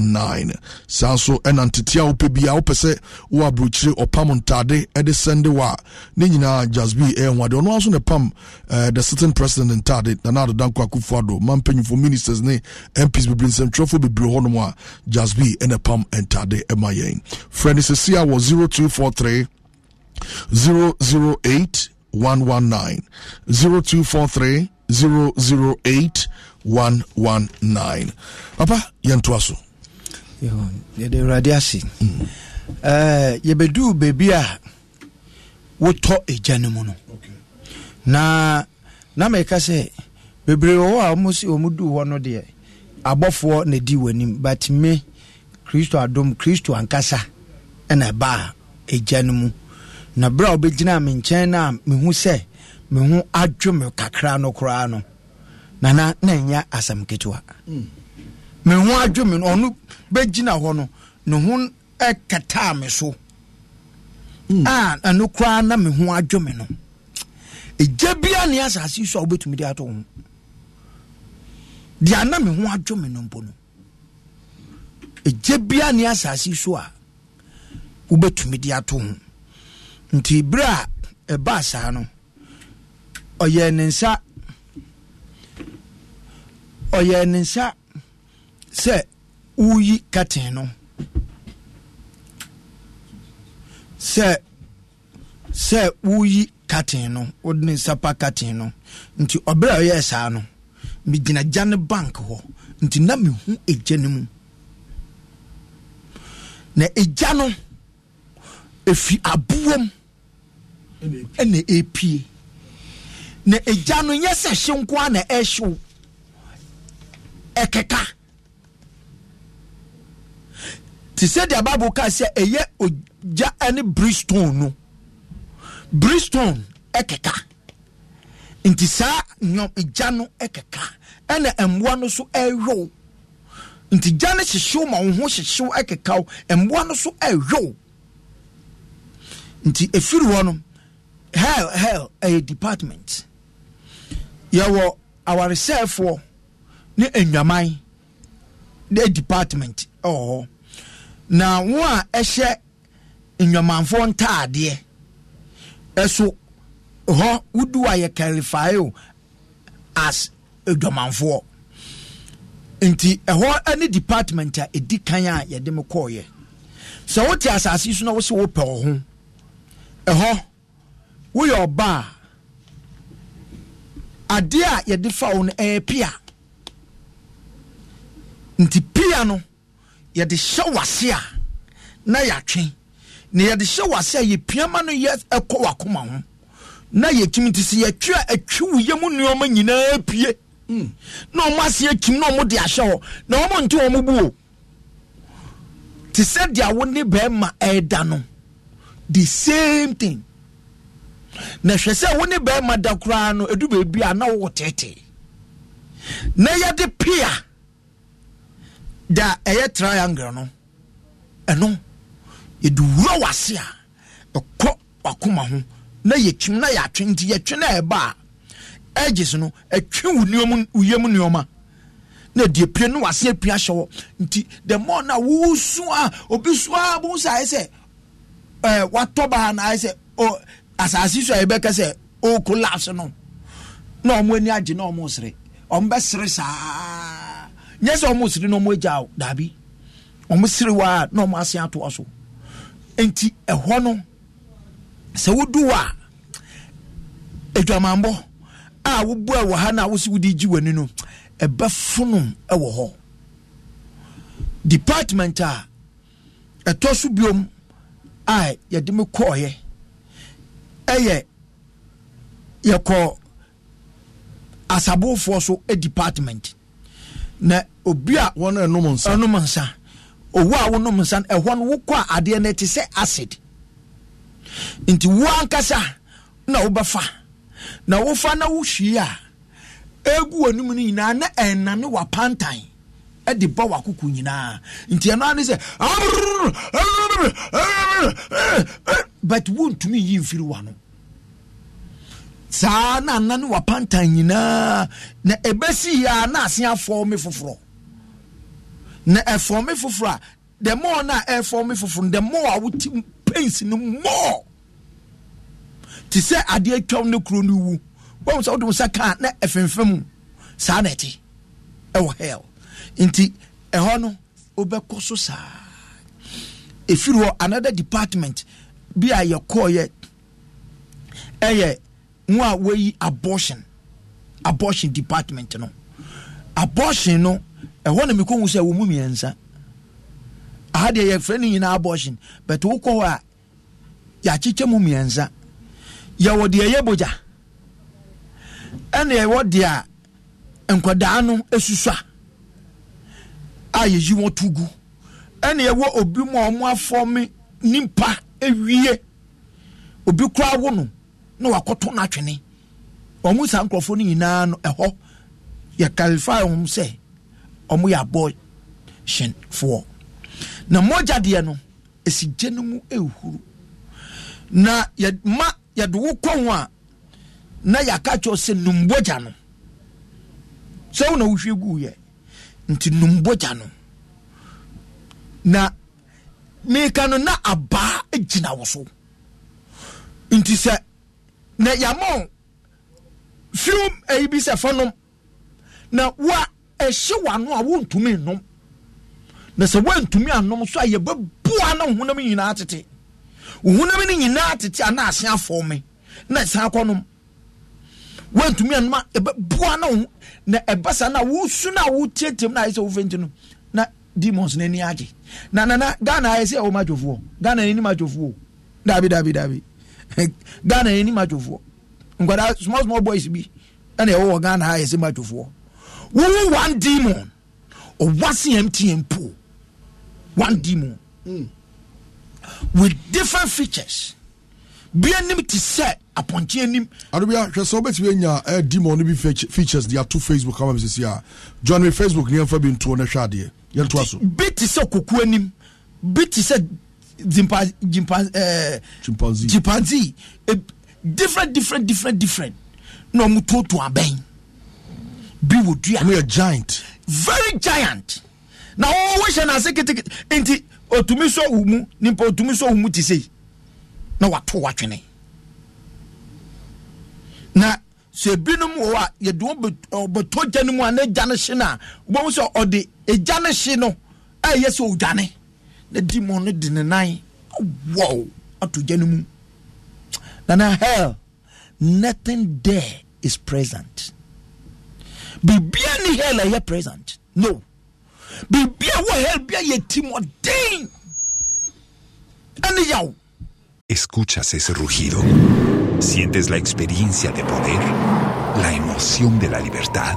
nine Sanso enantitia ɛna ntete a wopɛ bia wopɛ sɛ wo aburokyire ɔpam ntade ɛde sɛnde wɔ a ne nyinaa jasbi ɛyɛ ho pam uh, the sitting president ntade nana adodanko akufo ado ma mpanyimfo ministers ne mps bebree nsɛmtwerɛfo bebree hɔnom a jasbi ɛna pam ntade ɛma yɛn frɛ no sɛsi 0243 008 119 0243 008 119 papa yɛntoa yɛde awurade ase yɛbɛduu baabi a wotɔ agya no mu no na na mɛka sɛ bebree wɔ a ɔmu duu hɔ no deɛ abɔfoɔ na di w'anim but me kristo adom kristo ankasa ɛna ɛbaa agya no mu na berɛ a wobɛgyina me nkyɛn no a mehu sɛ me ho adwo me kakra no koraa no nana na ɛnyɛ asɛm ketewa mm. me ho adwo me no ɔno bɛgyina hɔ no ne ho ɛkataa me so hmm. a ɛno koraa na me ho adwo me no ɛgya bia ne asase so a wobɛtumi de ato ho deɛ ana me ho adwo no mpo no ɛgya bia ne asase so a wobɛtumi de ato ho nti berɛ a ɛbaa saa no ɔyɛɛ ne nsa ɔyɛɛ ne nsa sɛ woyi curtain no sɛ sɛ woyi curtain no wode ne sapa curtain no nti ɔberɛ a ɔyɛɛ saa no megyina gya ne bank hɔ nti na mehu egya no mu na egya no efi abuom, ɛna epie na egya no nyɛ sɛ hye nko na ɛhyew ɛkeka te sɛdeɛ bible ka sɛ ɛyɛ ogya ne bristone no bristone ɛkeka nti saa e gya no ɛkeka ɛna mmoa no so ɛrehwew nti gya no hyehyew ma wo ho hyehyew ɛkeka wo mmoa no so ɛrehwew nti ɛfiri hɔ no hell hell ɛyɛ e department yɛwɔ awaresɛefoɔ ne nnwaman ne department ɛwɔ hɔ na wo a ɛhyɛ nnwamanfoɔ ntaadeɛ ɛso hɔ wodu a yɛ o as adwamanfoɔ nti ɛhɔ ne department a ɛdi kan a yɛde me kɔɔyɛ sɛ wote asase yi so na wo wopɛ wo ho ɛhɔ woyɛ ɔba a adeɛ a yɛde fa wo no ɛyɛ pia nti pia no yɛde hyɛ wase a na yɛatwe na yɛde hyɛ wase a yɛpiama no yɛ ɛkɔ wakoma ho na yɛtumi te sɛ yɛtwe a atwi wo yɛmu nneɔma nyinaa pie hmm. na ɔmo ase akim na ɔmo de ahyɛ hɔ na ɔmo nte ɔmo bu o te sɛ deɛ awo ne bɛrima ɛɛda no the same thing na hwɛ sɛ wo ne bɛrima da koraa no edu baabi a na wɔwɔ tɛɛtɛɛ na yɛde pia. da ɛyɛ triangle no ɛno yɛde wura wase a ɛkɔ wakoma ho na yɛtwim na yɛatwe nti yɛtwe na ɛba a edges no ɛtwe wo nneɛma woyam nneɛma na deɛ pie no wase apia hyɛ wɔ nti the more na wosu a obi so a bo sɛ ayɛ sɛ ɛɛ watɔ baa na ayɛ sɛ o asase so a yɛbɛka sɛ o collapse no na wɔn ani agye na wɔn resere wɔn bɛsere saa. nyɛ sɛ ɔmo siri na ɔmo agya o daabi ɔmo siri wa na ɔmo ase atoa so nti ɛhɔ no sɛ wodu wa adwamanbɔ a wobu a wɔ ha na wosi wodi gyi w'ani no ɛbɛfunum ɛwɔ hɔ department a ɛtɔ so biom a yɛde me kɔɔyɛ ɛyɛ yɛkɔ asabofoɔ so department na obi a wɔn ɛnum nsa ɛnum nsa owu a wɔnum nsa ɛhɔ no wokɔ adeɛ no ti sɛ acid nti wo ankasa na wobɛfa na wofa na wohwie a egu wɔn mu no nyinaa na ɛnane wɔ apantan ɛde bɔ wɔ akoko nyinaa nti ɛno ano sɛ but wontumi yi mfiri wɔ ano saa na nna ne wapanta nyinaa na ɛbɛsi yia na ase afɔme foforɔ na ɛfɔme foforɔ a the more na ɛfɔme foforɔ the more a wote pains no more te sɛ adeɛ twam ne kuro no wu wɔn sɛ wode wo nsa kaa na ɛfemfem saa na ɛte ɛwɔ hell nti ɛhɔ no wobɛkɔ so saa ɛfiri hɔ another department bi a yɛkɔɔyɛ ɛyɛ mo a wɔyi abortion abortion department no abortion no ɛhɔ na mekɔhu sɛ wɔ mu mmiɛnsa aha deɛ yɛfrɛ no nyinaa abortion but wokɔ hɔ a yɛakyekyɛ mu mmiɛnsa yɛwɔ deɛ ɛyɛ bogya ɛna yɛwɔ deɛ a nkwadaa no asusua a yɛyi wɔn to gu ɛna yɛwɔ obi mu a wɔn afɔme nipa ewie obi kura awo no. na wakɔto no atwene ɔmo saa nkurɔfoɔ no nyinaa no ɛhɔ yɛkalifaa ɔm sɛ ɔmo yɛ abɔ hyenfoɔ na mogya deɛ no gye no mu ɛhuru na yɛma yɛde wo ho a na yɛaka kyerɛ sɛ numbogya no sɛ wo na wohwie guuyɛ nti numbogya no na meka no na abaa gyina wo so nti sɛ na yamɔ fiw eyi bi sɛ fɔnom na wa ɛhyɛ wano a wontumi nnom na sɛ woantumi anom so a yɛbɛbua na honam nyinaa tete honam no nyinaa tete ana ase afɔɔ me na san kɔnom woantumi anom a yɛbɛbua na na ɛba saa na wosu no a wotiatim no ayɛ sɛ wofɛnti no na demons no ani agye na nana ghana ayɛ sɛ ɛwɔ ma adwofoɔ ghana anim adwofoɔ daabi daabi daabi ghana yɛni matwofoɔ nkwadaa small small boys bi ɛna ɛwɔ wɔ ghana ha yɛsɛ matwofoɔ wowu one demon ɔwase mtn pool one demon hmm. with different features bi anim te sɛ apɔnkye anim. adubia hwɛ sɛ wobɛtumi anya ɛɛ eh, demon no bi features de ato facebook ama mi sisi a join me facebook ni yɛn fa bi ntoɔ na hwɛ adeɛ yɛn to aso. bi te sɛ koko anim bi te sɛ jimpa jimpa ɛɛ eh, chimpanzee chimpanzee e, different different different different na ɔmo tó tó abɛn bi wò dua ɔmo yɛ giant very giant na wɔn wɔn hyɛ n'ase ketekete nti otumi sɔ wɔn mu nipa otumi sɔ wɔn mu ti sɛ na wato watwene na sɛ ebinom wɔ a yɛde wɔn bɛtɔ gya no mu a na gya no hye no a wɔn sɛ ɔde gya no hye no ɛyɛ sɛ ɔdwane. the demon no de nine wow ato gya no nana hell nothing there is present be be ne hell ɛyɛ present no be biribia what hell be yɛ timɔden ɛne yaw escuchas ese rugido sientes la experiencia de poder la emoción de la libertad